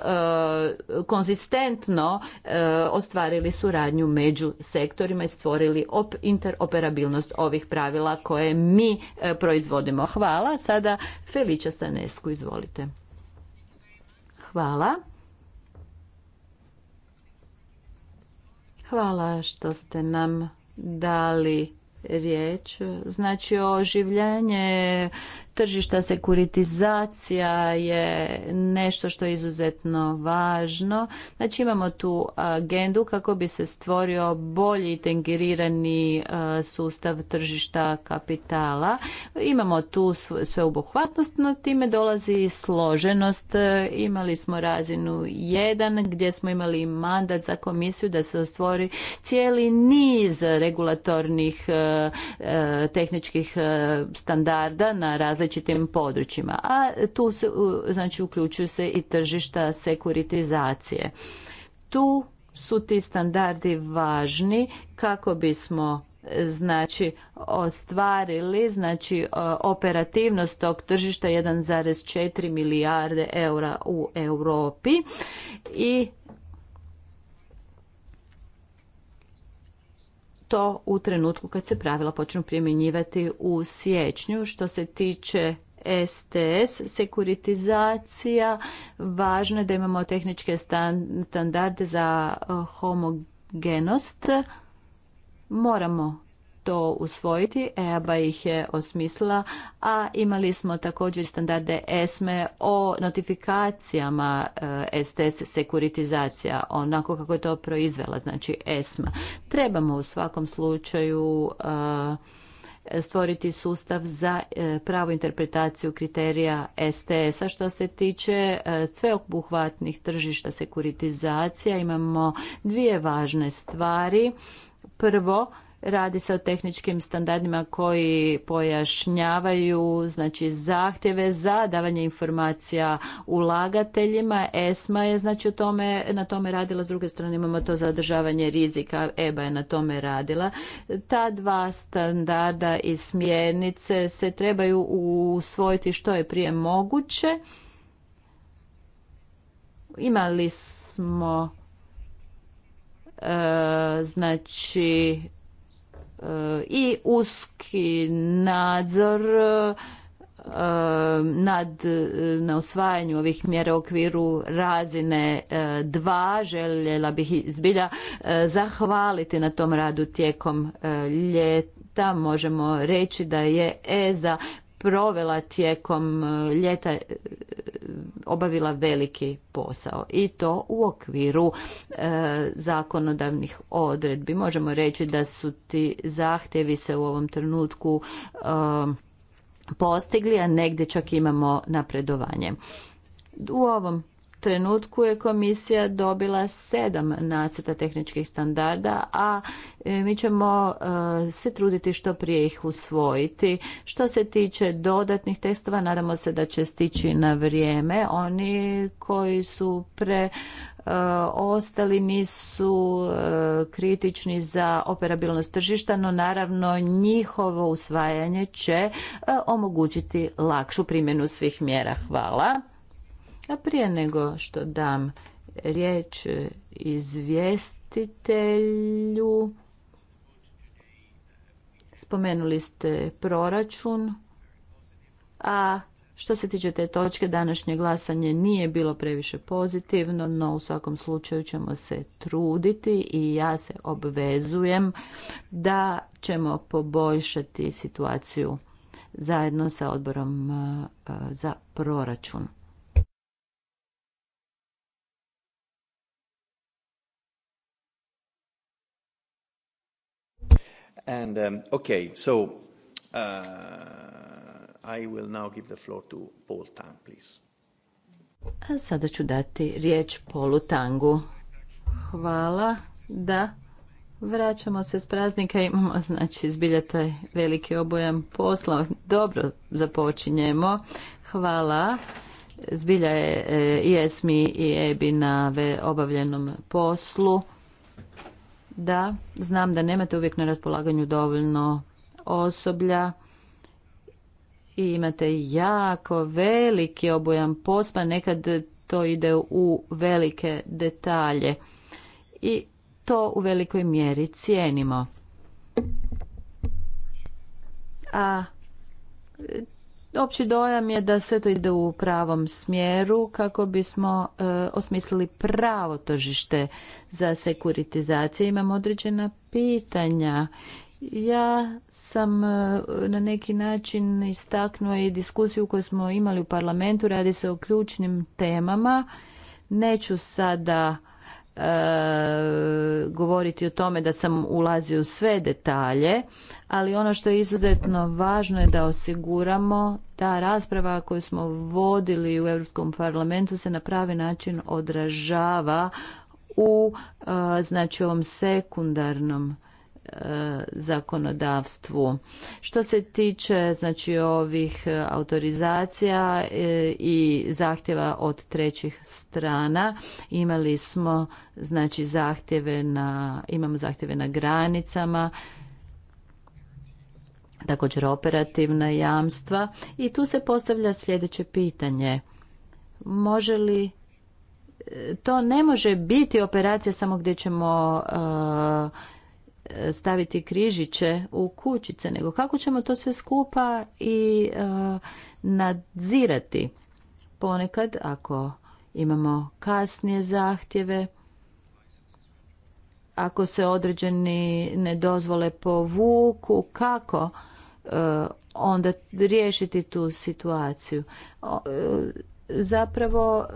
konzistentno e, ostvarili suradnju među sektorima i stvorili interoperabilnost ovih pravila koje mi e, proizvodimo. Hvala. Sada Felića Stanesku, izvolite. Hvala. Hvala što ste nam dali riječ. Znači, oživljanje tržišta sekuritizacija je nešto što je izuzetno važno. Znači imamo tu agendu kako bi se stvorio bolji integrirani e, sustav tržišta kapitala. Imamo tu sveobuhvatnost, no time dolazi i složenost. E, imali smo razinu 1 gdje smo imali mandat za komisiju da se ostvori cijeli niz regulatornih e, tehničkih standarda na različitim različitim područjima. A tu se, znači, uključuju se i tržišta sekuritizacije. Tu su ti standardi važni kako bismo znači ostvarili znači operativnost tog tržišta 1,4 milijarde eura u Europi i to u trenutku kad se pravila počnu primjenjivati u siječnju. Što se tiče STS, sekuritizacija, važno je da imamo tehničke standarde za eh, homogenost. Moramo to usvojiti, EABA ih je osmislila, a imali smo također standarde ESME e o notifikacijama STS e, sekuritizacija, onako kako je to proizvela, znači ESMA. E. Trebamo u svakom slučaju stvoriti sustav za pravu interpretaciju kriterija STS-a. Što se tiče sveobuhvatnih tržišta sekuritizacija, imamo dvije važne stvari. Prvo, Radi se o tehničkim standardima koji pojašnjavaju znači zahtjeve za davanje informacija ulagateljima. ESMA je znači o tome, na tome radila, s druge strane imamo to zadržavanje rizika, EBA je na tome radila. Ta dva standarda i smjernice se trebaju usvojiti što je prije moguće. Imali smo e, znači i uski nadzor e, nad e, na osvajanju ovih mjera u okviru razine 2. E, Željela bih zbilja zahvaliti na tom radu tijekom ljeta. Možemo reći da je EZA provela tijekom e, ljeta e, obavila veliki posao i to u okviru e, zakonodavnih odredbi. Možemo reći da su ti zahtjevi se u ovom trenutku postigli, a negdje čak imamo napredovanje. U ovom trenutku je komisija dobila sedam nacrta tehničkih standarda, a e, mi ćemo e, se truditi što prije ih usvojiti. Što se tiče dodatnih testova, nadamo se da će stići na vrijeme. Oni koji su pre e, ostali nisu kritični za operabilnost tržišta, no naravno njihovo usvajanje će omogućiti lakšu primjenu svih mjera. Hvala. A prije nego što dam riječ izvjestitelju, spomenuli ste proračun, a što se tiče te točke, današnje glasanje nije bilo previše pozitivno, no u svakom slučaju ćemo se truditi i ja se obvezujem da ćemo poboljšati situaciju zajedno sa odborom eh, za proračun. And um, okay, so uh, I will now give the floor to Paul Tang, please. A sada ću dati riječ Paulu Tangu. Hvala. Da, vraćamo se s praznika, imamo znači zbilja taj veliki obojam posla. Dobro započinjemo. Hvala. Zbilja je e, i Esmi i Ebi na obavljenom poslu da znam da nemate uvijek na raspolaganju dovoljno osoblja i imate jako veliki obujam posla, nekad to ide u velike detalje i to u velikoj mjeri cijenimo. A Opći dojam je da sve to ide u pravom smjeru kako bismo e, osmislili pravo tržište za sekuritizaciju. Imam određena pitanja. Ja sam e, na neki način istaknuo i diskusiju koju smo imali u parlamentu. Radi se o ključnim temama. Neću sada E, govoriti o tome da sam ulazio u sve detalje, ali ono što je izuzetno važno je da osiguramo da rasprava koju smo vodili u Europskom parlamentu se na pravi način odražava u e, znači ovom sekundarnom zakonodavstvu. Što se tiče znači ovih e, autorizacija e, i zahtjeva od trećih strana, imali smo znači zahtjeve na imamo zahtjeve na granicama također operativna jamstva i tu se postavlja sljedeće pitanje. Može li e, to ne može biti operacija samo gdje ćemo E, staviti križiće u kućice, nego kako ćemo to sve skupa i e, nadzirati. Ponekad, ako imamo kasnije zahtjeve, ako se određeni ne dozvole povuku, kako e, onda riješiti tu situaciju. Zapravo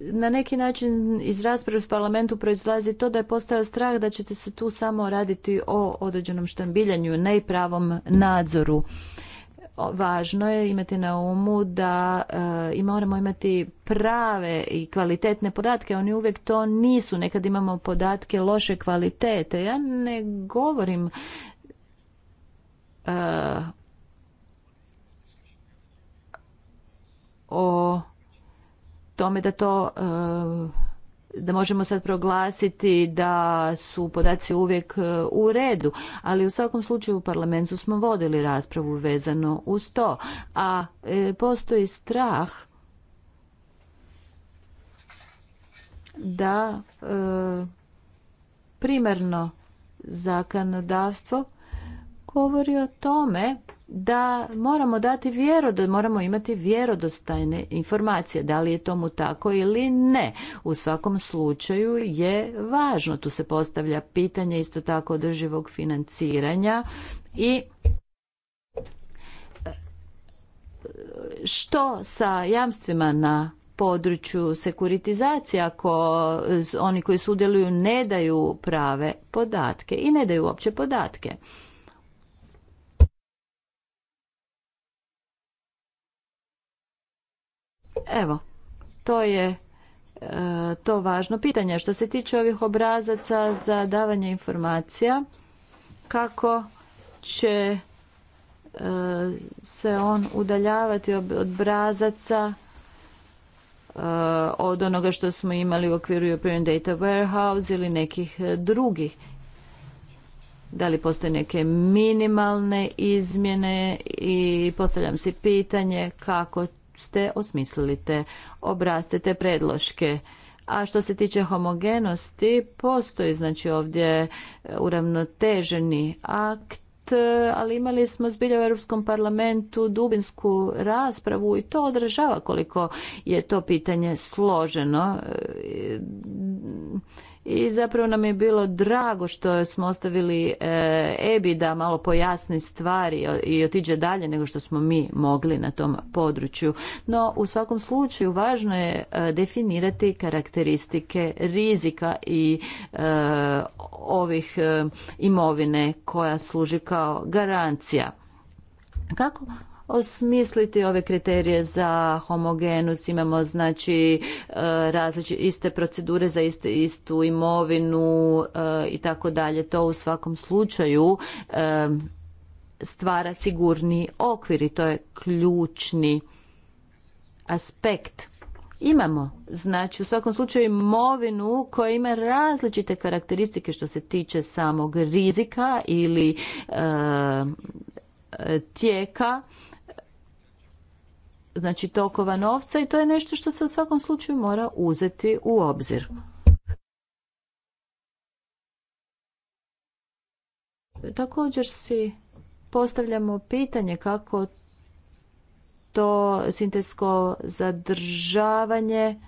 na neki način iz rasprave u parlamentu proizlazi to da je postao strah da ćete se tu samo raditi o određenom štambiljanju, ne i pravom nadzoru. Važno je imati na umu da e, moramo imati prave i kvalitetne podatke, oni uvijek to nisu. Nekad imamo podatke loše kvalitete. Ja ne govorim e, o tome da to e, da možemo sad proglasiti da su podaci uvijek e, u redu, ali u svakom slučaju u parlamentu smo vodili raspravu vezano uz to, a e, postoji strah da primarno zakonodavstvo govori o tome da moramo dati da moramo imati vjerodostajne informacije, da li je tomu tako ili ne. U svakom slučaju je važno, tu se postavlja pitanje isto tako održivog financiranja i što sa jamstvima na području sekuritizacije ako oni koji sudjeluju ne daju prave podatke i ne daju uopće podatke. Evo, to je e, to važno pitanje. Što se tiče ovih obrazaca za davanje informacija, kako će e, se on udaljavati od obrazaca e, od onoga što smo imali u okviru European Data Warehouse ili nekih drugih. Da li postoje neke minimalne izmjene i postavljam si pitanje kako ste osmislili te obrazce, te predloške. A što se tiče homogenosti, postoji znači ovdje e, uravnoteženi akt ali imali smo zbilja u Europskom parlamentu dubinsku raspravu i to odražava koliko je to pitanje složeno e, i zapravo nam je bilo drago što smo ostavili e, EBI da malo pojasni stvari i otiđe dalje nego što smo mi mogli na tom području. No u svakom slučaju važno je e, definirati karakteristike rizika i e, ovih imovine koja služi kao garancija. Kako osmisliti ove kriterije za homogenus, imamo znači e, različite iste procedure za iste, istu imovinu e, i tako dalje. To u svakom slučaju e, stvara sigurni okvir i to je ključni aspekt. Imamo, znači u svakom slučaju imovinu koja ima različite karakteristike što se tiče samog rizika ili tijeka znači tokova novca i to je nešto što se u svakom slučaju mora uzeti u obzir. Također si postavljamo pitanje kako to sintetsko zadržavanje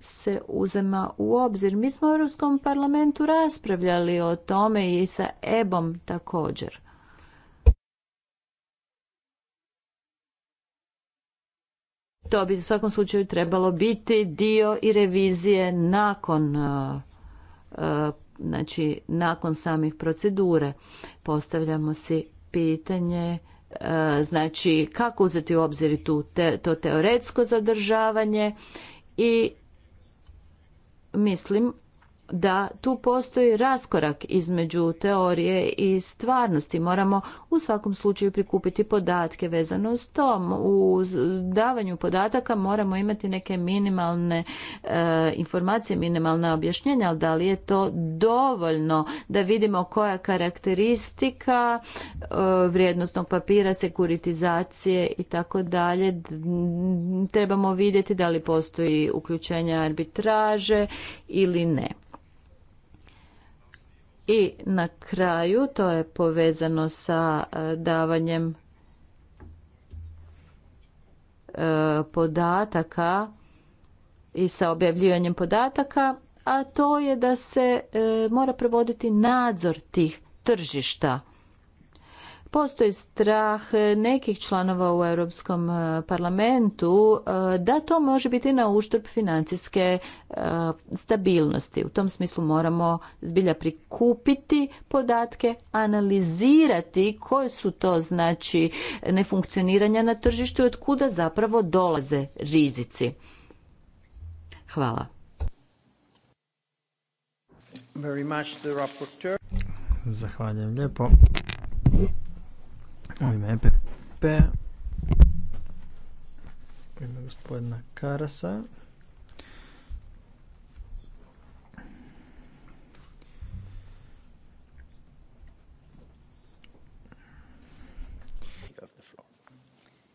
se uzema u obzir. Mi smo u Europskom parlamentu raspravljali o tome i sa EBOM također. To bi u svakom slučaju trebalo biti dio i revizije nakon e, e, znači nakon samih procedure. Postavljamo si pitanje e, znači kako uzeti u obzir tu te, to teoretsko zadržavanje i mislim da tu postoji raskorak između teorije i stvarnosti. Moramo u svakom slučaju prikupiti podatke vezano s tom. U davanju podataka moramo imati neke minimalne e, informacije, minimalna objašnjenja, ali da li je to dovoljno da vidimo koja karakteristika e, vrijednostnog papira, sekuritizacije i tako dalje. Trebamo vidjeti da li postoji uključenje arbitraže ili ne. I na kraju to je povezano sa e, davanjem e, podataka i sa objavljivanjem podataka, a to je da se e, mora provoditi nadzor tih tržišta. Postoji strah nekih članova u Europskom e, parlamentu e, da to može biti na uštrb financijske e, stabilnosti. U tom smislu moramo zbilja prikupiti podatke, analizirati koje su to znači nefunkcioniranja na tržištu i od kuda zapravo dolaze rizici. Hvala. Very much Zahvaljujem lijepo. U ime EPP, u ime gospodina Karasa.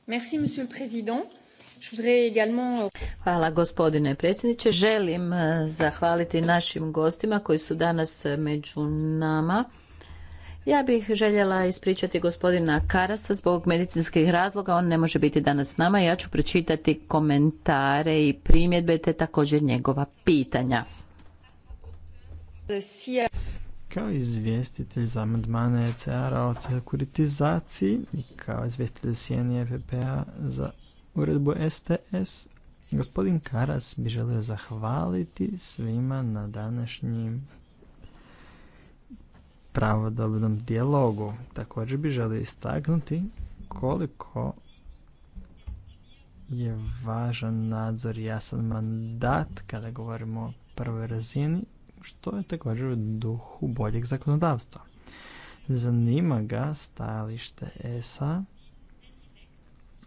Merci, euh, Hvala gospodine predsjedniče. Želim euh, zahvaliti našim gostima koji su danas euh, među nama. Ja bih željela ispričati gospodina Karasa zbog medicinskih razloga. On ne može biti danas s nama. Ja ću pročitati komentare i primjedbe te također njegova pitanja. Kao izvjestitelj za amandmane ECR-a o sekuritizaciji i kao izvjestitelj u Sijeni FPA za uredbu STS, gospodin Karas bi želio zahvaliti svima na današnjim pravodobnom dijalogu. Također bi želio istaknuti koliko je važan nadzor i jasan mandat kada govorimo o prvoj razini, što je također u duhu boljeg zakonodavstva. Zanima ga stajalište ESA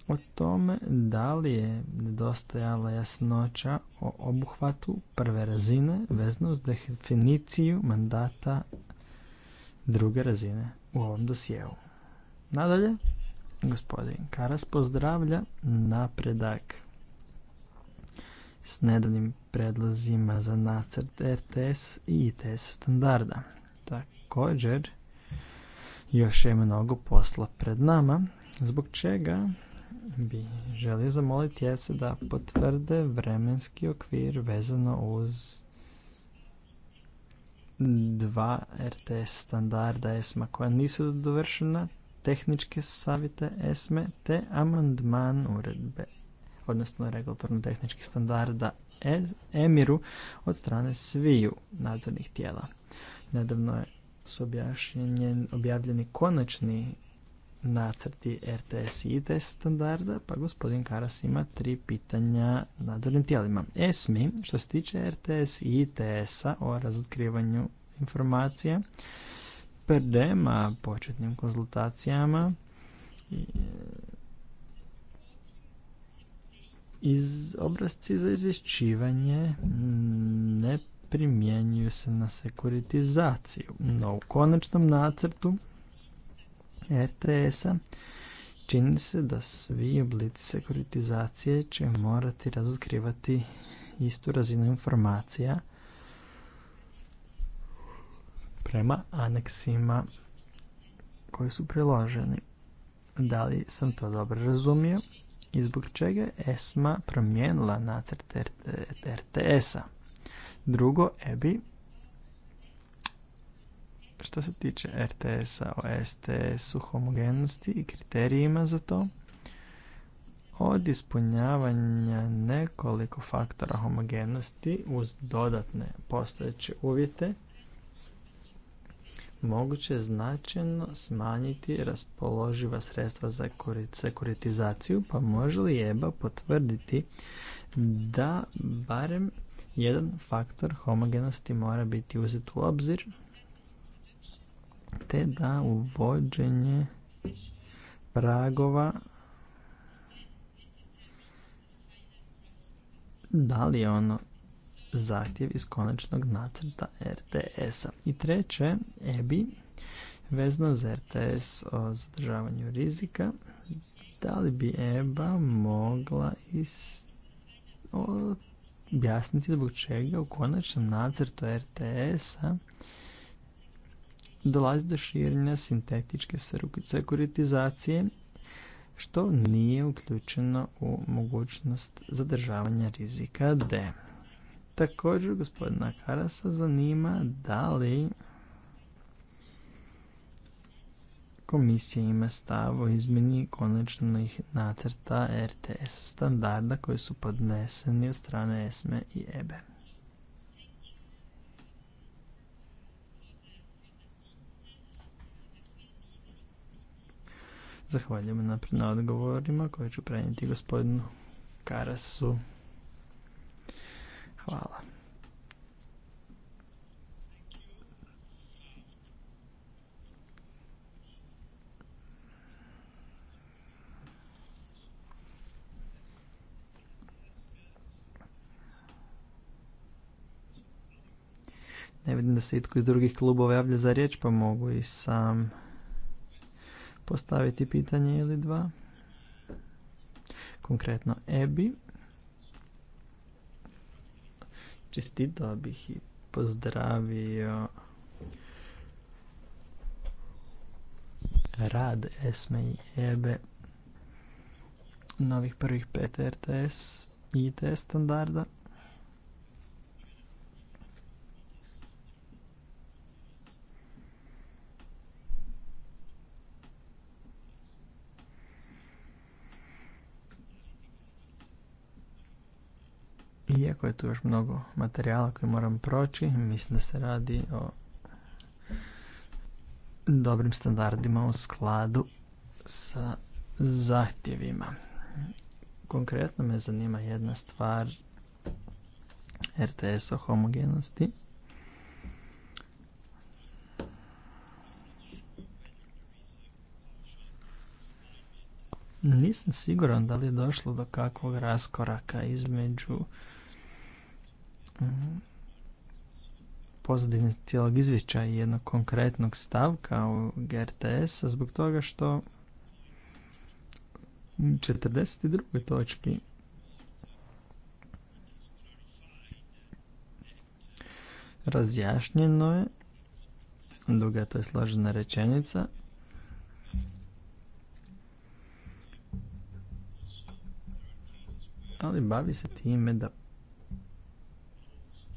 o tome da li je nedostajala jasnoća o obuhvatu prve razine vezano uz definiciju mandata druge razine u ovom dosjeu. Nadalje, gospodin Karas pozdravlja napredak s nedavnim predlazima za nacrt RTS e i ITS standarda. Također, još je mnogo posla pred nama, zbog čega bi želio zamoliti jese da potvrde vremenski okvir vezano uz dva RTS standarda ESMA koja nisu dovršena, tehničke savjete ESME te amandman uredbe, odnosno regulatorno-tehničkih standarda e, Emiru od strane sviju nadzornih tijela. Nedavno su objavljeni konačni nacrti RTS ID standarda, pa gospodin Karas ima tri pitanja nadzornim tijelima. ESMI, što se tiče RTS i ITS-a o razotkrivanju informacija, ma početnim konzultacijama e, iz obrazci za izvješćivanje ne primjenjuju se na sekuritizaciju, no u konačnom nacrtu RTS-a, čini se da svi oblici sekuritizacije će morati razotkrivati istu razinu informacija prema aneksima koji su priloženi. Da li sam to dobro razumio i zbog čega ESMA promijenila nacrt RTS-a? Drugo, EBI što se tiče RTS-a o STS-u, homogenosti i kriterijima za to, od ispunjavanja nekoliko faktora homogenosti uz dodatne postojeće uvjete, moguće značajno smanjiti raspoloživa sredstva za sekuritizaciju, pa može li EBA potvrditi da barem jedan faktor homogenosti mora biti uzet u obzir te da uvođenje pragova da li je ono zahtjev iz konačnog nacrta RTS-a. I treće, EBI, vezano za RTS o zadržavanju rizika, da li bi EBA mogla is... objasniti zbog čega u konačnom nacrtu RTS-a dolazi do širenja sintetičke sekuritizacije što nije uključeno u mogućnost zadržavanja rizika D. Također gospodina Karasa zanima da li komisija ima stav o izmjeni konačnih nacrta RTS standarda koji su podneseni od strane ESME i EBE. Zahvaljujem na, na odgovorima koje ću prenijeti gospodinu Karasu. Hvala. Ne vidim da se itko iz drugih klubova javlja za riječ, pa mogu i sam postaviti pitanje ili dva. Konkretno Ebi. Čestito bih i pozdravio rad Esme i Ebe novih prvih pet i IT standarda. Iako je tu još mnogo materijala koji moram proći, mislim da se radi o dobrim standardima u skladu sa zahtjevima. Konkretno me zanima jedna stvar RTS o homogenosti. Nisam siguran da li je došlo do kakvog raskoraka između pozadine cijelog izvješća i jednog konkretnog stavka u GRTS-a zbog toga što 42. točki razjašnjeno je druga to je složena rečenica ali bavi se time da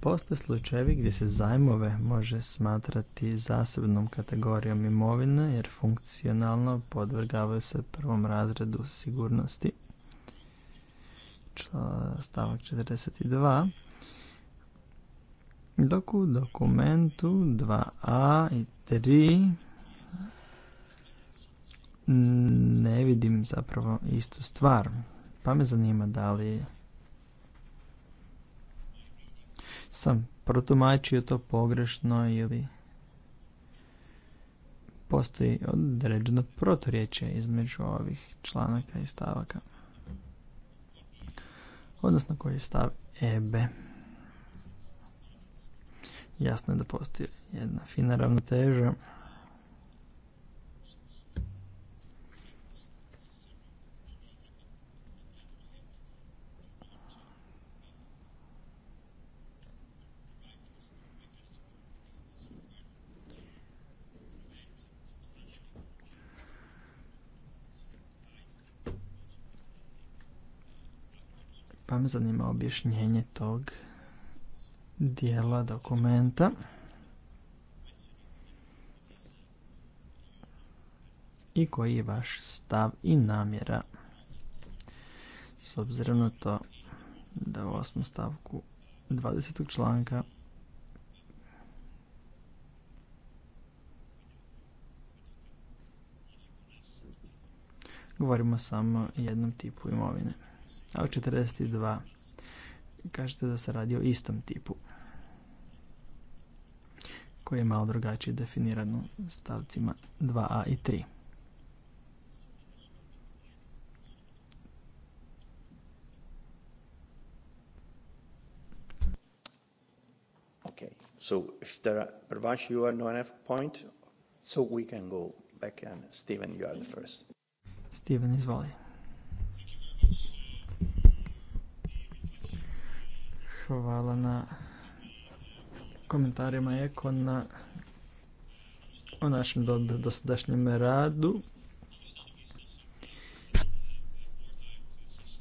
Postoje slučajevi gdje se zajmove može smatrati zasebnom kategorijom imovine jer funkcionalno podvrgavaju se prvom razredu sigurnosti. Stavak 42. Dok u dokumentu 2a i 3 ne vidim zapravo istu stvar. Pa me zanima da li sam protumačio to pogrešno ili postoji određeno proturječje između ovih članaka i stavaka. Odnosno koji je stav EB. Jasno je da postoji jedna fina ravnoteža. pa me zanima objašnjenje tog dijela dokumenta. I koji je vaš stav i namjera? S obzirom na to da u osmom stavku 20. članka govorimo samo o jednom tipu imovine. A 42 kažete da se radi o istom tipu koji je malo drugačije definiran u stavcima 2a i 3. Okay. So if there are, Pravash, you are not point, so we can go back and Steven, you are the first. Steven, izvoli. Hvala na komentarima na o našem dosadašnjem radu.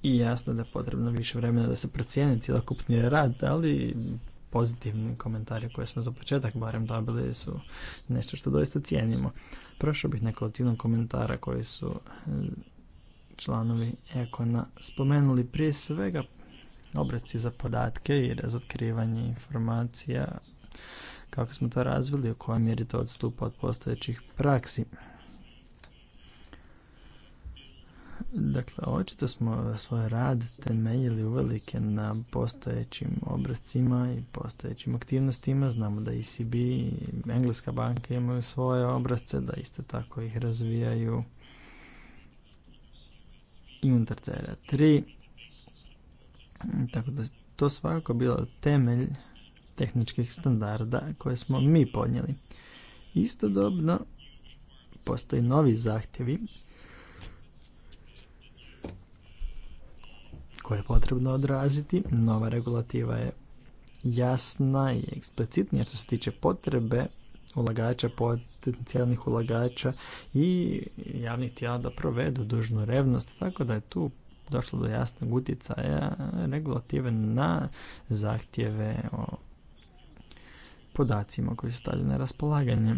I jasno da je potrebno više vremena da se procijeni cjelokupni rad, ali pozitivni komentari koje smo za početak barem dobili su nešto što doista cijenimo. Prošao bih nekolicinu komentara koji su e, članovi Ekona spomenuli prije svega obrazci za podatke i razotkrivanje informacija, kako smo to razvili, u kojoj mjeri to odstupa od postojećih praksi. Dakle, očito smo svoj rad temeljili uvelike na postojećim obrazcima i postojećim aktivnostima. Znamo da ECB i Engleska banka imaju svoje obrazce, da isto tako ih razvijaju i unutar CR3. Tako da to svakako bilo temelj tehničkih standarda koje smo mi podnijeli. Istodobno postoji novi zahtjevi koje je potrebno odraziti. Nova regulativa je jasna i eksplicitnija što se tiče potrebe ulagača, potencijalnih ulagača i javnih tijela da provedu dužnu revnost, tako da je tu došlo do jasnog utjecaja regulative na zahtjeve o podacima koji se stavljaju na raspolaganje.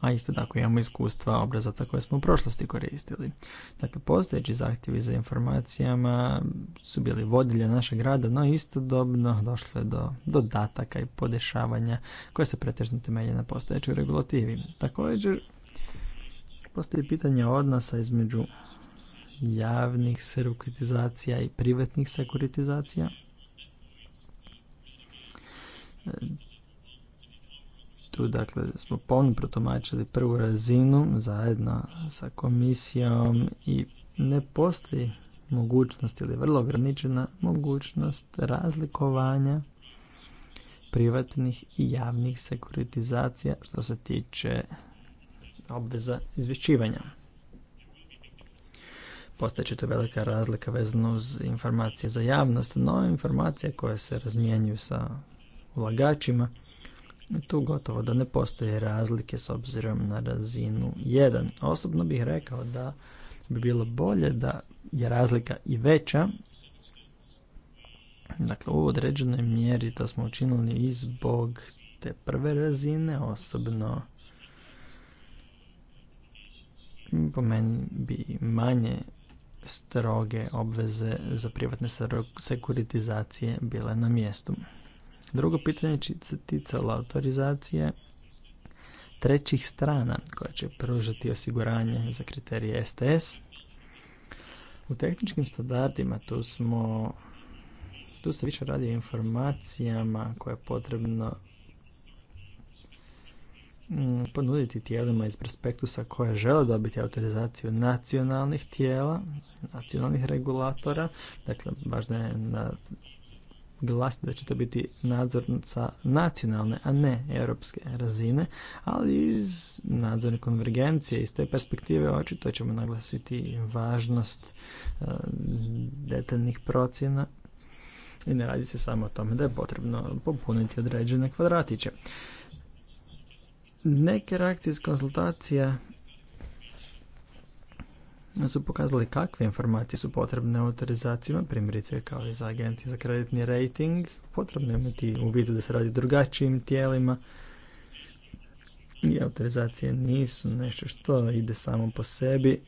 a isto tako imamo iskustva obrazaca koje smo u prošlosti koristili. Dakle, postojeći zahtjevi za informacijama su bili vodilje našeg rada, no istodobno došlo je do dodataka i podešavanja koje se pretežno temelje na postojećoj regulativi. Također, Postoji pitanje odnosa između javnih sekuritizacija i privatnih sekuritizacija. E, tu dakle smo pomno protumačili prvu razinu zajedno sa komisijom i ne postoji mogućnost ili vrlo ograničena mogućnost razlikovanja privatnih i javnih sekuritizacija što se tiče obveza izvješćivanja. Postoje će to velika razlika vezano uz informacije za javnost, no informacije koje se razmjenjuju sa ulagačima, tu gotovo da ne postoje razlike s obzirom na razinu 1. Osobno bih rekao da bi bilo bolje da je razlika i veća, Dakle, u određenoj mjeri to smo učinili i zbog te prve razine, osobno po meni bi manje stroge obveze za privatne sekuritizacije bile na mjestu. Drugo pitanje se ticalo autorizacije trećih strana koja će pružati osiguranje za kriterije STS. U tehničkim standardima tu smo tu se više radi o informacijama koje je potrebno Mm, ponuditi tijelima iz prospektusa koje žele dobiti autorizaciju nacionalnih tijela, nacionalnih regulatora. Dakle, važno je glasiti da će to biti nadzornica nacionalne, a ne europske razine, ali iz nadzorne konvergencije, iz te perspektive očito ćemo naglasiti važnost e, detaljnih procjena i ne radi se samo o tome da je potrebno popuniti određene kvadratiće. Neke reakcije iz konsultacije su pokazali kakve informacije su potrebne autorizacijama, primjerice kao i za agenti za kreditni rating. Potrebno je imati u vidu da se radi drugačijim tijelima i autorizacije nisu nešto što ide samo po sebi.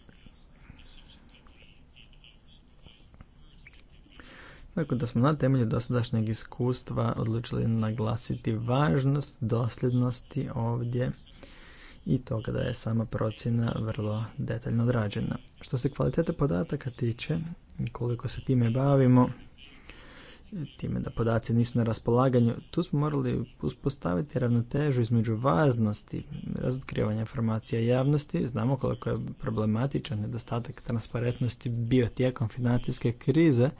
Tako da smo na temelju dosadašnjeg iskustva odlučili naglasiti važnost dosljednosti ovdje i toga da je sama procjena vrlo detaljno odrađena. Što se kvalitete podataka tiče, koliko se time bavimo, time da podaci nisu na raspolaganju, tu smo morali uspostaviti ravnotežu između važnosti razotkrivanja informacija javnosti. Znamo koliko je problematičan nedostatak transparentnosti bio tijekom financijske krize,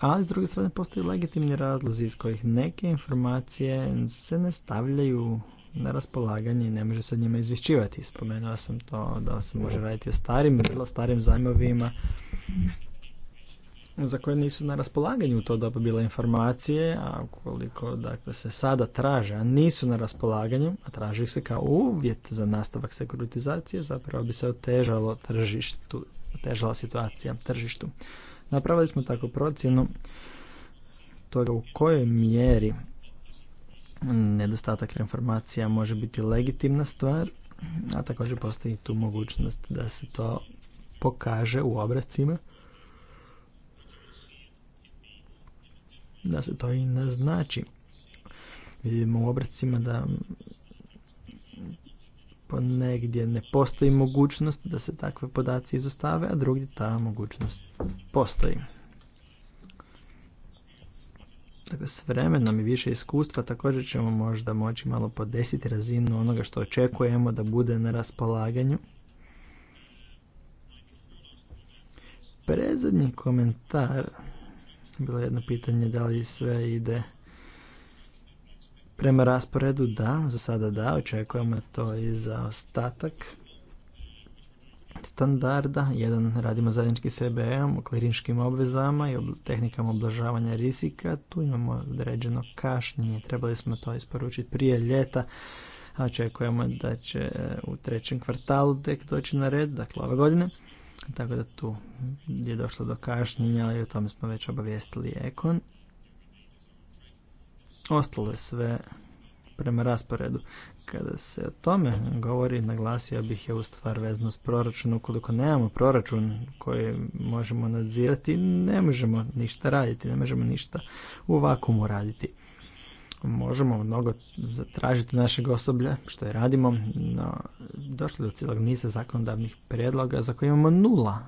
ali s druge strane postoji legitimni razlozi iz kojih neke informacije se ne stavljaju na raspolaganje i ne može se njima izvješćivati. Spomenuo sam to da se može raditi o starim, vrlo starim zajmovima za koje nisu na raspolaganju u to doba bile informacije, a ukoliko dakle, se sada traže, a nisu na raspolaganju, a traži ih se kao uvjet za nastavak sekuritizacije, zapravo bi se otežalo tržištu, otežala situacija tržištu. Napravili smo tako procjenu toga u kojoj mjeri nedostatak informacija može biti legitimna stvar, a također postoji tu mogućnost da se to pokaže u obracima. Da se to i naznači. Vidimo u obracima da negdje ne postoji mogućnost da se takve podaci izostave, a drugdje ta mogućnost postoji. Dakle, s vremenom i više iskustva također ćemo možda moći malo podesiti razinu onoga što očekujemo da bude na raspolaganju. Prezadnji komentar, bilo je jedno pitanje da li sve ide Prema rasporedu da, za sada da, očekujemo to i za ostatak standarda. Jedan radimo zajednički s EBM u kliničkim obvezama i tehnikama oblažavanja rizika. Tu imamo određeno kašnjenje, trebali smo to isporučiti prije ljeta. A očekujemo da će u trećem kvartalu tek doći na red, dakle ove godine. Tako da tu je došlo do kašnjenja, ali o tome smo već obavijestili Ekon. Ostalo je sve prema rasporedu. Kada se o tome govori, naglasio bih je u stvar vezno s proračunom. Ukoliko nemamo proračun koji možemo nadzirati, ne možemo ništa raditi, ne možemo ništa u vakumu raditi. Možemo mnogo zatražiti našeg osoblja, što je radimo, no došli do cijelog niza zakonodavnih predloga za koje imamo nula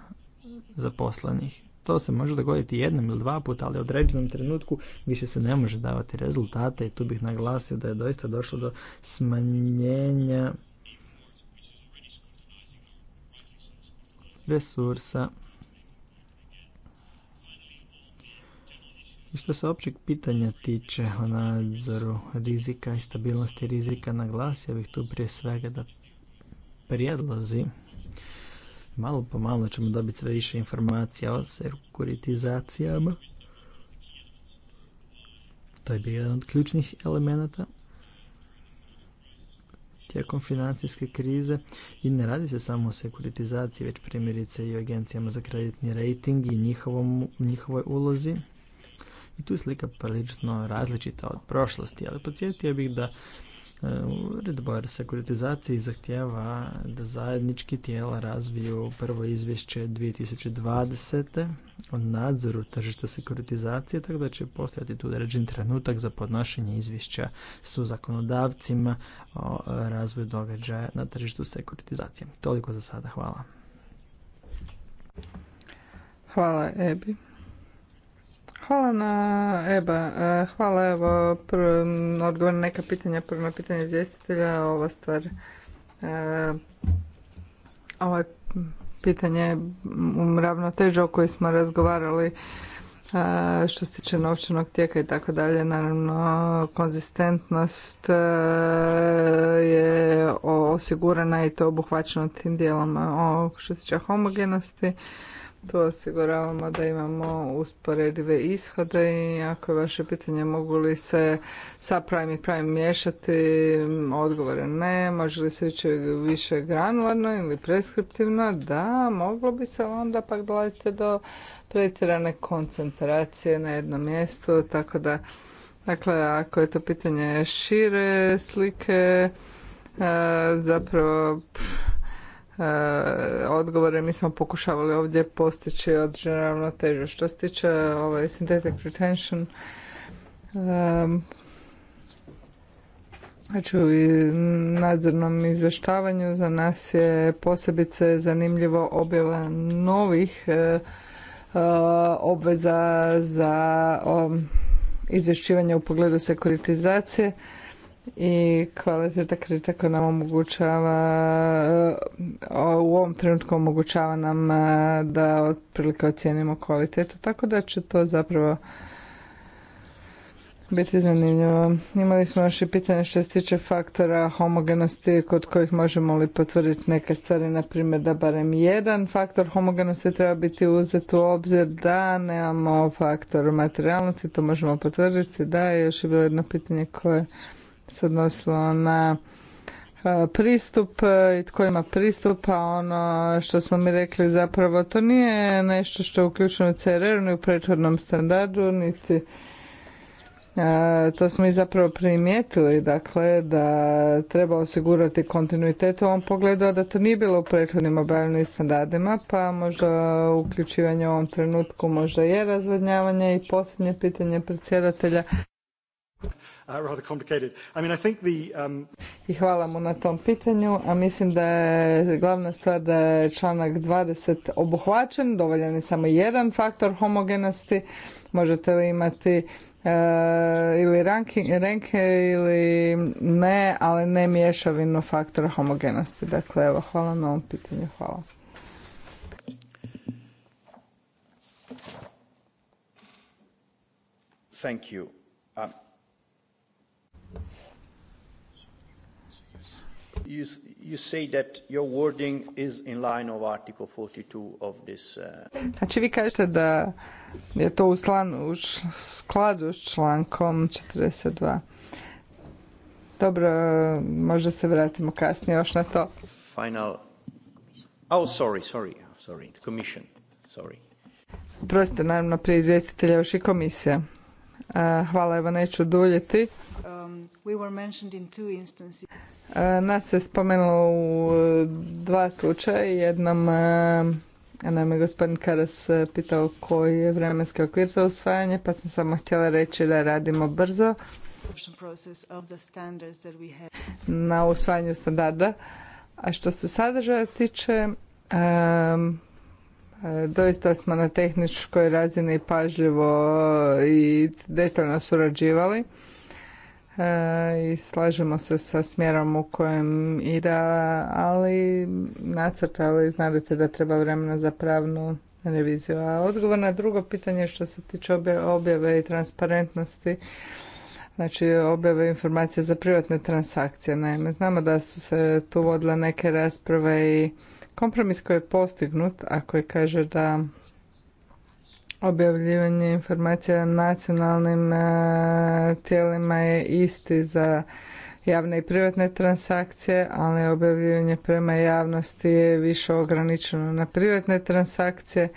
zaposlenih to se može dogoditi jednom ili dva puta, ali u određenom trenutku više se ne može davati rezultate i tu bih naglasio da je doista došlo do smanjenja resursa. što se općeg pitanja tiče o nadzoru rizika i stabilnosti rizika, naglasio bih tu prije svega da prijedlozi malo po malo ćemo dobiti sve više informacija o sekuritizacijama. To je bio jedan od ključnih elemenata tijekom financijske krize i ne radi se samo o sekuritizaciji, već primjerice i o agencijama za kreditni rating i njihovoj ulozi. I tu je slika prilično različita od prošlosti, ali podsjetio bih da E, Uredba o sekuritizaciji zahtjeva da zajednički tijela razviju prvo izvješće 2020. o nadzoru tržišta sekuritizacije, tako da će postojati tu određen trenutak za podnošenje izvješća su zakonodavcima o razvoju događaja na tržištu sekuritizacije. Toliko za sada, hvala. Hvala Ebi. Hvala na Eba. E, hvala evo prvo, odgovor na neka pitanja. Prvo na pitanje izvjestitelja. Ova stvar e, ovaj pitanje ravnoteža o kojoj smo razgovarali e, što se tiče novčanog tijeka i tako dalje, naravno konzistentnost e, je osigurana i to obuhvaćeno tim dijelom. O, što se tiče homogenosti, tu osiguravamo da imamo usporedive ishode i ako je vaše pitanje mogu li se sa prime i prime miješati, odgovore ne. Može li se ići više granularno ili preskriptivno? Da, moglo bi se onda pak dolazite do pretjerane koncentracije na jednom mjestu, tako da Dakle, ako je to pitanje šire slike, e, zapravo E, odgovore. Mi smo pokušavali ovdje postići određenu teže. Što se tiče ovaj, synthetic retention, um, u nadzornom izvještavanju za nas je posebice zanimljivo objava novih e, e, obveza za o, izvješćivanje u pogledu sekuritizacije i kvaliteta kredita koja nam omogućava e, u ovom trenutku omogućava nam e, da otprilike ocijenimo kvalitetu tako da će to zapravo biti zanimljivo. Imali smo još i pitanje što se tiče faktora homogenosti kod kojih možemo li potvrditi neke stvari, na primjer da barem jedan faktor homogenosti treba biti uzet u obzir da nemamo faktor materijalnosti, to možemo potvrditi, da je još je bilo jedno pitanje koje odnosno na e, pristup e, i tko ima pristup, a ono što smo mi rekli zapravo to nije nešto što je uključeno u CRR ni u prethodnom standardu, niti e, to smo i zapravo primijetili, dakle, da treba osigurati kontinuitet u ovom pogledu, a da to nije bilo u prethodnim obavljenim standardima, pa možda uključivanje u ovom trenutku možda je razvodnjavanje i posljednje pitanje predsjedatelja. Uh, um, I hvala mu na tom pitanju, a mislim da je glavna stvar da je članak 20 obuhvaćen, dovoljan je samo jedan faktor homogenosti, možete li imati uh, ili ranking, renke ili ne, ali ne miješavinu faktor homogenosti. Dakle, evo, hvala na ovom pitanju. Hvala. Thank you. You, you say that your wording is in line of Article 42 of this... Uh... Znači vi kažete da je to u, slanu, u skladu s člankom 42. Dobro, možda se vratimo kasnije još na to. Final... Oh, sorry, sorry, sorry, the commission, sorry. Prostite, naravno, prije izvjestitelja još i komisija. Hvala, evo neću duljiti. Um, nas se spomenulo u e, dva slučaja. Jednom e, nam je gospodin Karas e, pitao koji je vremenski okvir za usvajanje, pa sam samo htjela reći da radimo brzo na usvajanju standarda. A što se sadržaja tiče, Doista smo na tehničkoj razini pažljivo i detaljno surađivali e, i slažemo se sa smjerom u kojem ide, ali ali znate da treba vremena za pravnu reviziju. A odgovor na drugo pitanje što se tiče objave i transparentnosti, znači objave informacija za privatne transakcije. Naime, znamo da su se tu vodile neke rasprave i Kompromis koji je postignut, ako je kaže da objavljivanje informacija nacionalnim e, tijelima je isti za javne i privatne transakcije, ali objavljivanje prema javnosti je više ograničeno na privatne transakcije.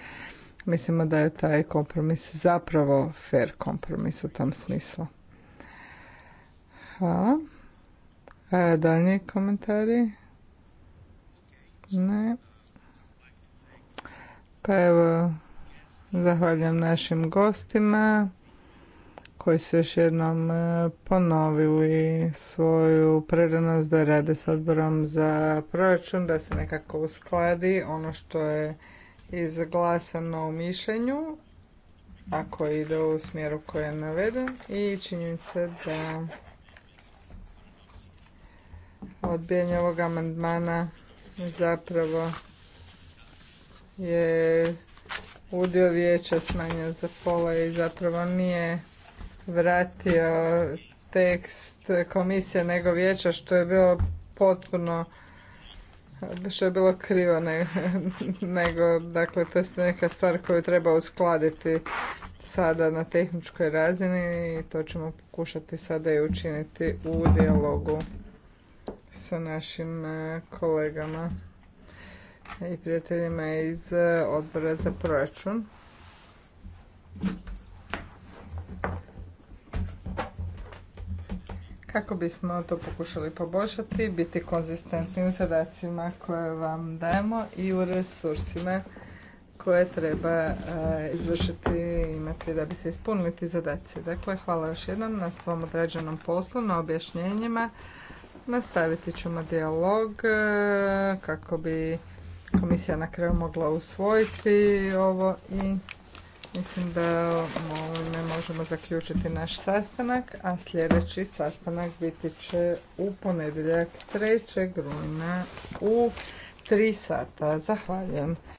Mislimo da je taj kompromis zapravo fair kompromis u tom smislu. Hvala. E, Dalje komentari? Ne. Pa evo, zahvaljam našim gostima koji su još jednom e, ponovili svoju predanost da rade s odborom za proračun, da se nekako uskladi ono što je izglasano u mišljenju, ako ide u smjeru koje je naveden i činjenica da odbijanje ovog amandmana zapravo je udio vijeća smanjio za pola i zapravo nije vratio tekst komisije nego vijeća što je bilo potpuno što je bilo krivo [LAUGHS] nego dakle to je neka stvar koju treba uskladiti sada na tehničkoj razini i to ćemo pokušati sada i učiniti u dijalogu sa našim e, kolegama i prijateljima iz e, odbora za proračun. Kako bismo to pokušali poboljšati, biti konzistentni u zadacima koje vam dajemo i u resursima koje treba e, izvršiti i imati da bi se ispunili ti zadaci. Dakle, hvala još jednom na svom odrađenom poslu, na objašnjenjima Nastaviti ćemo dijalog e, kako bi komisija na kraju mogla usvojiti ovo i mislim da ovime možemo zaključiti naš sastanak, a sljedeći sastanak biti će u ponedjeljak 3. rujna u 3 sata. Zahvaljujem.